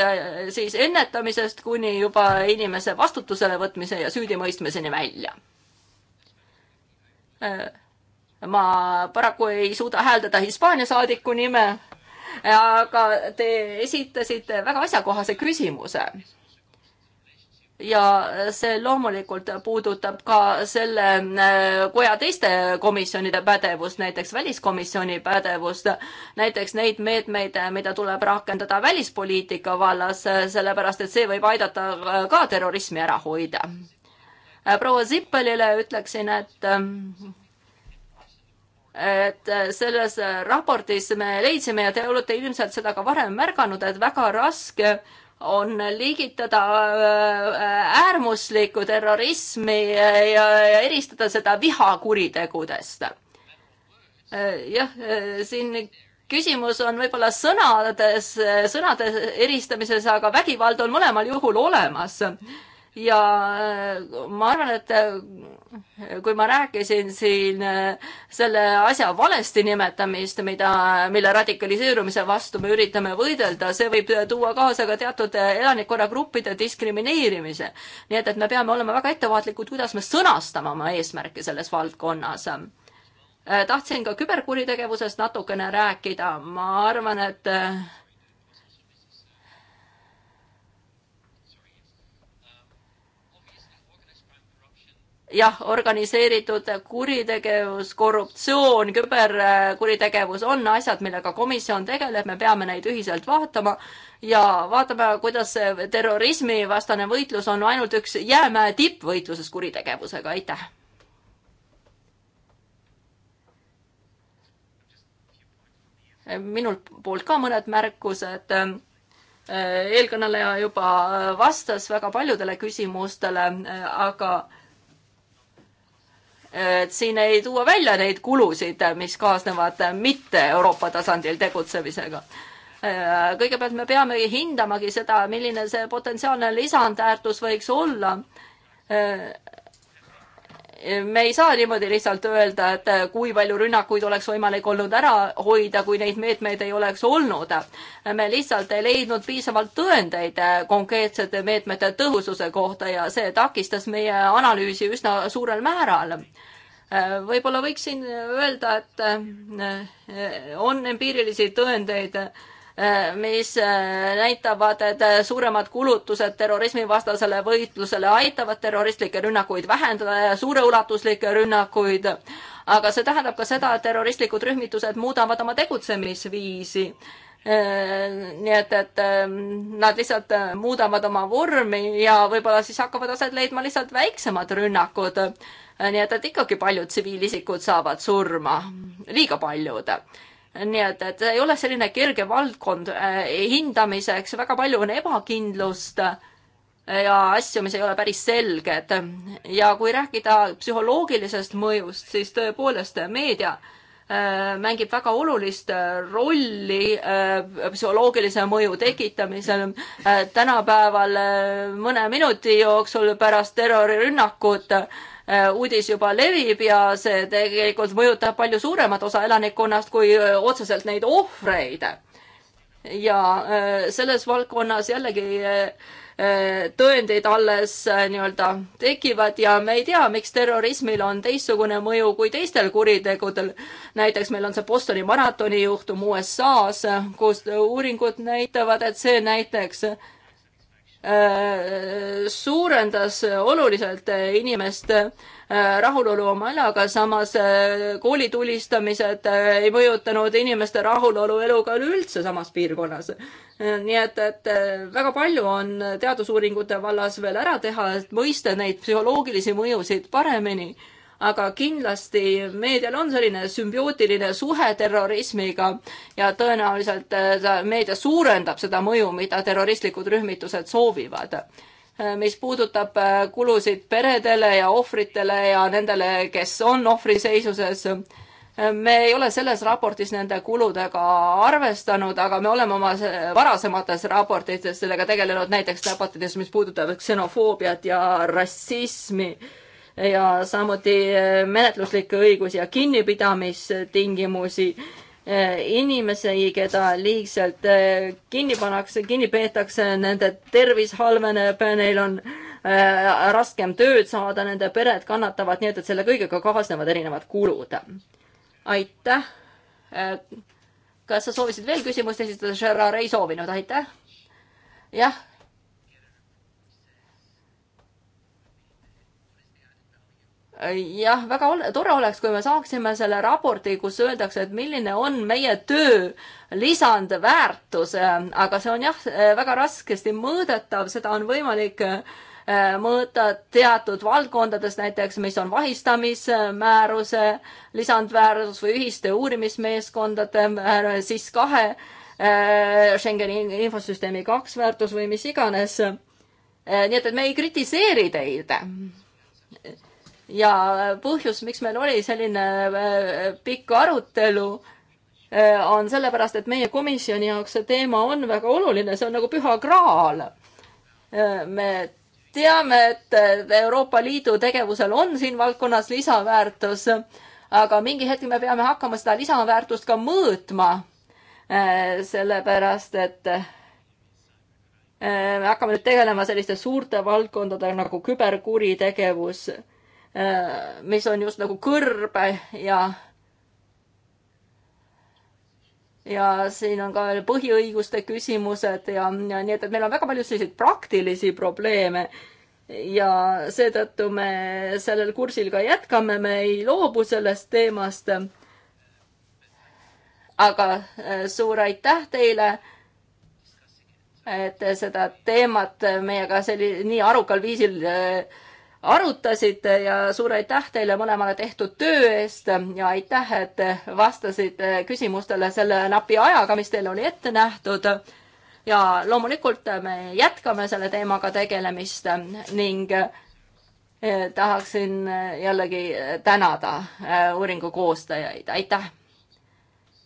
ja siis ennetamisest kuni juba inimese vastutusele võtmise ja süüdimõistmiseni välja ma paraku ei suuda hääldada Hispaania saadiku nime, aga te esitasite väga asjakohase küsimuse. ja see loomulikult puudutab ka selle äh, koja teiste komisjonide pädevust, näiteks väliskomisjoni pädevust, näiteks neid meetmeid, mida tuleb rakendada välispoliitika vallas, sellepärast et see võib aidata äh, ka terrorismi ära hoida. Äh, proua Sippelile ütleksin, et et äh, selles äh, raportis me leidsime ja te olete ilmselt seda ka varem märganud, et väga raske on liigitada äh, äärmuslikku terrorismi ja eristada seda vihakuritegudest. jah, siin küsimus on võib-olla sõnades, sõnade eristamises, aga vägivald on mõlemal juhul olemas ja äh, ma arvan, et äh, kui ma rääkisin siin äh, selle asja valesti nimetamist, mida, mille radikaliseerumise vastu me üritame võidelda, see võib tuua kaasa ka teatud elanikkonnagruppide diskrimineerimise. nii et, et me peame olema väga ettevaatlikud, kuidas me sõnastame oma eesmärke selles valdkonnas tahtsin ka küberkuritegevusest natukene rääkida, ma arvan, et jah, organiseeritud kuritegevus, korruptsioon, küberkuritegevus on asjad, millega komisjon tegeleb, me peame neid ühiselt vaatama ja vaatame, kuidas see terrorismivastane võitlus on ainult üks jäämäe tipp võitluses kuritegevusega, aitäh. minult poolt ka mõned märkused eelkõneleja juba vastas väga paljudele küsimustele, aga et siin ei tuua välja neid kulusid, mis kaasnevad mitte Euroopa tasandil tegutsemisega. Äh, kõigepealt me peamegi hindamagi seda, milline see potentsiaalne lisandväärtus võiks olla äh, me ei saa niimoodi lihtsalt öelda, et äh, kui palju rünnakuid oleks võimalik olnud ära hoida, kui neid meetmeid ei oleks olnud. me lihtsalt ei leidnud piisavalt tõendeid äh, konkreetsete meetmete tõhususe kohta ja see takistas meie analüüsi üsna suurel määral äh, võib-olla võiksin öelda, et on empiirilisi tõendeid Äh, mis äh, näitavad, et äh, suuremad kulutused terrorismivastasele võitlusele aitavad terroristlikke rünnakuid vähendada ja suureulatuslikke rünnakuid. aga see tähendab ka seda, et terroristlikud rühmitused muudavad oma tegutsemisviisi. nii et, et nad lihtsalt muudavad oma vormi ja võib-olla siis hakkavad aset leidma lihtsalt väiksemad rünnakud. nii et, et ikkagi paljud tsiviilisikud saavad surma, liiga paljud nii et, et ei ole selline kerge valdkond äh, hindamiseks, väga palju on ebakindlust äh, ja asju, mis ei ole päris selged. ja kui rääkida psühholoogilisest mõjust, siis tõepoolest meedia äh, mängib väga olulist rolli psühholoogilise mõju tekitamisel. tänapäeval mõne minuti jooksul pärast terrorirünnakut Äh, uudis juba levib ja see tegelikult mõjutab palju suuremat osa elanikkonnast kui äh, otseselt neid ohvreid. ja äh, selles valdkonnas jällegi tõendeid alles nii-öelda tekivad ja me ei tea, miks terrorismil on teistsugune mõju kui teistel kuritegudel. näiteks meil on see Bostoni maratoni juhtum USA-s, kus uuringud näitavad, et see näiteks Äh, suurendas äh, oluliselt äh, inimeste rahulolu oma elaga, samas koolitulistamised ei mõjutanud inimeste rahulolu eluga üleüldse samas piirkonnas. nii et, et väga palju on teadusuuringute vallas veel ära teha, et mõista neid psühholoogilisi mõjusid paremini aga kindlasti meedial on selline sümbiootiline suhe terrorismiga ja tõenäoliselt äh, meedia suurendab seda mõju, mida terroristlikud rühmitused soovivad äh, mis puudutab äh, kulusid peredele ja ohvritele ja nendele, kes on ohvriseisuses. me ei ole selles raportis nende kuludega arvestanud, aga me oleme oma varasemates raportites sellega tegelenud, näiteks raportides, mis puudutavad ksenofoobiat ja rassismi ja samuti eh, menetluslikke õigusi ja kinnipidamistingimusi. Eh, inimesi, keda liigselt eh, kinni pannakse, kinni peetakse, nende tervis halveneb, neil on raskem tööd saada, nende pered kannatavad, nii et, et selle kõigega kaasnevad erinevad kulud. aitäh. kas sa soovisid veel küsimust esitada, Gerard ei soovinud, aitäh. jah jah, väga ol tore oleks, kui me saaksime selle raporti, kus öeldakse, et milline on meie töö lisandväärtus, äh, aga see on jah, äh, väga raskesti mõõdetav, seda on võimalik äh, mõõta teatud valdkondades, näiteks mis on vahistamismääruse lisandväärtus või ühiste uurimismeeskondade määrus, siis kahe Schengeni infosüsteemi kaks väärtus või mis iganes. nii et, et me ei kritiseeri teid ja põhjus, miks meil oli selline äh, pikk arutelu, äh, on sellepärast, et meie komisjoni jaoks see teema on väga oluline, see on nagu püha graal. Äh, me teame, et Euroopa Liidu tegevusel on siin valdkonnas lisaväärtus, aga mingi hetk me peame hakkama seda lisaväärtust ka mõõtma. sellepärast, et me hakkame nüüd tegelema selliste suurte valdkondadega nagu küberkuritegevus Äh, mis on just nagu kõrb ja ja siin on ka veel põhiõiguste küsimused ja, ja nii et, et meil on väga palju selliseid praktilisi probleeme ja seetõttu me sellel kursil ka jätkame, me ei loobu sellest teemast. aga äh, suur aitäh teile, et seda teemat meiega selli-, nii arukal viisil äh, arutasite ja suur aitäh teile mõlemale tehtud töö eest ja aitäh, et vastasite küsimustele selle napi ajaga, mis teile oli ette nähtud. ja loomulikult me jätkame selle teemaga tegelemist ning eh, tahaksin eh, jällegi eh, tänada uuringu koostajaid, aitäh!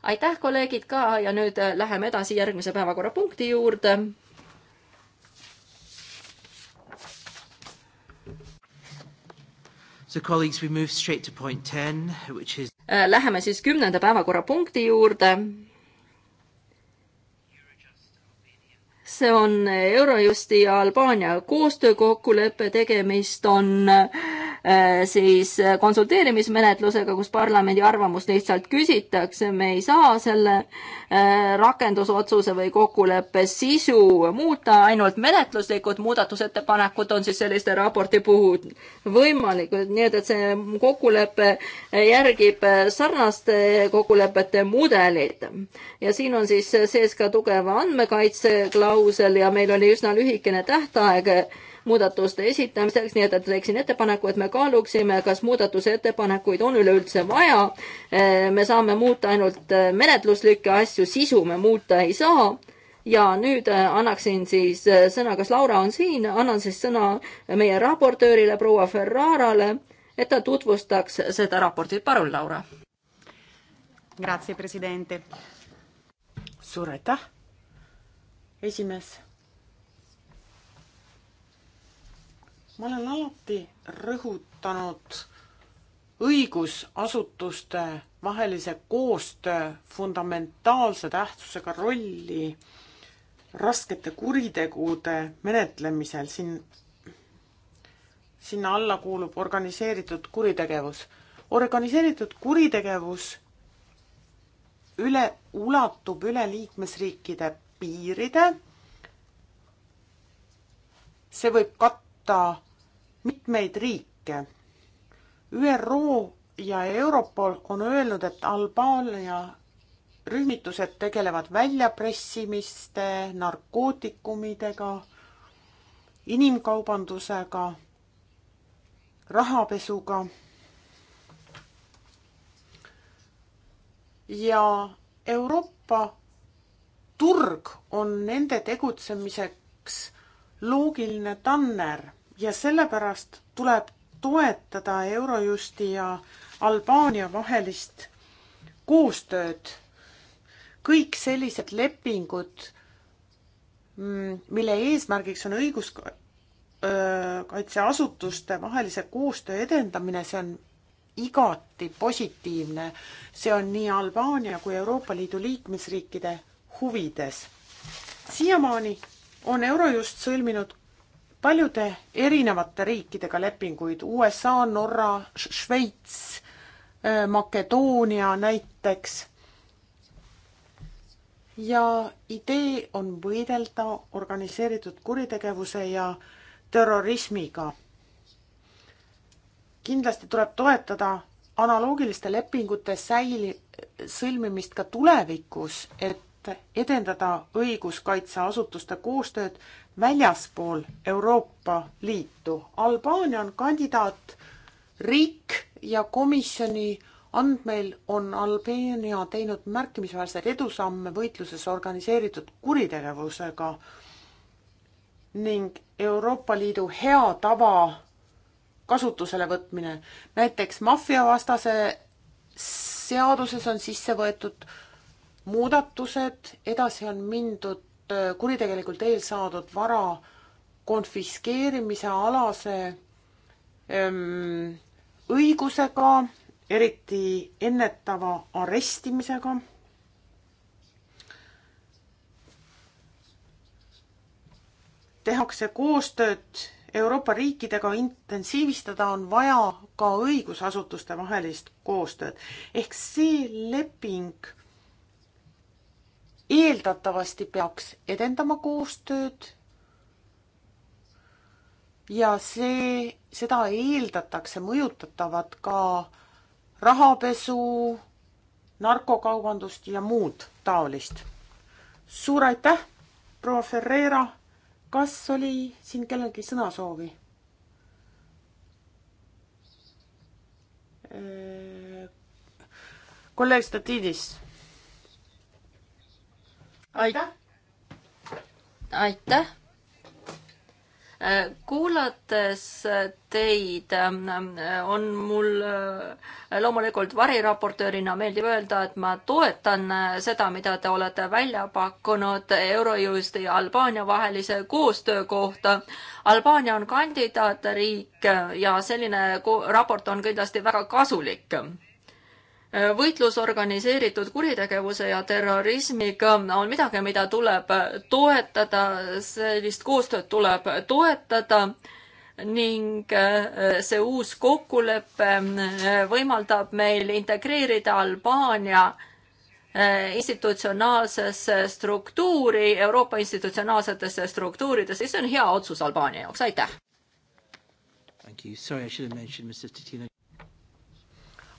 aitäh, kolleegid ka ja nüüd läheme edasi järgmise päevakorrapunkti juurde So colleagues, we move straight to point ten, which is äh, Läheme siis kümnenda päevakorrapunkti juurde. see on Eurojusti ja Albaania koostöökokkulepe, tegemist on äh, Äh, siis äh, konsulteerimismenetlusega, kus parlamendi arvamust lihtsalt küsitakse, me ei saa selle äh, rakendusotsuse või kokkuleppe sisu muuta, ainult menetluslikud muudatusettepanekud on siis selliste raporti puhul võimalikud, nii et, et see kokkulepe järgib sarnaste kokkulepete mudelit. ja siin on siis sees ka tugeva andmekaitse klausel ja meil oli üsna lühikene tähtaeg muudatuste esitamiseks, nii et, et teeksin ettepaneku, et me kaaluksime, kas muudatusettepanekuid on üleüldse vaja. Eh, me saame muuta ainult eh, menetluslikke asju, sisu me muuta ei saa ja nüüd eh, annaksin siis sõna, kas Laura on siin, annan siis sõna meie raportöörile proua Ferrarale, et ta tutvustaks seda raportit. palun, Laura. Grazie, president. suur aitäh, esimees ma olen alati rõhutanud õigusasutuste vahelise koostöö fundamentaalse tähtsusega rolli raskete kuritegude menetlemisel, siin, sinna alla kuulub organiseeritud kuritegevus. organiseeritud kuritegevus üle, ulatub üle liikmesriikide piiride, see võib katta mitmeid riike. ÜRO ja Europol on öelnud, et Albaania rühmitused tegelevad väljapressimiste, narkootikumidega, inimkaubandusega, rahapesuga ja Euroopa turg on nende tegutsemiseks loogiline tanner ja sellepärast tuleb toetada Eurojusti ja Albaania vahelist koostööd. kõik sellised lepingud, mm, mille eesmärgiks on õiguskaitseasutuste vahelise koostöö edendamine, see on igati positiivne. see on nii Albaania kui Euroopa Liidu liikmesriikide huvides. siiamaani on Eurojust sõlminud paljude erinevate riikidega lepinguid, USA, Norra, Šveits, äh, Makedoonia näiteks. ja idee on võidelda organiseeritud kuritegevuse ja terrorismiga. kindlasti tuleb toetada analoogiliste lepingute säili-, sõlmimist ka tulevikus, et edendada õiguskaitseasutuste koostööd väljaspool Euroopa Liitu. Albaania on kandidaatriik ja komisjoni andmeil on Albaania teinud märkimisväärseid edusamme võitluses organiseeritud kuritegevusega ning Euroopa Liidu hea tava kasutusele võtmine. näiteks maffiavastase seaduses on sisse võetud äh, muudatused, edasi on mindud äh, kuritegelikult eelsaadud vara konfiskeerimise alase öö, ähm, õigusega, eriti ennetava arestimisega. tehakse koostööd Euroopa riikidega, intensiivistada on vaja ka õigusasutuste vahelist koostööd. ehk see leping eeldatavasti peaks edendama koostööd ja see, seda eeldatakse mõjutatavat ka rahapesu, narkokaubandust ja muud taolist. suur aitäh, proua Ferreira, kas oli siin kellelgi sõnasoovi? kolleeg Statidis aitäh! aitäh! Äh, kuulates teid, äh, on mul äh, loomulikult variraportöörina meeldib öelda, et ma toetan seda, mida te olete välja pakkunud Eurojusti ja Albaania vahelise koostöö kohta. Albaania on kandidaatriik ja selline raport on kindlasti väga kasulik võitlus organiseeritud kuritegevuse ja terrorismiga on midagi, mida tuleb toetada, sellist koostööd tuleb toetada ning äh, see uus kokkulepe äh, võimaldab meil integreerida Albaania äh, institutsionaalsesse struktuuri, Euroopa institutsionaalsetesse struktuuridesse, see on hea otsus Albaania jaoks, aitäh!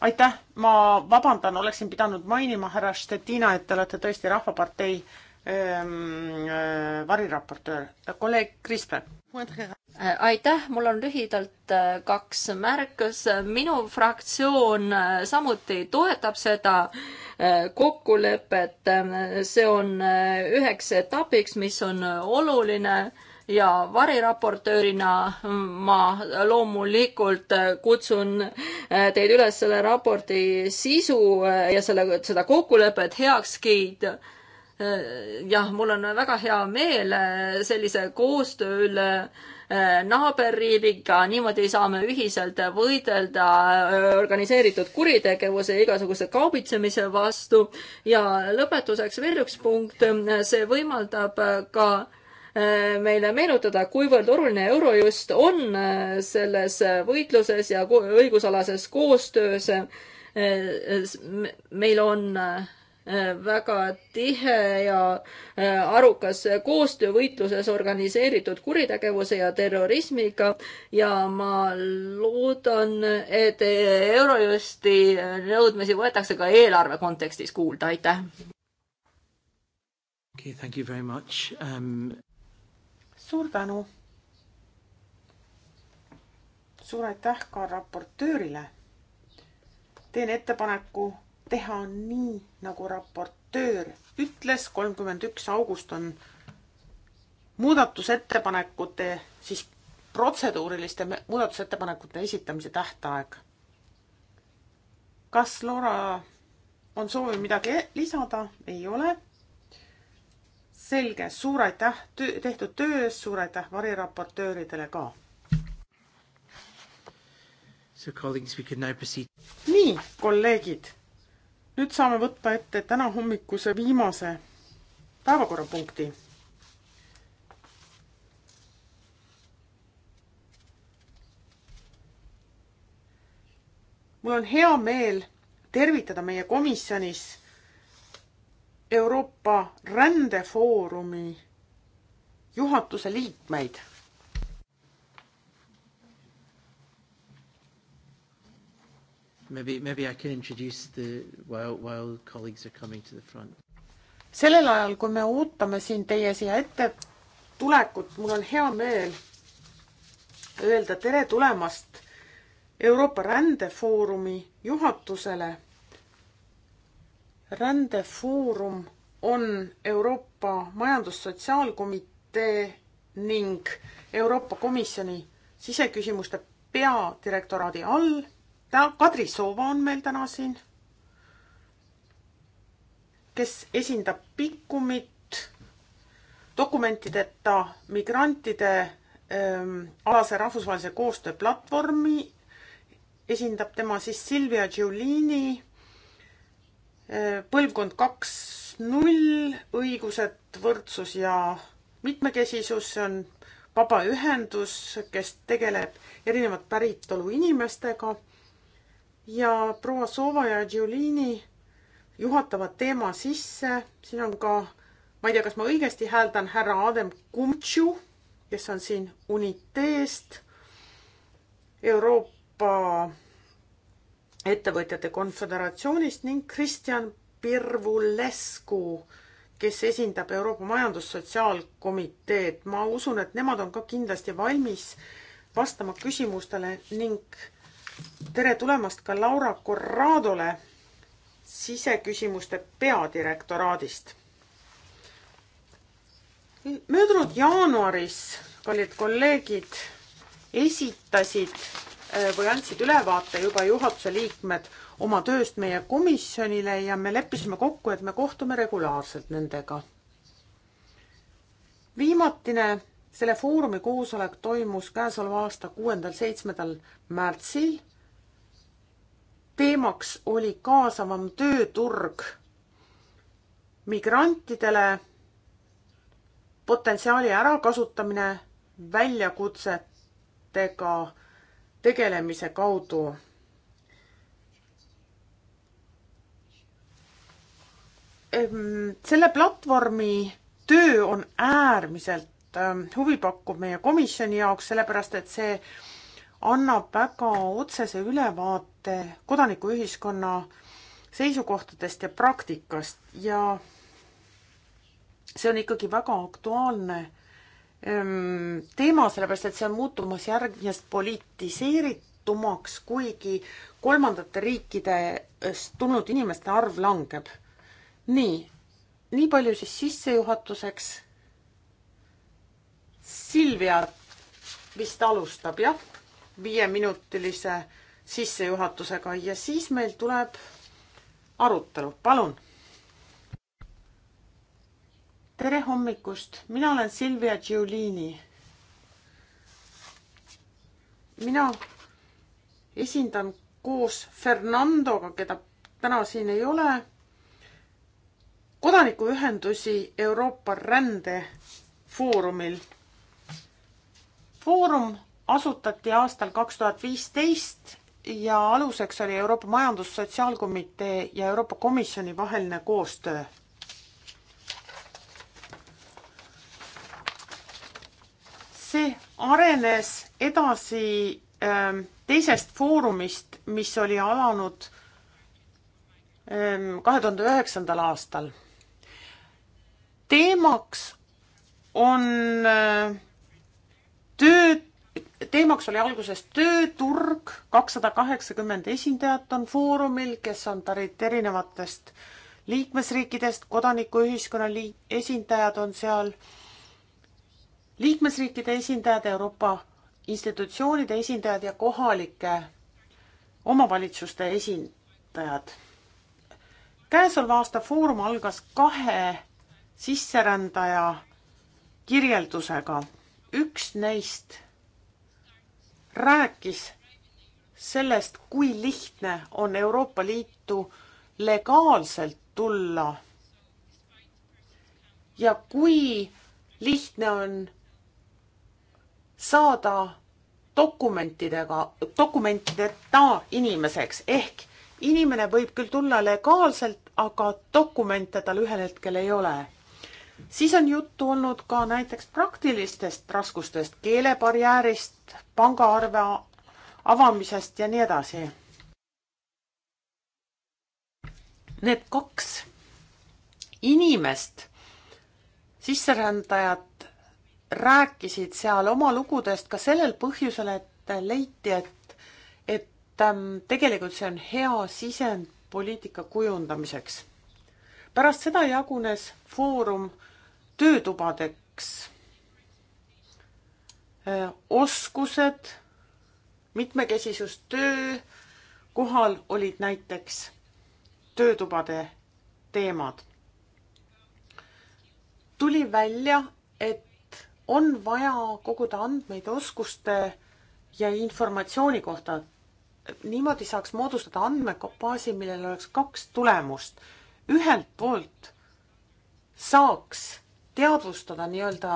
aitäh, ma vabandan, oleksin pidanud mainima, härra Stettina, et te olete tõesti Rahvapartei ähm, variraportöör, kolleeg Krisper. aitäh, mul on lühidalt äh, kaks märkus. minu fraktsioon äh, samuti toetab seda kokkulepet. see on üheks etapiks, mis on oluline ja variraportöörina ma loomulikult kutsun äh, teid üles selle raporti sisu äh, ja selle, seda kokkulepet heaks kiita. Äh, jah, mul on väga hea meel sellise koostöö üle naaberriigiga, niimoodi saame ühiselt võidelda organiseeritud kuritegevuse ja igasuguse kaubitsemise vastu. ja lõpetuseks veel üks punkt, see võimaldab ka Äh, meile meenutada, kuivõrd oluline Eurojust on äh, selles võitluses ja õigusalases koostöös. Äh, meil on väga tihe ja arukas koostöö võitluses organiseeritud kuritegevuse ja terrorismiga ja ma loodan, et Eurojusti nõudmisi võetakse ka eelarve kontekstis kuulda, aitäh! Okay, thank you very much um suur tänu. suur aitäh ka raportöörile. teen ettepaneku teha nii, nagu raportöör ütles, kolmkümmend üks august on muudatusettepanekute, siis protseduuriliste muudatusettepanekute esitamise tähtaeg. kas Laura on soovi midagi e-, lisada? ei ole selge, suur aitäh tehtud töö eest, suur aitäh variraportööridele ka. nii, kolleegid, nüüd saame võtta ette täna hommikuse viimase päevakorrapunkti. mul on hea meel tervitada meie komisjonis Euroopa rändefoorumi juhatuse liikmeid. Maybe, maybe I can introduce the while, while colleagues are coming to the front. sellel ajal, kui me ootame siin teie siia ette tulekut, mul on hea meel öelda tere tulemast Euroopa rändefoorumi juhatusele rändefoorum on Euroopa Majandus-Sotsiaalkomitee ning Euroopa Komisjoni siseküsimuste peadirektoraadi all. ta, Kadri Soova on meil täna siin, kes esindab Pikumit, dokumentideta migrantide ähm, alase rahvusvahelise koostöö platvormi esindab tema siis Silvia Giulini põlvkond kaks null, õigused, võrdsus ja mitmekesisus, see on vabaühendus, kes tegeleb erinevat päritolu inimestega ja proua Soova ja Giulini juhatavad teema sisse, siin on ka, ma ei tea, kas ma õigesti hääldan, härra Adem Kumtšu, kes on siin Uniteest, Euroopa ettevõtjate konföderatsioonist ning Kristjan Pirvulescu, kes esindab Euroopa Majandussotsiaalkomiteed. ma usun, et nemad on ka kindlasti valmis vastama küsimustele ning tere tulemast ka Laura Corradole siseküsimuste peadirektoraadist. möödunud jaanuaris, kallid kolleegid, esitasid Äh, või andsid ülevaate juba juhatuse liikmed oma tööst meie komisjonile ja me leppisime kokku, et me kohtume regulaarselt nendega. viimatine selle foorumi koosolek toimus käesoleva aasta kuuendal-seitsmendal märtsil. teemaks oli kaasavam tööturg migrantidele, potentsiaali ärakasutamine väljakutsetega tegelemise kaudu. selle platvormi töö on äärmiselt ähm, huvipakkuv meie komisjoni jaoks, sellepärast et see annab väga otsese ülevaate kodanikuühiskonna seisukohtadest ja praktikast ja see on ikkagi väga aktuaalne Ehm, teema, sellepärast et see on muutumas järgnevast politiseeritumaks, kuigi kolmandate riikidest tulnud inimeste arv langeb. nii, nii palju siis sissejuhatuseks. Silvia vist alustab jah, viieminutilise sissejuhatusega ja siis meil tuleb arutelu, palun tere hommikust, mina olen Silvia Giulini. mina esindan koos Fernandoga, keda täna siin ei ole, kodanikuühendusi Euroopa rändefoorumil. Foorum asutati aastal kaks tuhat viisteist ja aluseks oli Euroopa Majandus-Sotsiaalkomitee ja Euroopa Komisjoni vaheline koostöö see arenes edasi ähm, teisest foorumist, mis oli alanud ähm, kahe tuhande üheksandal aastal. teemaks on äh, töö, teemaks oli alguses tööturg, kakssada kaheksakümmend esindajat on foorumil, kes on pärit erinevatest liikmesriikidest, kodanikuühiskonna liik-, esindajad on seal äh, liikmesriikide esindajad, Euroopa institutsioonide esindajad ja kohalike omavalitsuste esindajad. käesoleva aasta foorum algas kahe sisserändaja kirjeldusega. üks neist rääkis sellest, kui lihtne on Euroopa Liitu legaalselt tulla ja kui lihtne on saada dokumentidega, dokumentideta inimeseks ehk inimene võib küll tulla legaalselt, aga dokumente tal ühel hetkel ei ole. siis on juttu olnud ka näiteks praktilistest raskustest, keelebarjäärist, pangaarve avamisest ja nii edasi. Need kaks inimest, sisserändajat rääkisid seal oma lugudest ka sellel põhjusel, et leiti, et, et ähm, tegelikult see on hea sisend poliitika kujundamiseks. pärast seda jagunes Foorum töötubadeks. Äh, oskused, mitmekesisus töökohal olid näiteks töötubade teemad. tuli välja, et on vaja koguda andmeid oskuste ja informatsiooni kohta. niimoodi saaks moodustada andmebaasi, millel oleks kaks tulemust. ühelt poolt saaks teadvustada nii-öelda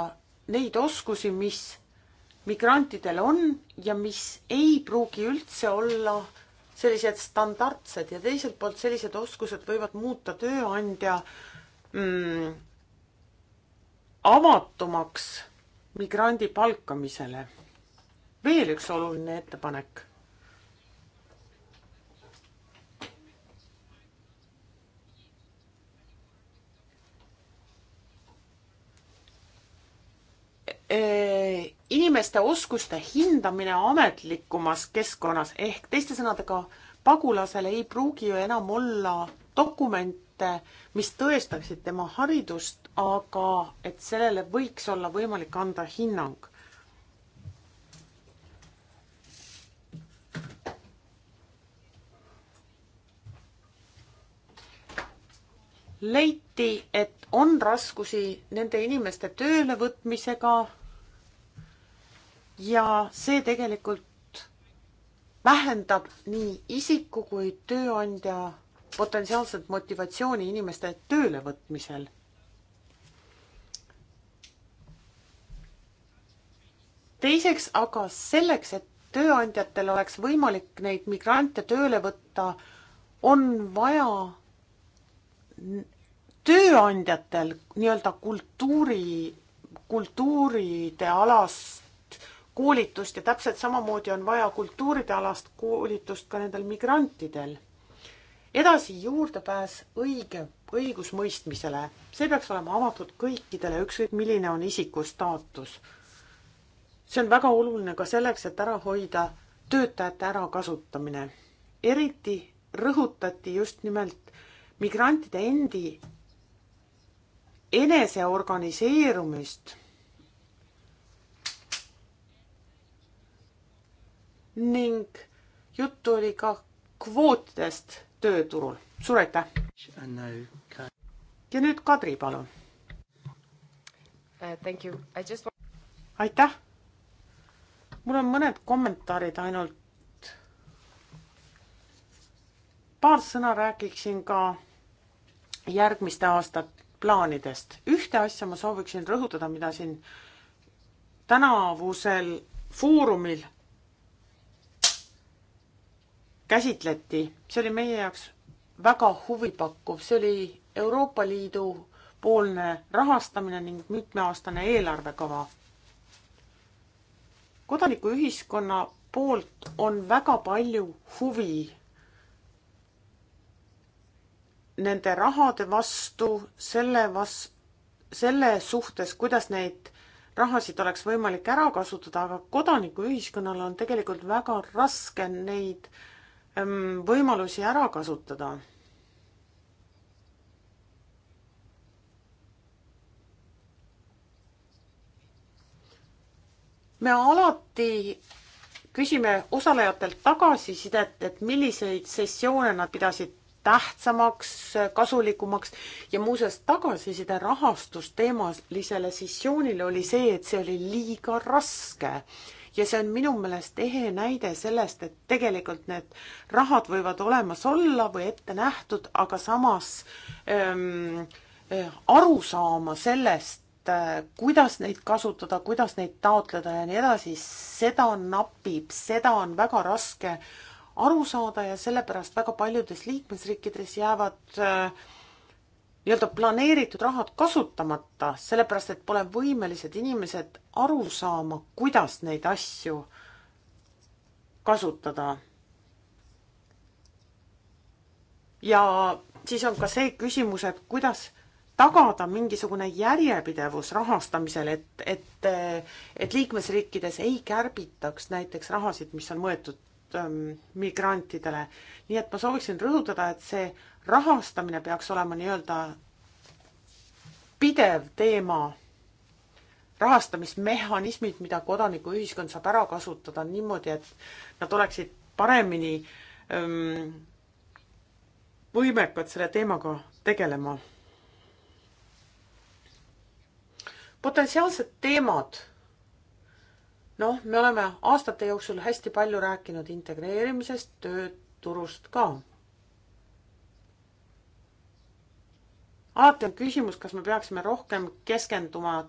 neid oskusi, mis migrantidel on ja mis ei pruugi üldse olla sellised standardsed ja teiselt poolt sellised oskused võivad muuta tööandja mm, avatumaks migrandi palkamisele. veel üks oluline ettepanek. E, inimeste oskuste hindamine ametlikumas keskkonnas ehk teiste sõnadega pagulasel ei pruugi ju enam olla dokumente, mis tõestaksid tema haridust aga et sellele võiks olla võimalik anda hinnang. leiti, et on raskusi nende inimeste töölevõtmisega ja see tegelikult vähendab nii isiku kui tööandja potentsiaalset motivatsiooni inimeste töölevõtmisel teiseks aga selleks, et tööandjatel oleks võimalik neid migrante tööle võtta, on vaja tööandjatel nii-öelda kultuuri, kultuuride alast koolitust ja täpselt samamoodi on vaja kultuuride alast koolitust ka nendel migrantidel. edasi juurdepääs õige, õigusmõistmisele, see peaks olema avatud kõikidele, ükskõik milline on isiku staatus see on väga oluline ka selleks, et ära hoida töötajate ärakasutamine. eriti rõhutati just nimelt migrantide endi enese organiseerumist. ning juttu oli ka kvootidest tööturul. suur aitäh! ja nüüd Kadri, palun uh,. Just... aitäh! mul on mõned kommentaarid ainult. paar sõna räägiksin ka järgmiste aastate plaanidest. ühte asja ma sooviksin rõhutada, mida siin tänavusel foorumil käsitleti, see oli meie jaoks väga huvipakkuv, see oli Euroopa Liidu poolne rahastamine ning mitmeaastane eelarvekava kodanikuühiskonna poolt on väga palju huvi nende rahade vastu, selle vas-, selle suhtes, kuidas neid rahasid oleks võimalik ära kasutada, aga kodanikuühiskonnal on tegelikult väga raske neid ähm, võimalusi ära kasutada. me alati küsime osalejatelt tagasisidet, et milliseid sessioone nad pidasid tähtsamaks, kasulikumaks ja muuseas, tagasiside rahastusteemalisele sessioonile oli see, et see oli liiga raske. ja see on minu meelest ehe näide sellest, et tegelikult need rahad võivad olemas olla või ette nähtud, aga samas ähm, äh, arusaama sellest, Äh, kuidas neid kasutada, kuidas neid taotleda ja nii edasi, seda napib, seda on väga raske aru saada ja sellepärast väga paljudes liikmesriikides jäävad äh, nii-öelda planeeritud rahad kasutamata, sellepärast et pole võimelised inimesed aru saama, kuidas neid asju kasutada. ja siis on ka see küsimus, et kuidas tagada mingisugune järjepidevus rahastamisel, et, et, et liikmesriikides ei kärbitaks näiteks rahasid, mis on mõeldud ähm, migrantidele. nii et ma sooviksin rõhutada, et see rahastamine peaks olema nii-öelda pidev teema, rahastamismehhanismid, mida kodanikuühiskond saab ära kasutada niimoodi, et nad oleksid paremini ähm, võimekad selle teemaga tegelema potentsiaalsed teemad. noh, me oleme aastate jooksul hästi palju rääkinud integreerimisest, tööturust ka. alati on küsimus, kas me peaksime rohkem keskenduma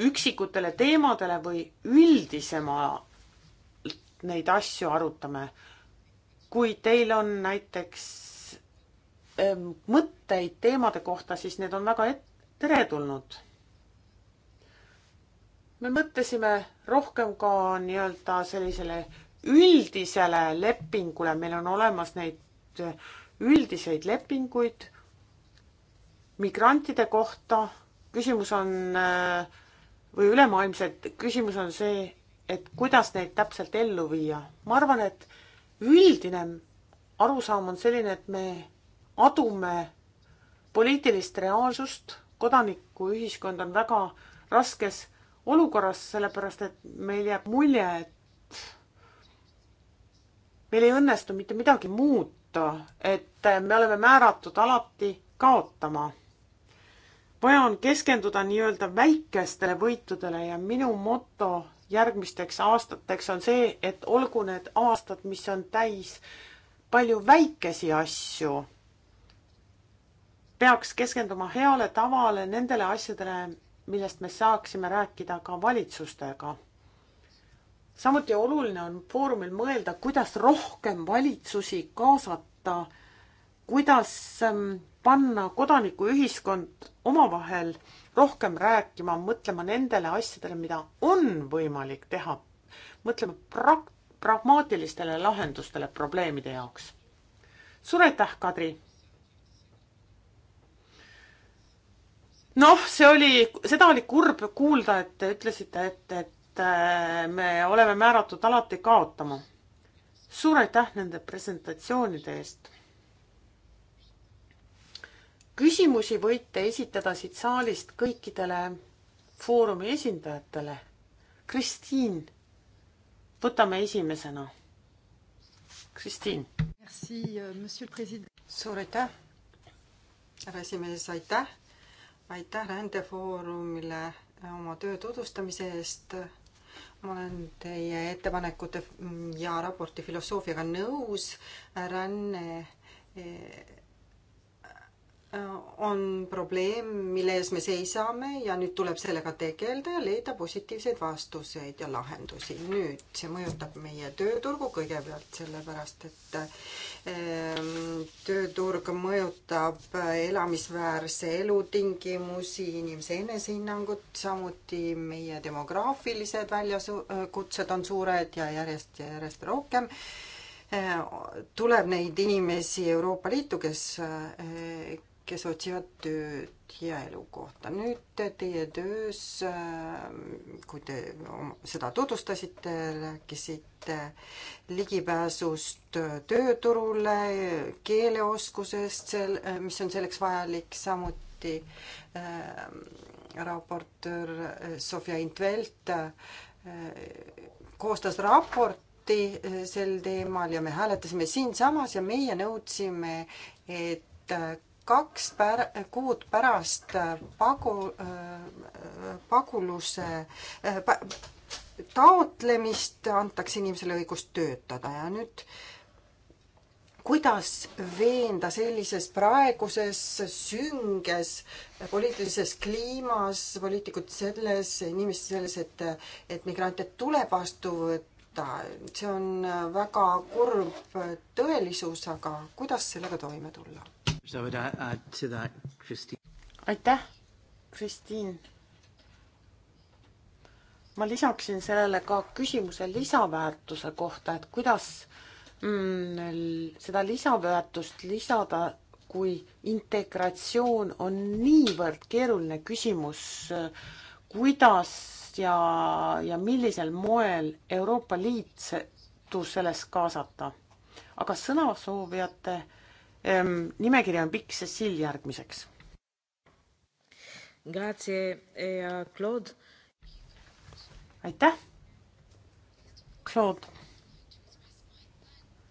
üksikutele teemadele või üldisemalt neid asju arutame. kui teil on näiteks ähm, mõtteid teemade kohta, siis need on väga et-, teretulnud. me mõtlesime rohkem ka nii-öelda sellisele üldisele lepingule, meil on olemas neid üldiseid lepinguid migrantide kohta. küsimus on või ülemaailmselt küsimus on see, et kuidas neid täpselt ellu viia. ma arvan, et üldine arusaam on selline, et me adume poliitilist reaalsust kodanikuühiskond on väga raskes olukorras, sellepärast et meil jääb mulje, et meil ei õnnestu mitte midagi muuta, et me oleme määratud alati kaotama. vaja on keskenduda nii-öelda väikestele võitudele ja minu moto järgmisteks aastateks on see, et olgu need aastad, mis on täis palju väikesi asju peaks keskenduma heale tavale, nendele asjadele, millest me saaksime rääkida ka valitsustega. samuti oluline on foorumil mõelda, kuidas rohkem valitsusi kaasata, kuidas ähm, panna kodanikuühiskond omavahel rohkem rääkima, mõtlema nendele asjadele, mida on võimalik teha, mõtlema pra-, pragmaatilistele lahendustele probleemide jaoks. suur aitäh, Kadri! noh, see oli, seda oli kurb kuulda, et te ütlesite, et, et äh, me oleme määratud alati kaotama. suur aitäh nende presentatsioonide eest. küsimusi võite esitada siit saalist kõikidele foorumi esindajatele. Kristiin, võtame esimesena. Kristiin. Euh, suur aitäh, härra esimees, aitäh aitäh rändefoorumile oma töö tutvustamise eest. ma olen teie ettepanekute ja raporti filosoofiaga nõus. ränne Äh, on probleem, mille ees me seisame ja nüüd tuleb sellega tegeleda ja leida positiivseid vastuseid ja lahendusi. nüüd see mõjutab meie tööturgu kõigepealt sellepärast, et ähm, tööturg mõjutab äh, elamisväärse elutingimusi, inimese enesehinnangut, samuti meie demograafilised väljakutsed on suured ja järjest ja järjest rohkem äh, tuleb neid inimesi Euroopa Liitu, kes kes otsivad tööd ja elukohta. nüüd teie töös, äh, kui te seda tutvustasite, rääkisite ligipääsust äh, tööturule, keeleoskusest, sel-, äh, mis on selleks vajalik, samuti äh, raportöör Sofia Intvelt äh, koostas raporti, sel teemal ja me hääletasime siinsamas ja meie nõudsime, et kaks pär-, kuud pärast äh, pagu-, äh, paguluse äh, pa, taotlemist antakse inimesele õigus töötada ja nüüd kuidas veenda sellises praeguses sünges poliitilises kliimas poliitikud selles, inimesi selles, et, et migrante tuleb vastu võtta, see on väga kurb tõelisus, aga kuidas sellega toime tulla? aitäh, Kristiin. ma lisaksin sellele ka küsimuse lisaväärtuse kohta, et kuidas mm, seda lisaväärtust lisada, kui integratsioon on niivõrd keeruline küsimus, kuidas ja, ja millisel moel Euroopa Liit selles kaasata. aga sõnasoovijate nimekiri on pikk, Cecil järgmiseks. Grazie ja eh, Claude. aitäh. Claude.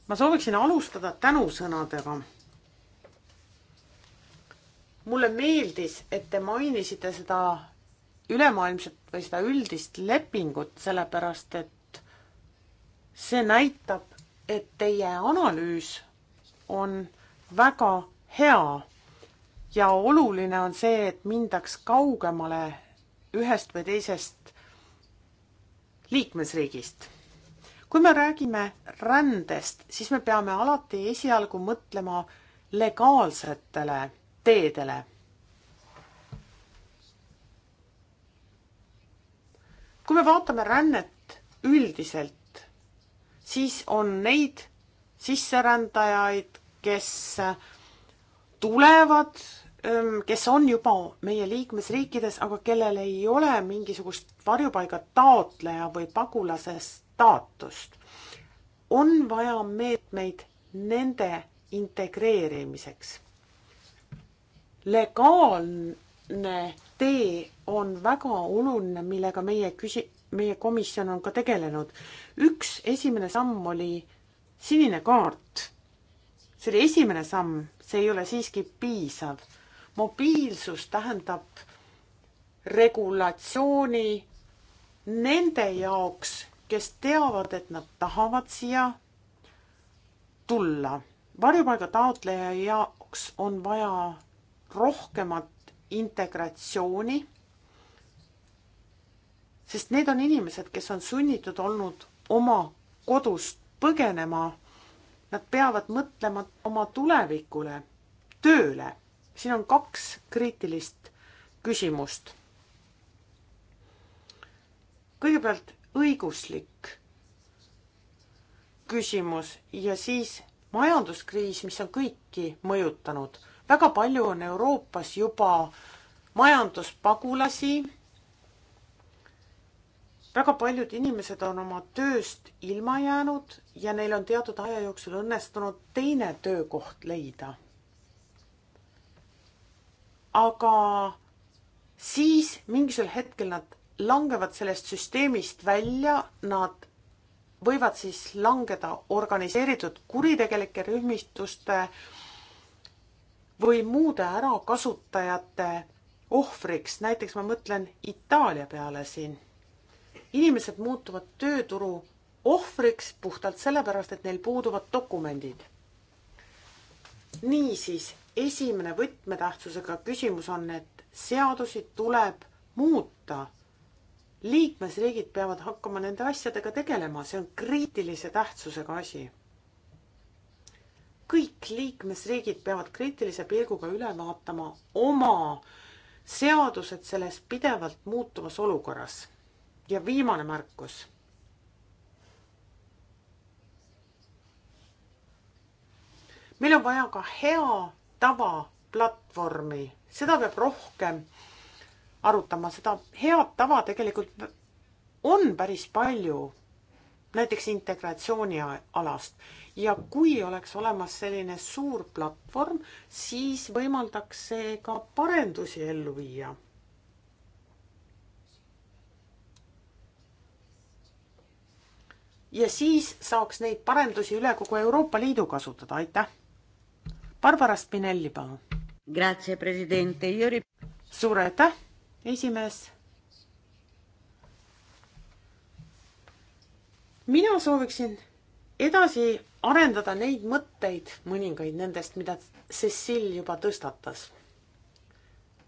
ma sooviksin alustada tänusõnadega. mulle meeldis, et te mainisite seda ülemaailmset või seda üldist lepingut, sellepärast et see näitab, et teie analüüs on väga hea ja oluline on see, et mindaks kaugemale ühest või teisest liikmesriigist. kui me räägime rändest, siis me peame alati esialgu mõtlema legaalsetele teedele. kui me vaatame rännet üldiselt, siis on neid sisserändajaid, kes äh, tulevad, ähm, kes on juba meie liikmesriikides, aga kellel ei ole mingisugust varjupaiga taotleja või pagulase staatust. on vaja meetmeid nende integreerimiseks. legaalne tee on väga oluline, millega meie küsi-, meie komisjon on ka tegelenud. üks esimene samm oli sinine kaart see oli esimene samm, see ei ole siiski piisav. mobiilsus tähendab regulatsiooni nende jaoks, kes teavad, et nad tahavad siia tulla. varjupaiga taotleja jaoks on vaja rohkemat integratsiooni, sest need on inimesed, kes on sunnitud olnud oma kodust põgenema Nad peavad mõtlema oma tulevikule, tööle. siin on kaks kriitilist küsimust. kõigepealt õiguslik küsimus ja siis majanduskriis, mis on kõiki mõjutanud. väga palju on Euroopas juba majanduspagulasi väga paljud inimesed on oma tööst ilma jäänud ja neil on teatud aja jooksul õnnestunud teine töökoht leida. aga siis mingisugusel hetkel nad langevad sellest süsteemist välja, nad võivad siis langeda organiseeritud kuritegelike rühmituste või muude ärakasutajate ohvriks, näiteks ma mõtlen Itaalia peale siin inimesed muutuvad tööturu ohvriks puhtalt sellepärast, et neil puuduvad dokumendid. niisiis, esimene võtmetähtsusega küsimus on, et seadusi tuleb muuta. liikmesriigid peavad hakkama nende asjadega tegelema, see on kriitilise tähtsusega asi. kõik liikmesriigid peavad kriitilise pilguga üle vaatama oma seadused selles pidevalt muutuvas olukorras ja viimane märkus. meil on vaja ka hea tava platvormi, seda peab rohkem arutama, seda head tava tegelikult on päris palju, näiteks integratsiooni alast ja kui oleks olemas selline suur platvorm, siis võimaldaks see ka parendusi ellu viia ja siis saaks neid parendusi üle kogu Euroopa Liidu kasutada, aitäh. Barbara Spinelli, palun. Grazie, president Jüri. suur aitäh, esimees. mina sooviksin edasi arendada neid mõtteid, mõningaid nendest, mida Cecil juba tõstatas.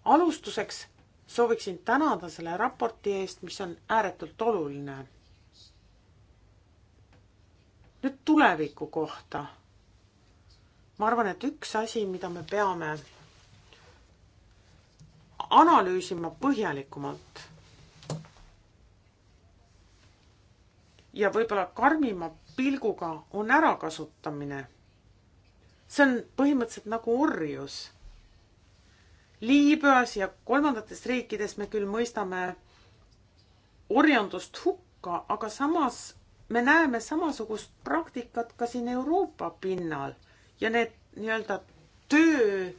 alustuseks sooviksin tänada selle raporti eest, mis on ääretult oluline nüüd tuleviku kohta. ma arvan, et üks asi, mida me peame analüüsima põhjalikumalt ja võib-olla karmima pilguga, on ärakasutamine. see on põhimõtteliselt nagu orjus. Liibüas ja kolmandates riikides me küll mõistame orjandust hukka, aga samas me näeme samasugust praktikat ka siin Euroopa pinnal ja need nii-öelda tööturujõugud,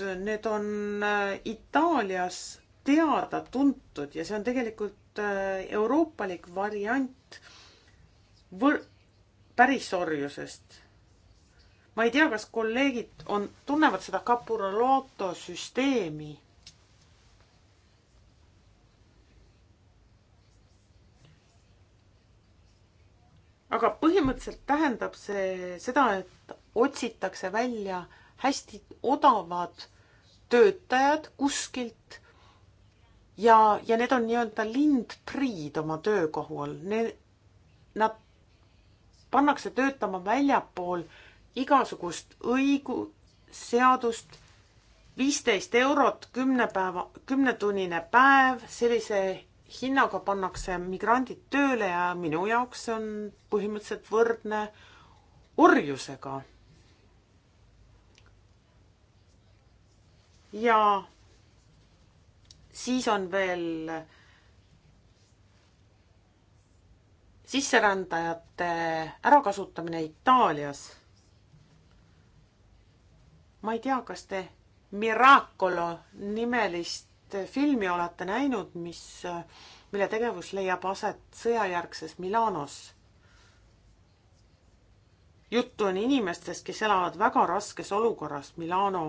ähm, need on äh, Itaalias teada-tuntud ja see on tegelikult äh, euroopalik variant võr-, pärisorjusest. ma ei tea, kas kolleegid on, tunnevad seda Capuroloto süsteemi aga põhimõtteliselt tähendab see seda, et otsitakse välja hästi odavad töötajad kuskilt ja, ja need on nii-öelda lindpriid oma töökohu all, need, nad pannakse töötama väljapool igasugust õigu-, seadust, viisteist eurot kümne päeva, kümnetunnine päev sellise hinnaga pannakse migrandid tööle ja minu jaoks see on põhimõtteliselt võrdne orjusega. ja siis on veel sisserändajate ärakasutamine Itaalias. ma ei tea, kas te Miracolo nimelist filmi olete näinud, mis, mille tegevus leiab aset sõjajärgses Milanos. juttu on inimestest, kes elavad väga raskes olukorras Milano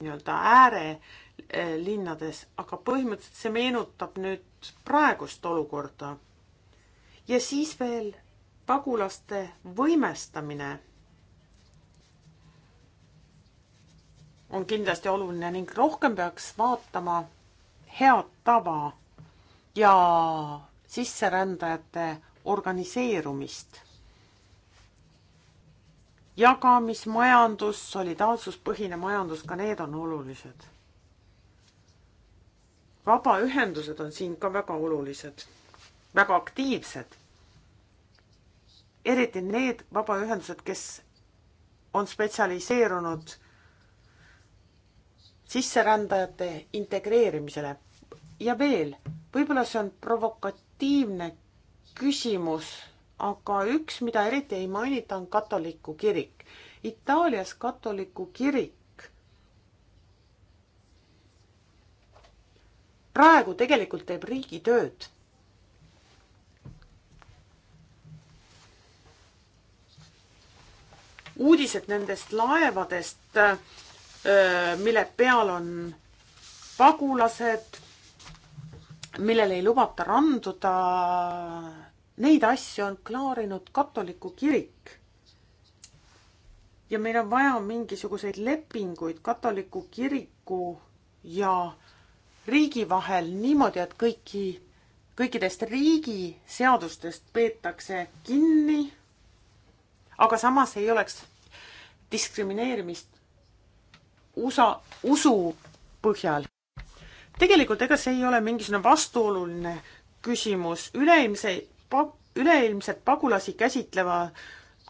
nii-öelda äärelinnades, eh, aga põhimõtteliselt see meenutab nüüd praegust olukorda. ja siis veel pagulaste võimestamine on kindlasti oluline ning rohkem peaks vaatama head tava ja sisserändajate organiseerumist. jagamismajandus, solidaarsuspõhine majandus, ka need on olulised. vabaühendused on siin ka väga olulised, väga aktiivsed. eriti need vabaühendused, kes on spetsialiseerunud sisserändajate integreerimisele. ja veel, võib-olla see on provokatiivne küsimus, aga üks, mida eriti ei mainita, on katoliku kirik. Itaalias katoliku kirik praegu tegelikult teeb riigi tööd. uudised nendest laevadest mille peal on pagulased, millele ei lubata randuda. Neid asju on klaarinud katoliku kirik. ja meil on vaja mingisuguseid lepinguid katoliku kiriku ja riigi vahel niimoodi, et kõiki, kõikidest riigi seadustest peetakse kinni, aga samas ei oleks diskrimineerimist USA, usu põhjal. tegelikult ega see ei ole mingisugune vastuoluline küsimus, üleilmse, üleilmset pagulasi käsitleva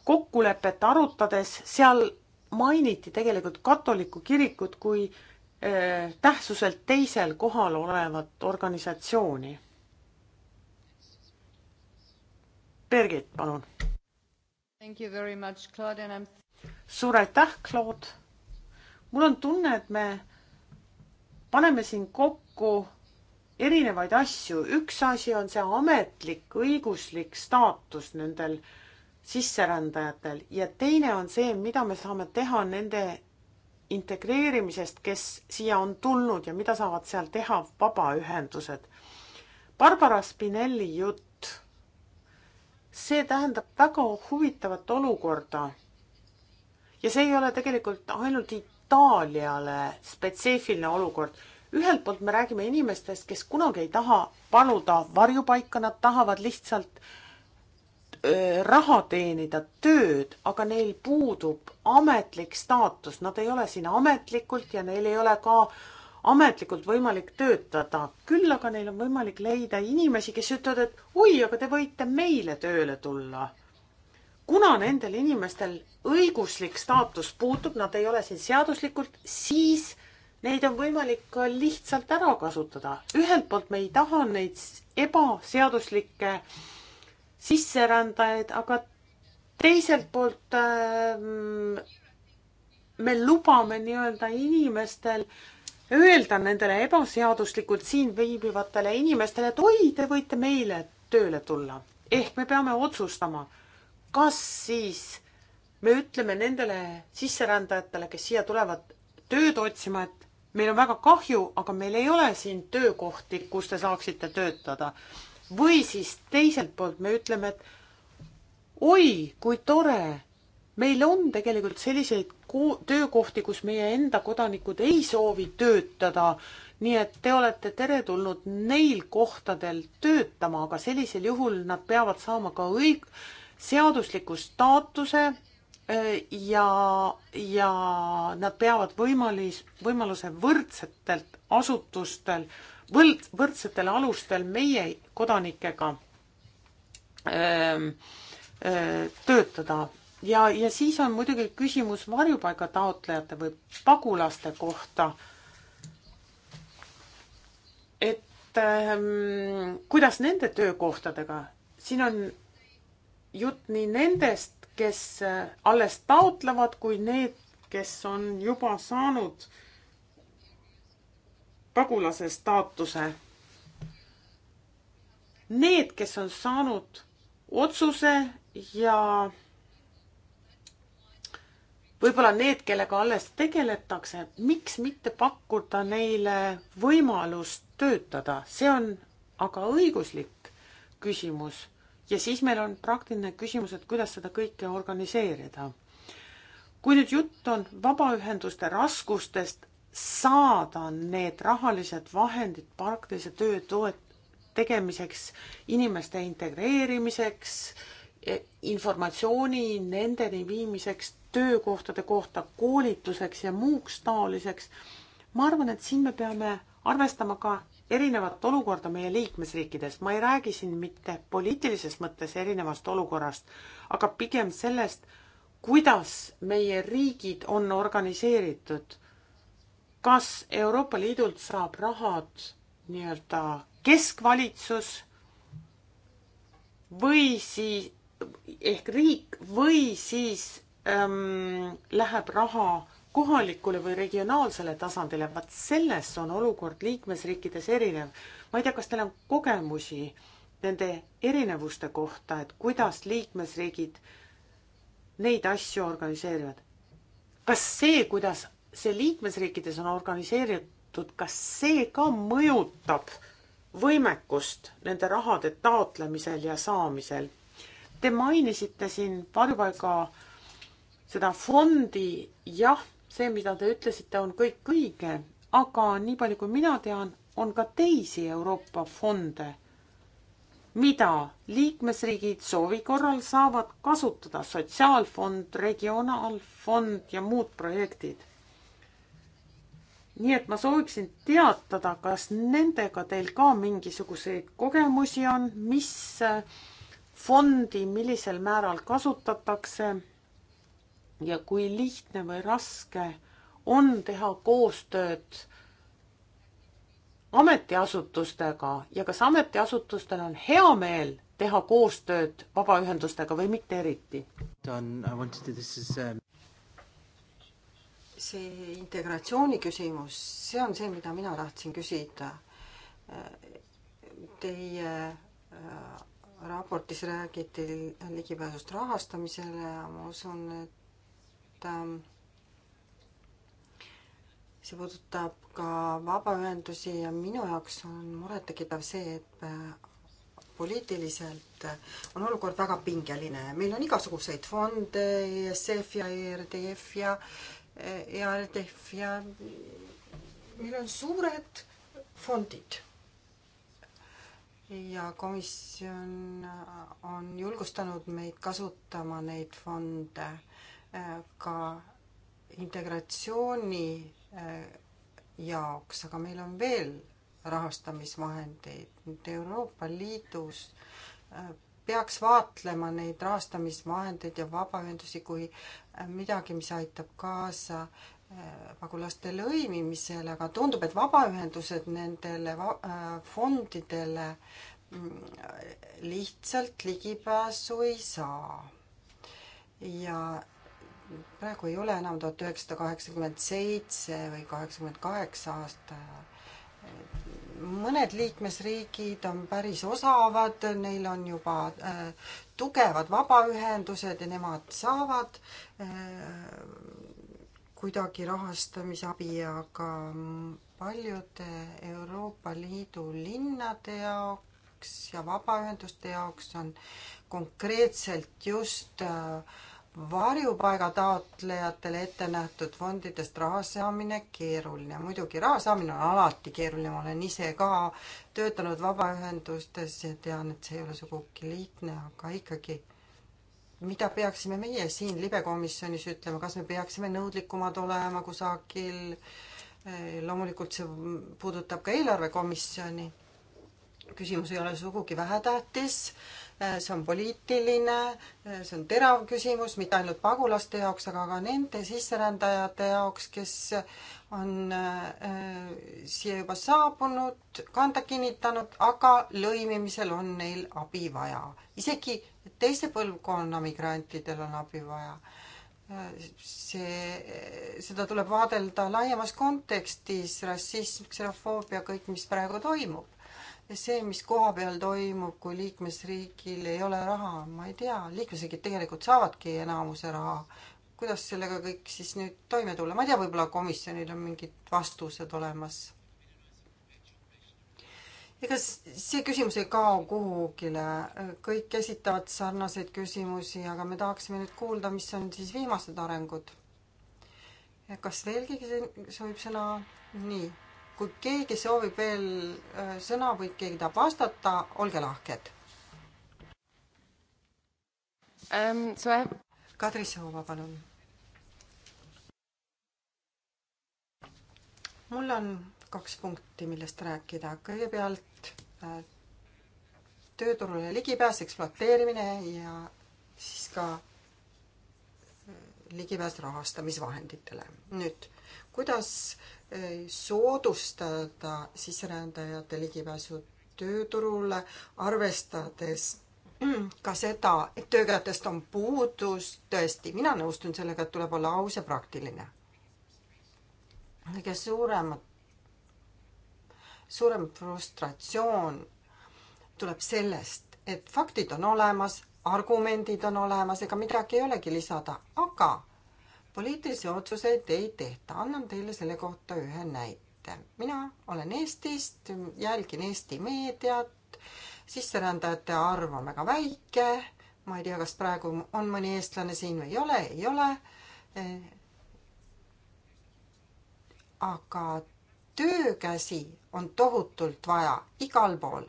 kokkulepet arutades seal mainiti tegelikult katoliku kirikut kui äh, tähtsuselt teisel kohal olevat organisatsiooni. Birgit, palun. suur aitäh, Claude! mul on tunne, et me paneme siin kokku erinevaid asju, üks asi on see ametlik õiguslik staatus nendel sisserändajatel ja teine on see, mida me saame teha nende integreerimisest, kes siia on tulnud ja mida saavad seal teha vabaühendused. Barbara Spinelli jutt, see tähendab väga huvitavat olukorda. ja see ei ole tegelikult ainult Itaaliale spetsiifiline olukord. ühelt poolt me räägime inimestest, kes kunagi ei taha paluda varjupaika, nad tahavad lihtsalt öö, äh, raha teenida, tööd, aga neil puudub ametlik staatus, nad ei ole siin ametlikult ja neil ei ole ka ametlikult võimalik töötada, küll aga neil on võimalik leida inimesi, kes ütlevad, et oi, aga te võite meile tööle tulla kuna nendel inimestel õiguslik staatus puutub, nad ei ole siin seaduslikult, siis neid on võimalik ka lihtsalt ära kasutada. ühelt poolt me ei taha neid ebaseaduslikke sisserändajaid, aga teiselt poolt äh, me lubame nii-öelda inimestel öelda nendele ebaseaduslikult siin viibivatele inimestele, et oi, te võite meile tööle tulla. ehk me peame otsustama kas siis me ütleme nendele sisserändajatele, kes siia tulevad tööd otsima, et meil on väga kahju, aga meil ei ole siin töökohti, kus te saaksite töötada. või siis teiselt poolt me ütleme, et oi, kui tore, meil on tegelikult selliseid töökohti, kus meie enda kodanikud ei soovi töötada, nii et te olete teretulnud neil kohtadel töötama, aga sellisel juhul nad peavad saama ka õig-, seadusliku staatuse e, ja, ja nad peavad võimalis, võimaluse võrdsetelt asutustel, võrd-, võrdsetel alustel meie kodanikega öö, e, öö, e, töötada ja, ja siis on muidugi küsimus varjupaiga taotlejate või pagulaste kohta. et ähm, kuidas nende töökohtadega, siin on jutt nii nendest, kes alles taotlevad, kui need, kes on juba saanud pagulase staatuse. Need, kes on saanud otsuse ja võib-olla need, kellega alles tegeletakse, miks mitte pakkuda neile võimalust töötada, see on aga õiguslik küsimus ja siis meil on praktiline küsimus, et kuidas seda kõike organiseerida. kui nüüd jutt on vabaühenduste raskustest saada need rahalised vahendid praktilise töö toet-, tegemiseks, inimeste integreerimiseks, e-, informatsiooni nendeni viimiseks, töökohtade kohta koolituseks ja muuks taoliseks, ma arvan, et siin me peame arvestama ka erinevat olukorda meie liikmesriikides. ma ei räägi siin mitte poliitilises mõttes erinevast olukorrast, aga pigem sellest, kuidas meie riigid on organiseeritud. kas Euroopa Liidult saab rahad nii-öelda keskvalitsus või siis ehk riik või siis ähm, läheb raha kohalikule või regionaalsele tasandile, vaat selles on olukord liikmesriikides erinev. ma ei tea, kas teil on kogemusi nende erinevuste kohta, et kuidas liikmesriigid neid asju organiseerivad? kas see, kuidas see liikmesriikides on organiseeritud, kas see ka mõjutab võimekust nende rahade taotlemisel ja saamisel? Te mainisite siin varjupaiga seda fondi, jah, see, mida te ütlesite, on kõik õige, aga nii palju, kui mina tean, on ka teisi Euroopa fonde, mida liikmesriigid soovi korral saavad kasutada, sotsiaalfond, regionaalfond ja muud projektid. nii et ma sooviksin teatada, kas nendega teil ka mingisuguseid kogemusi on, mis fondi millisel määral kasutatakse ja kui lihtne või raske on teha koostööd ametiasutustega ja kas ametiasutustel on hea meel teha koostööd vabaühendustega või mitte eriti? Um, see integratsiooni küsimus, see on see, mida mina tahtsin küsida. Teie äh, raportis räägiti ligipääsust rahastamisele ja ma usun, et et ähm, see puudutab ka vabaühendusi ja minu jaoks on murettekitav see, et äh, poliitiliselt äh, on olukord väga pingeline. meil on igasuguseid fonde, ESF ja ERDF ja äh, ERDF ja meil on suured fondid. ja komisjon on julgustanud meid kasutama neid fonde ka integratsiooni äh, jaoks, aga meil on veel rahastamisvahendeid. nüüd Euroopa Liidus äh, peaks vaatlema neid rahastamisvahendeid ja vabaühendusi kui äh, midagi, mis aitab kaasa pagulaste lõimimisele, aga tundub, et vabaühendused nendele va fondidele mm, lihtsalt ligipääsu ei saa. ja praegu ei ole enam tuhat üheksasada kaheksakümmend seitse või kaheksakümmend kaheksa aasta mõned liikmesriigid on päris osavad, neil on juba äh, tugevad vabaühendused ja nemad saavad äh, kuidagi rahastamise abi, aga paljude Euroopa Liidu linnade jaoks ja vabaühenduste jaoks on konkreetselt just äh, varjupaiga taotlejatele ette nähtud fondidest raha saamine keeruline. muidugi raha saamine on alati keeruline, ma olen ise ka töötanud vabaühendustes ja tean, et see ei ole sugugi lihtne, aga ikkagi, mida peaksime meie siin libekomisjonis ütlema, kas me peaksime nõudlikumad olema kusagil? loomulikult see puudutab ka eelarvekomisjoni. küsimus ei ole sugugi vähetähtis Äh, see on poliitiline, äh, see on terav küsimus, mitte ainult pagulaste jaoks, aga ka nende sisserändajate jaoks, kes on äh, siia juba saabunud, kanda kinnitanud, aga lõimimisel on neil abi vaja. isegi teise põlvkonna migrantidel on abi vaja see, seda tuleb vaadelda laiemas kontekstis, rassism, ksenofoobia, kõik, mis praegu toimub see, mis koha peal toimub, kui liikmesriigil ei ole raha, ma ei tea, liikmesriigid tegelikult saavadki enamuse raha. kuidas sellega kõik siis nüüd toime tulla, ma ei tea, võib-olla komisjonil on mingid vastused olemas. ega see küsimus ei kao kuhugile, kõik esitavad sarnaseid küsimusi, aga me tahaksime nüüd kuulda, mis on siis viimased arengud. kas veel keegi soovib sõna? nii kui keegi soovib veel äh, sõna või keegi tahab vastata, olge lahked um,. Ähm, Have... Äh, Kadri Soova, palun. mul on kaks punkti, millest rääkida. kõigepealt äh, tööturule ligipääs, ekspluateerimine ja siis ka ligipääs rahastamisvahenditele. nüüd, kuidas soodustada sisserändajate ligipääsu tööturule, arvestades ka seda, et töökätest on puudus, tõesti, mina nõustun sellega, et tuleb olla aus ja praktiline. kõige suuremad, suurem frustratsioon tuleb sellest, et faktid on olemas, argumendid on olemas, ega midagi ei olegi lisada, aga poliitilisi otsuseid ei tehta. annan teile selle kohta ühe näite. mina olen Eestist, jälgin Eesti meediat, sisserändajate arv on väga väike, ma ei tea, kas praegu on mõni eestlane siin või ei ole, ei ole. aga töökäsi on tohutult vaja igal pool,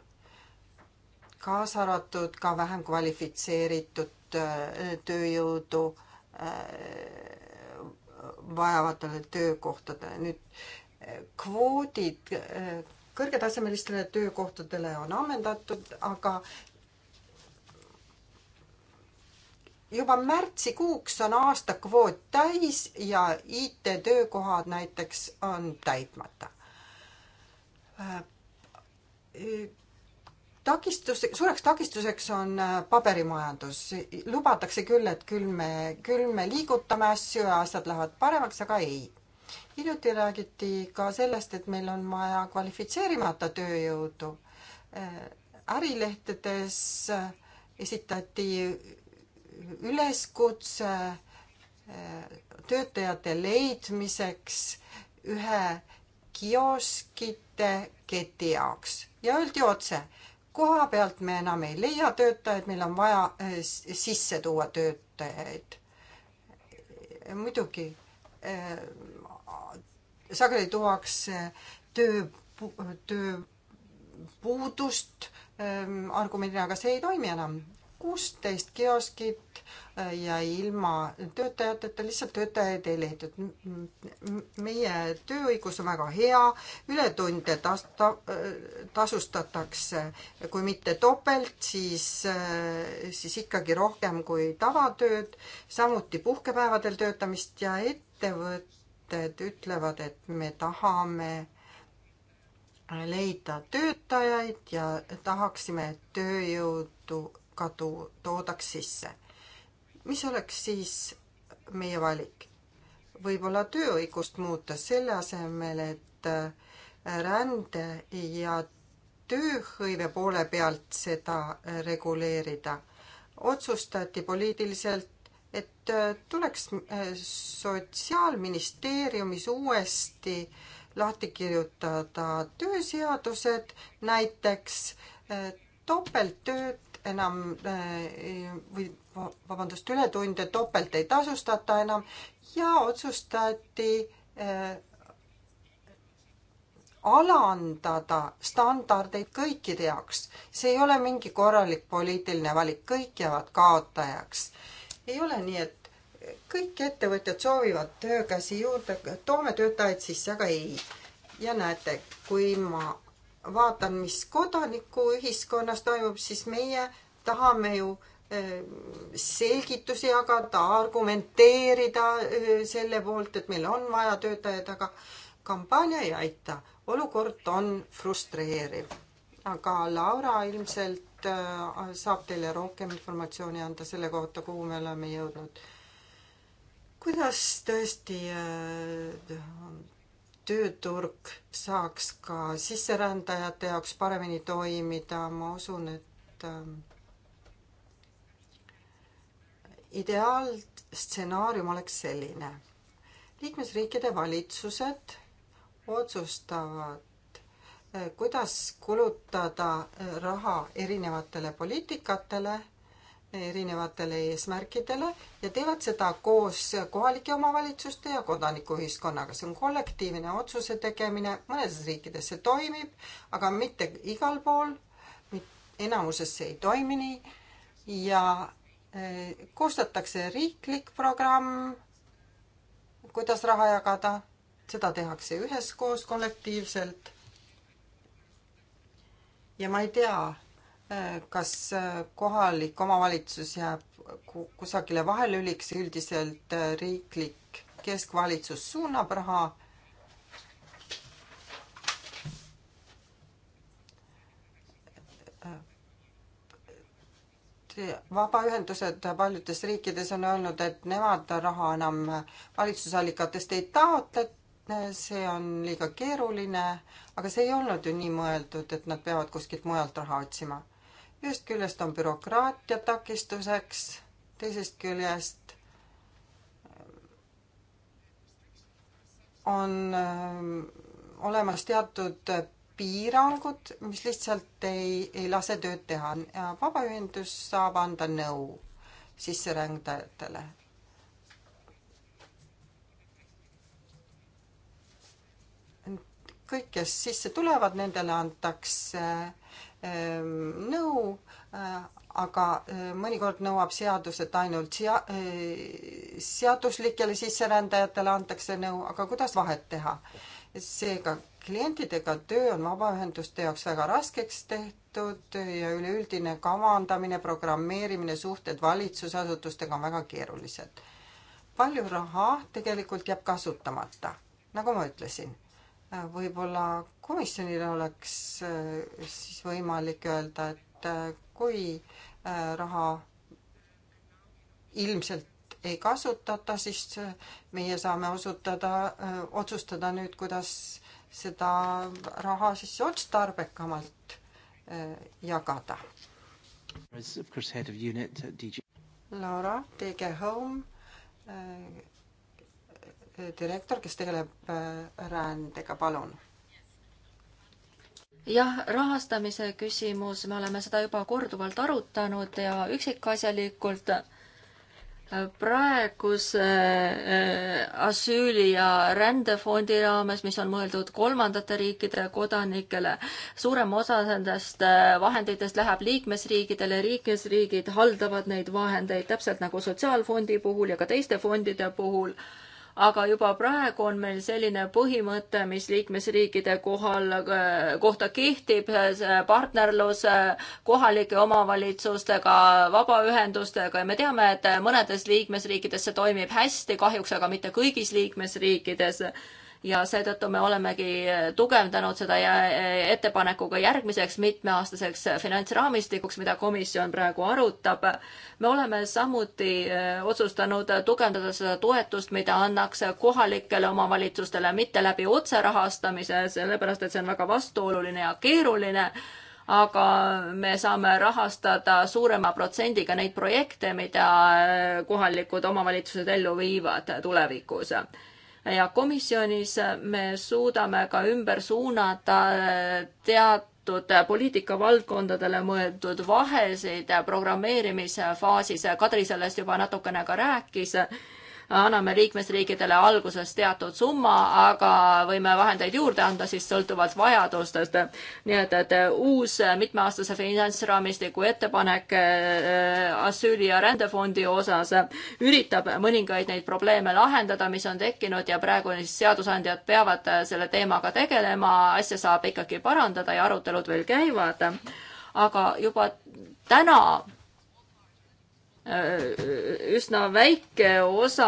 kaasa arvatud ka vähem kvalifitseeritud äh, tööjõudu äh, vajavatele töökohtadele. nüüd eh, kvoodid eh, kõrgetasemelistele töökohtadele on ammendatud, aga juba märtsikuuks on aastakvoot täis ja IT-töökohad näiteks on täitmata eh, takistus, suureks takistuseks on äh, paberimajandus. lubatakse küll, et küll me, küll me liigutame asju ja asjad lähevad paremaks, aga ei. hiljuti räägiti ka sellest, et meil on vaja kvalifitseerimata tööjõudu. Äh, ärilehtedes äh, esitati üleskutse töötajate leidmiseks ühe kioskite keti jaoks ja öeldi otse, koha pealt me enam ei leia töötajaid, meil on vaja eh, sisse tuua töötajaid. muidugi eh, sageli tuuakse töö, tööpuudust eh, argumendina, aga see ei toimi enam kuusteist kioskit äh, jäi ilma töötajateta, lihtsalt töötajaid ei leitud. meie tööõigus on väga hea, ületunde tas-, ta-, äh, tasustatakse kui mitte topelt, siis, äh, siis ikkagi rohkem kui tavatööd, samuti puhkepäevadel töötamist ja ettevõtted ütlevad, et me tahame leida töötajaid ja tahaksime tööjõudu ka to-, toodaks sisse. mis oleks siis meie valik? võib-olla tööõigust muuta selle asemel, et äh, rände ja tööhõive poole pealt seda äh, reguleerida. otsustati poliitiliselt, et äh, tuleks Sotsiaalministeeriumis uuesti lahti kirjutada tööseadused, näiteks topelttööd enam äh, või vabandust, ületunde topelt ei tasustata enam ja otsustati äh, alandada standardeid kõikide jaoks. see ei ole mingi korralik poliitiline valik, kõik jäävad kaotajaks. ei ole nii, et kõik ettevõtjad soovivad töökäsi juurde, toome töötajaid sisse, aga ei. ja näete, kui ma vaatan, mis kodanikuühiskonnas toimub, siis meie tahame ju eh, selgitusi jagada, argumenteerida eh, selle poolt, et meil on vaja töötajaid, aga kampaania ei aita. olukord on frustreeriv. aga Laura ilmselt eh, saab teile rohkem informatsiooni anda selle kohta, kuhu me oleme jõudnud. kuidas tõesti tööturg saaks ka sisserändajate jaoks paremini toimida, ma usun, et ähm, ideaalstsenaarium oleks selline. liikmesriikide valitsused otsustavad, äh, kuidas kulutada äh, raha erinevatele poliitikatele erinevatele eesmärkidele ja teevad seda koos kohalike omavalitsuste ja kodanikuühiskonnaga. see on kollektiivne otsuse tegemine, mõnedes riikides see toimib, aga mitte igal pool, enamuses see ei toimi nii ja eh, koostatakse riiklik programm, kuidas raha jagada, seda tehakse üheskoos kollektiivselt. ja ma ei tea, kas äh, kohalik omavalitsus jääb kusagile vahelüliks, üldiselt äh, riiklik keskvalitsus suunab raha äh, vabaühendused paljudes riikides on öelnud, et nemad raha enam valitsusallikatest ei taotle, see on liiga keeruline, aga see ei olnud ju nii mõeldud, et nad peavad kuskilt mujalt raha otsima ühest küljest on bürokraatia takistuseks, teisest küljest on äh, olemas teatud piirangud, mis lihtsalt ei, ei lase tööd teha. vabaühendus saab anda nõu sisserändajatele. kõik, kes sisse tulevad, nendele antakse Ehm, nõu, äh, aga äh, mõnikord nõuab seadus, et ainult sea-, äh, seaduslikele sisserändajatele antakse nõu, aga kuidas vahet teha? seega klientidega töö on vabaühenduste jaoks väga raskeks tehtud ja üleüldine kavandamine, programmeerimine, suhted valitsusasutustega on väga keerulised. palju raha tegelikult jääb kasutamata, nagu ma ütlesin võib-olla komisjonil oleks eh, siis võimalik öelda, et eh, kui eh, raha ilmselt ei kasutata, siis meie saame osutada, otsustada nüüd, kuidas seda raha siis otstarbekamalt jagada. Uh, Laura, TG Home direktor, kes tegeleb äh, rändega, palun jah, rahastamise küsimus, me oleme seda juba korduvalt arutanud ja üksikasjalikult äh, praeguse äh, asüüli ja rändefondi raames, mis on mõeldud kolmandate riikide kodanikele, suurem osa nendest vahenditest läheb liikmesriikidele, liikmesriigid haldavad neid vahendeid täpselt nagu Sotsiaalfondi puhul ja ka teiste fondide puhul aga juba praegu on meil selline põhimõte, mis liikmesriikide kohal, äh, kohta kehtib, äh, partnerlus äh, kohalike omavalitsustega, vabaühendustega ja me teame, et mõnedes liikmesriikides see toimib hästi, kahjuks aga mitte kõigis liikmesriikides ja seetõttu me olemegi tugevdanud seda ettepanekuga järgmiseks mitmeaastaseks finantsraamistikuks, mida komisjon praegu arutab. me oleme samuti äh, otsustanud tugevdada seda toetust, mida annaks kohalikele omavalitsustele, mitte läbi otserahastamise, sellepärast et see on väga vastuoluline ja keeruline aga me saame rahastada suurema protsendiga neid projekte, mida äh, kohalikud omavalitsused ellu viivad tulevikus ja komisjonis me suudame ka ümber suunata tead-, äh, teatud poliitikavaldkondadele mõeldud vahesid programmeerimise faasis. Kadri sellest juba natukene ka rääkis anname liikmesriikidele alguses teatud summa, aga võime vahendeid juurde anda siis sõltuvalt vajadustest. nii et, et uus mitmeaastase finantsraamistiku ettepanek äh, asüüli ja rändefondi osas üritab mõningaid neid probleeme lahendada, mis on tekkinud ja praegu siis seadusandjad peavad äh, selle teemaga tegelema, asja saab ikkagi parandada ja arutelud veel käivad. aga juba täna Äh, üsna väike osa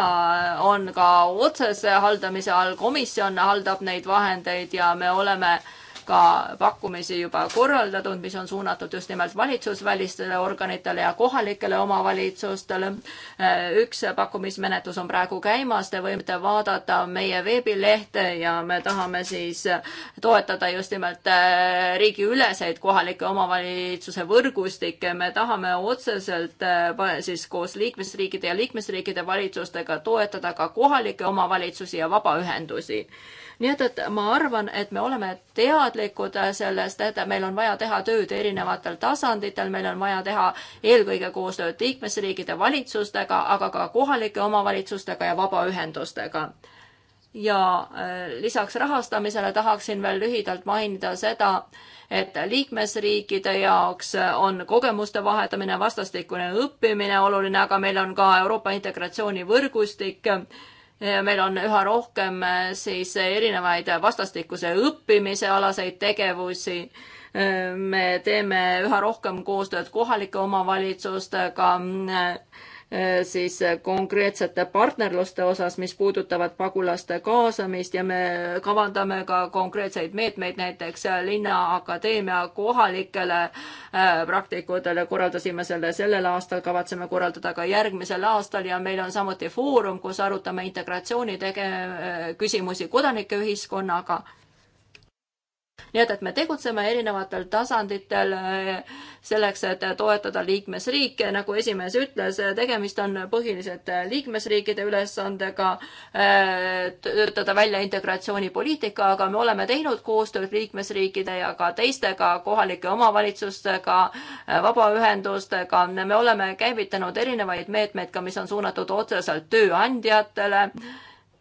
on ka otsese haldamise all, komisjon haldab neid vahendeid ja me oleme äh, ka pakkumisi juba korraldatud, mis on suunatud just nimelt valitsusvälistele organitele ja kohalikele omavalitsustele. üks pakkumismenetlus on praegu käimas, te võite vaadata meie veebilehte ja me tahame siis toetada just nimelt äh, riigiüleseid kohalike omavalitsuse võrgustikke. me tahame otseselt äh, siis koos liikmesriikide ja liikmesriikide valitsustega toetada ka kohalikke omavalitsusi ja vabaühendusi nii et, et ma arvan, et me oleme teadlikud sellest, et meil on vaja teha tööd erinevatel tasanditel, meil on vaja teha eelkõige koostööd liikmesriikide valitsustega, aga ka kohalike omavalitsustega ja vabaühendustega ja äh, lisaks rahastamisele tahaksin veel lühidalt mainida seda, et liikmesriikide jaoks on kogemuste vahetamine, vastastikune õppimine oluline, aga meil on ka Euroopa integratsioonivõrgustik meil on üha rohkem äh, siis erinevaid vastastikuse õppimise alaseid tegevusi. Äh, me teeme üha rohkem koostööd kohalike omavalitsustega äh, Äh, siis äh, konkreetsete partnerluste osas, mis puudutavad pagulaste kaasamist ja me kavandame ka konkreetseid meetmeid, näiteks äh, Linnaakadeemia kohalikele praktikutele korraldasime selle sellel aastal, kavatseme korraldada ka järgmisel aastal ja meil on samuti foorum, kus arutame integratsiooni tege-, küsimusi kodanikeühiskonnaga nii et, et me tegutseme erinevatel tasanditel eh, selleks, et toetada liikmesriike, nagu esimees ütles, eh, tegemist on põhiliselt eh, liikmesriikide ülesandega töötada välja integratsioonipoliitika, aga me oleme teinud koostööd liikmesriikide ja ka teistega, kohalike omavalitsustega, vabaühendustega, me oleme käivitanud erinevaid meetmeid ka, mis on suunatud otseselt tööandjatele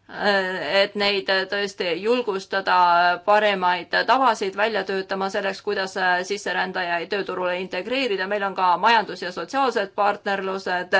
Äh, et neid äh, tõesti julgustada paremaid tavasid välja töötama selleks, kuidas äh, sisserändajaid tööturule integreerida. meil on ka majandus- ja sotsiaalsed partnerlused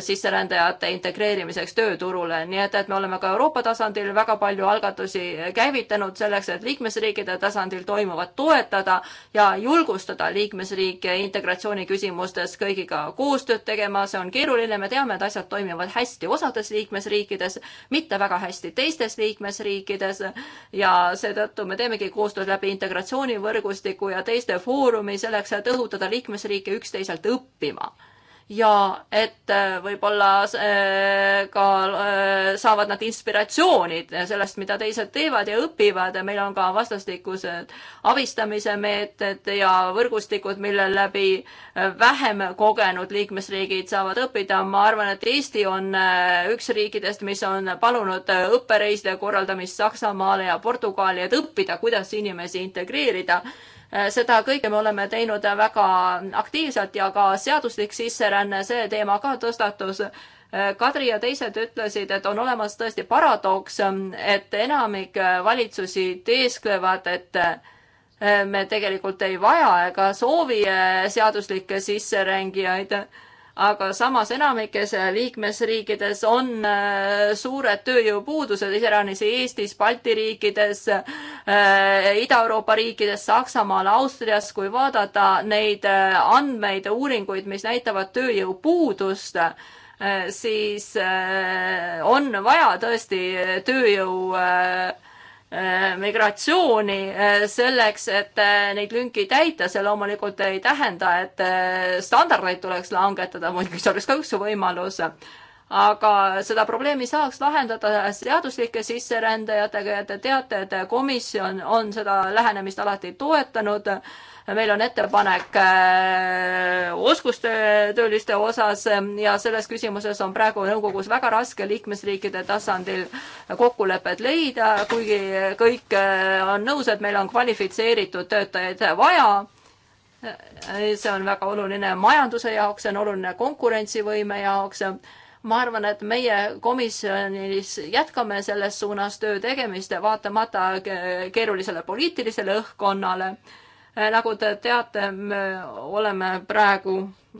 sisserändajate integreerimiseks tööturule, nii et, et me oleme ka Euroopa tasandil väga palju algatusi käivitanud selleks, et liikmesriikide tasandil toimuvat toetada ja julgustada liikmesriike integratsiooni küsimustes kõigiga koostööd tegema. see on keeruline, me teame, et asjad toimivad hästi osades liikmesriikides mitte väga hästi teistes liikmesriikides ja seetõttu me teemegi koostööd läbi integratsioonivõrgustiku ja teiste foorumi selleks, et õhutada liikmesriike üksteiselt õppima ja et äh, võib-olla äh, ka äh, saavad nad inspiratsiooni sellest, mida teised teevad ja õpivad. meil on ka vastastikused abistamise meetmed ja võrgustikud, mille läbi vähem kogenud liikmesriigid saavad õppida. ma arvan, et Eesti on üks riikidest, mis on palunud õppereiside korraldamist Saksamaale ja Portugali, et õppida, kuidas inimesi integreerida Äh, seda kõike me oleme teinud väga aktiivselt ja ka seaduslik sisseränne, see teema ka tõstatus. Äh, Kadri ja teised ütlesid, et on olemas tõesti paradoks, et enamik valitsusi teesklevad, et äh, me tegelikult ei vaja ega soovi seaduslikke sisserängijaid aga samas enamikes liikmesriikides on äh, suured tööjõupuudused, iseäranis Eestis, Balti riikides, äh, Ida-Euroopa riikides, Saksamaal, Austrias, kui vaadata neid äh, andmeid, uuringuid, mis näitavad tööjõupuudust, siis on vaja tõesti tööjõu Äh, migratsiooni äh, selleks, et äh, neid lünki täita, see loomulikult ei tähenda, et standardeid tuleks langetada, muidugi see oleks ka üks võimalus. aga seda probleemi saaks lahendada seaduslike sisserändajatega ja te teate, et komisjon on seda lähenemist alati toetanud meil on ettepanek äh, oskustööliste osas ja selles küsimuses on praegu nõukogus väga raske liikmesriikide tasandil kokkulepet leida, kuigi kõik äh, on nõus, et meil on kvalifitseeritud töötajaid vaja see on väga oluline majanduse jaoks, see on oluline konkurentsivõime jaoks. ma arvan, et meie komisjonis jätkame selles suunas töö tegemist, vaatamata keerulisele poliitilisele õhkkonnale Äh, nagu te teate, me oleme praegu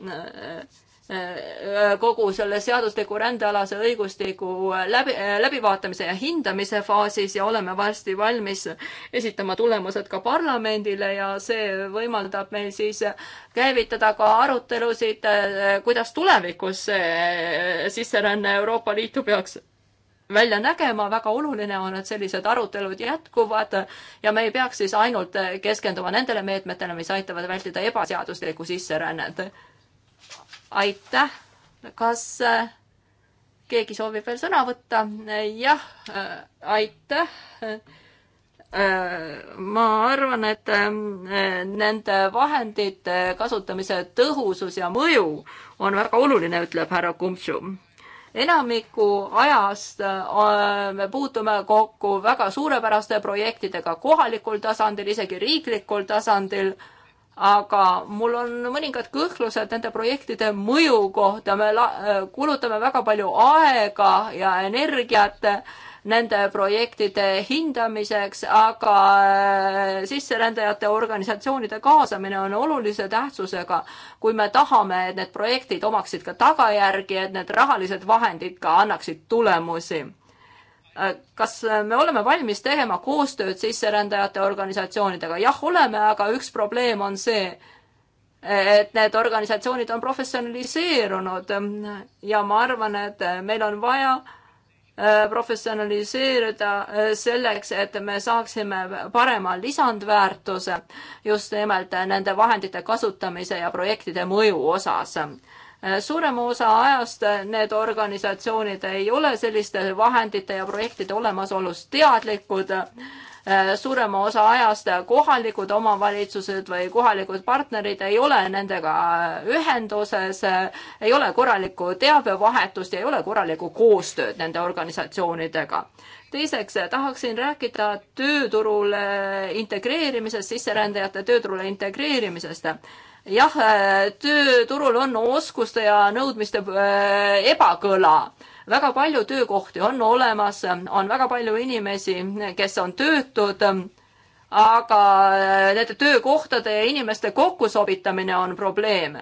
äh, äh, kogu selle seadusliku rändealase õigustiku läbi, läbivaatamise ja hindamise faasis ja oleme varsti valmis esitama tulemused ka parlamendile ja see võimaldab meil siis käivitada ka arutelusid, kuidas tulevikus sisseränne Euroopa Liitu peaks välja nägema, väga oluline on, et sellised arutelud jätkuvad ja me ei peaks siis ainult keskenduma nendele meetmetele, mis aitavad vältida ebaseaduslikku sisserännet. aitäh, kas äh, keegi soovib veel sõna võtta? jah, äh, aitäh. Äh, ma arvan, et nende vahendite kasutamise tõhusus ja mõju on väga oluline, ütleb härra Kumtšum enamiku ajast äh, me puutume kokku väga suurepäraste projektidega kohalikul tasandil, isegi riiklikul tasandil, aga mul on mõningad kõhklused nende projektide mõju kohta, me äh, kulutame väga palju aega ja energiat nende projektide hindamiseks, aga äh, sisserändajate organisatsioonide kaasamine on olulise tähtsusega, kui me tahame, et need projektid omaksid ka tagajärgi, et need rahalised vahendid ka annaksid tulemusi äh, kas me oleme valmis tegema koostööd sisserändajate organisatsioonidega? jah, oleme, aga üks probleem on see, et need organisatsioonid on professionaliseerunud ja ma arvan, et meil on vaja äh, Äh, professionaliseerida äh, selleks, et me saaksime parema lisandväärtuse just nimelt nende vahendite kasutamise ja projektide mõju osas. Äh, suurema osa ajast need organisatsioonid ei ole selliste vahendite ja projektide olemasolust teadlikud Äh, suurema osa ajast kohalikud omavalitsused või kohalikud partnerid ei ole nendega ühenduses, ei ole korralikku teabevahetust ja ei ole korralikku koostööd nende organisatsioonidega teiseks tahaksin rääkida tööturule integreerimisest, sisserändajate tööturule integreerimisest. jah, äh, tööturul on oskuste ja nõudmiste äh, ebakõla väga palju töökohti on olemas, on väga palju inimesi, kes on töötud, aga äh, nende töökohtade ja inimeste kokkusobitamine on probleem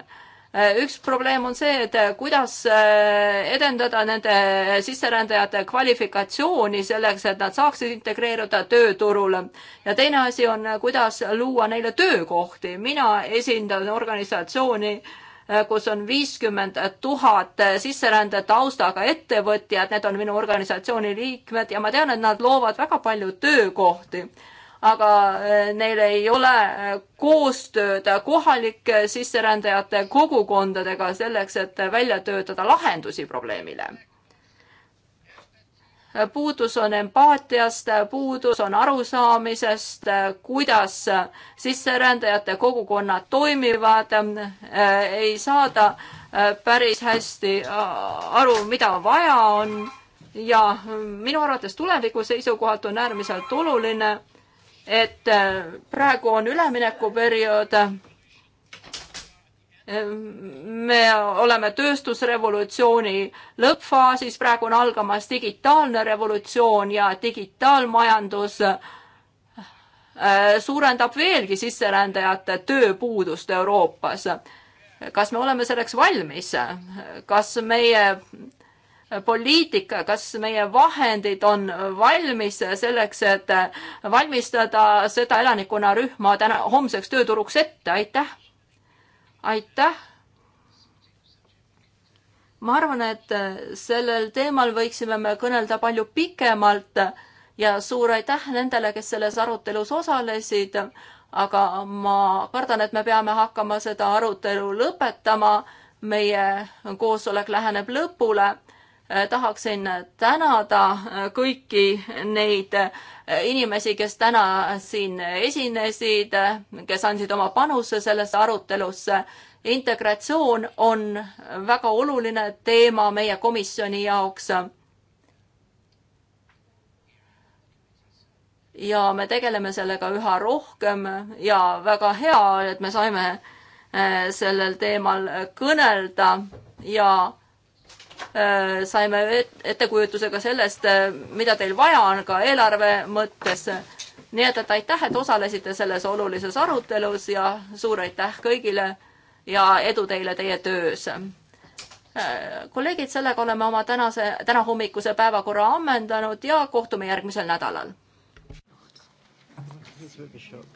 äh, üks probleem on see, et kuidas äh, edendada nende sisserändajate kvalifikatsiooni selleks, et nad saaksid integreeruda tööturule. ja teine asi on, kuidas luua neile töökohti. mina esindan organisatsiooni, Äh, kus on viiskümmend tuhat sisserände taustaga ettevõtjad, need on minu organisatsiooni liikmed ja ma tean, et nad loovad väga palju töökohti. aga äh, neil ei ole äh, koostööd kohalike sisserändajate kogukondadega selleks, et välja töötada lahendusi probleemile puudus on empaatiast, puudus on arusaamisest, kuidas sisserändajate kogukonnad toimivad, ei saada päris hästi aru, mida vaja on ja minu arvates tuleviku seisukohalt on äärmiselt oluline, et praegu on üleminekuperiood me oleme tööstusrevolutsiooni lõppfaasis, praegu on algamas digitaalne revolutsioon ja digitaalmajandus äh, suurendab veelgi sisserändajate tööpuudust Euroopas. kas me oleme selleks valmis? kas meie poliitika, kas meie vahendid on valmis selleks, et valmistada seda elanikkonnarühma täna, homseks tööturuks ette, aitäh aitäh! ma arvan, et äh, sellel teemal võiksime me kõnelda palju pikemalt ja suur aitäh nendele, kes selles arutelus osalesid, aga ma kardan, et me peame hakkama seda arutelu lõpetama. meie koosolek läheneb lõpule äh, tahaksin tänada äh, kõiki neid inimesi, kes täna siin esinesid, kes andsid oma panuse sellesse arutelusse. integratsioon on väga oluline teema meie komisjoni jaoks. ja me tegeleme sellega üha rohkem ja väga hea, et me saime eh, sellel teemal kõnelda ja Äh, saime ettekujutuse ka sellest, äh, mida teil vaja on ka eelarve mõttes. nii et, et aitäh, et osalesite selles olulises arutelus ja suur aitäh kõigile ja edu teile teie töös. Äh, kolleegid, sellega oleme oma tänase, tänahommikuse päevakorra ammendanud ja kohtume järgmisel nädalal. This will be short.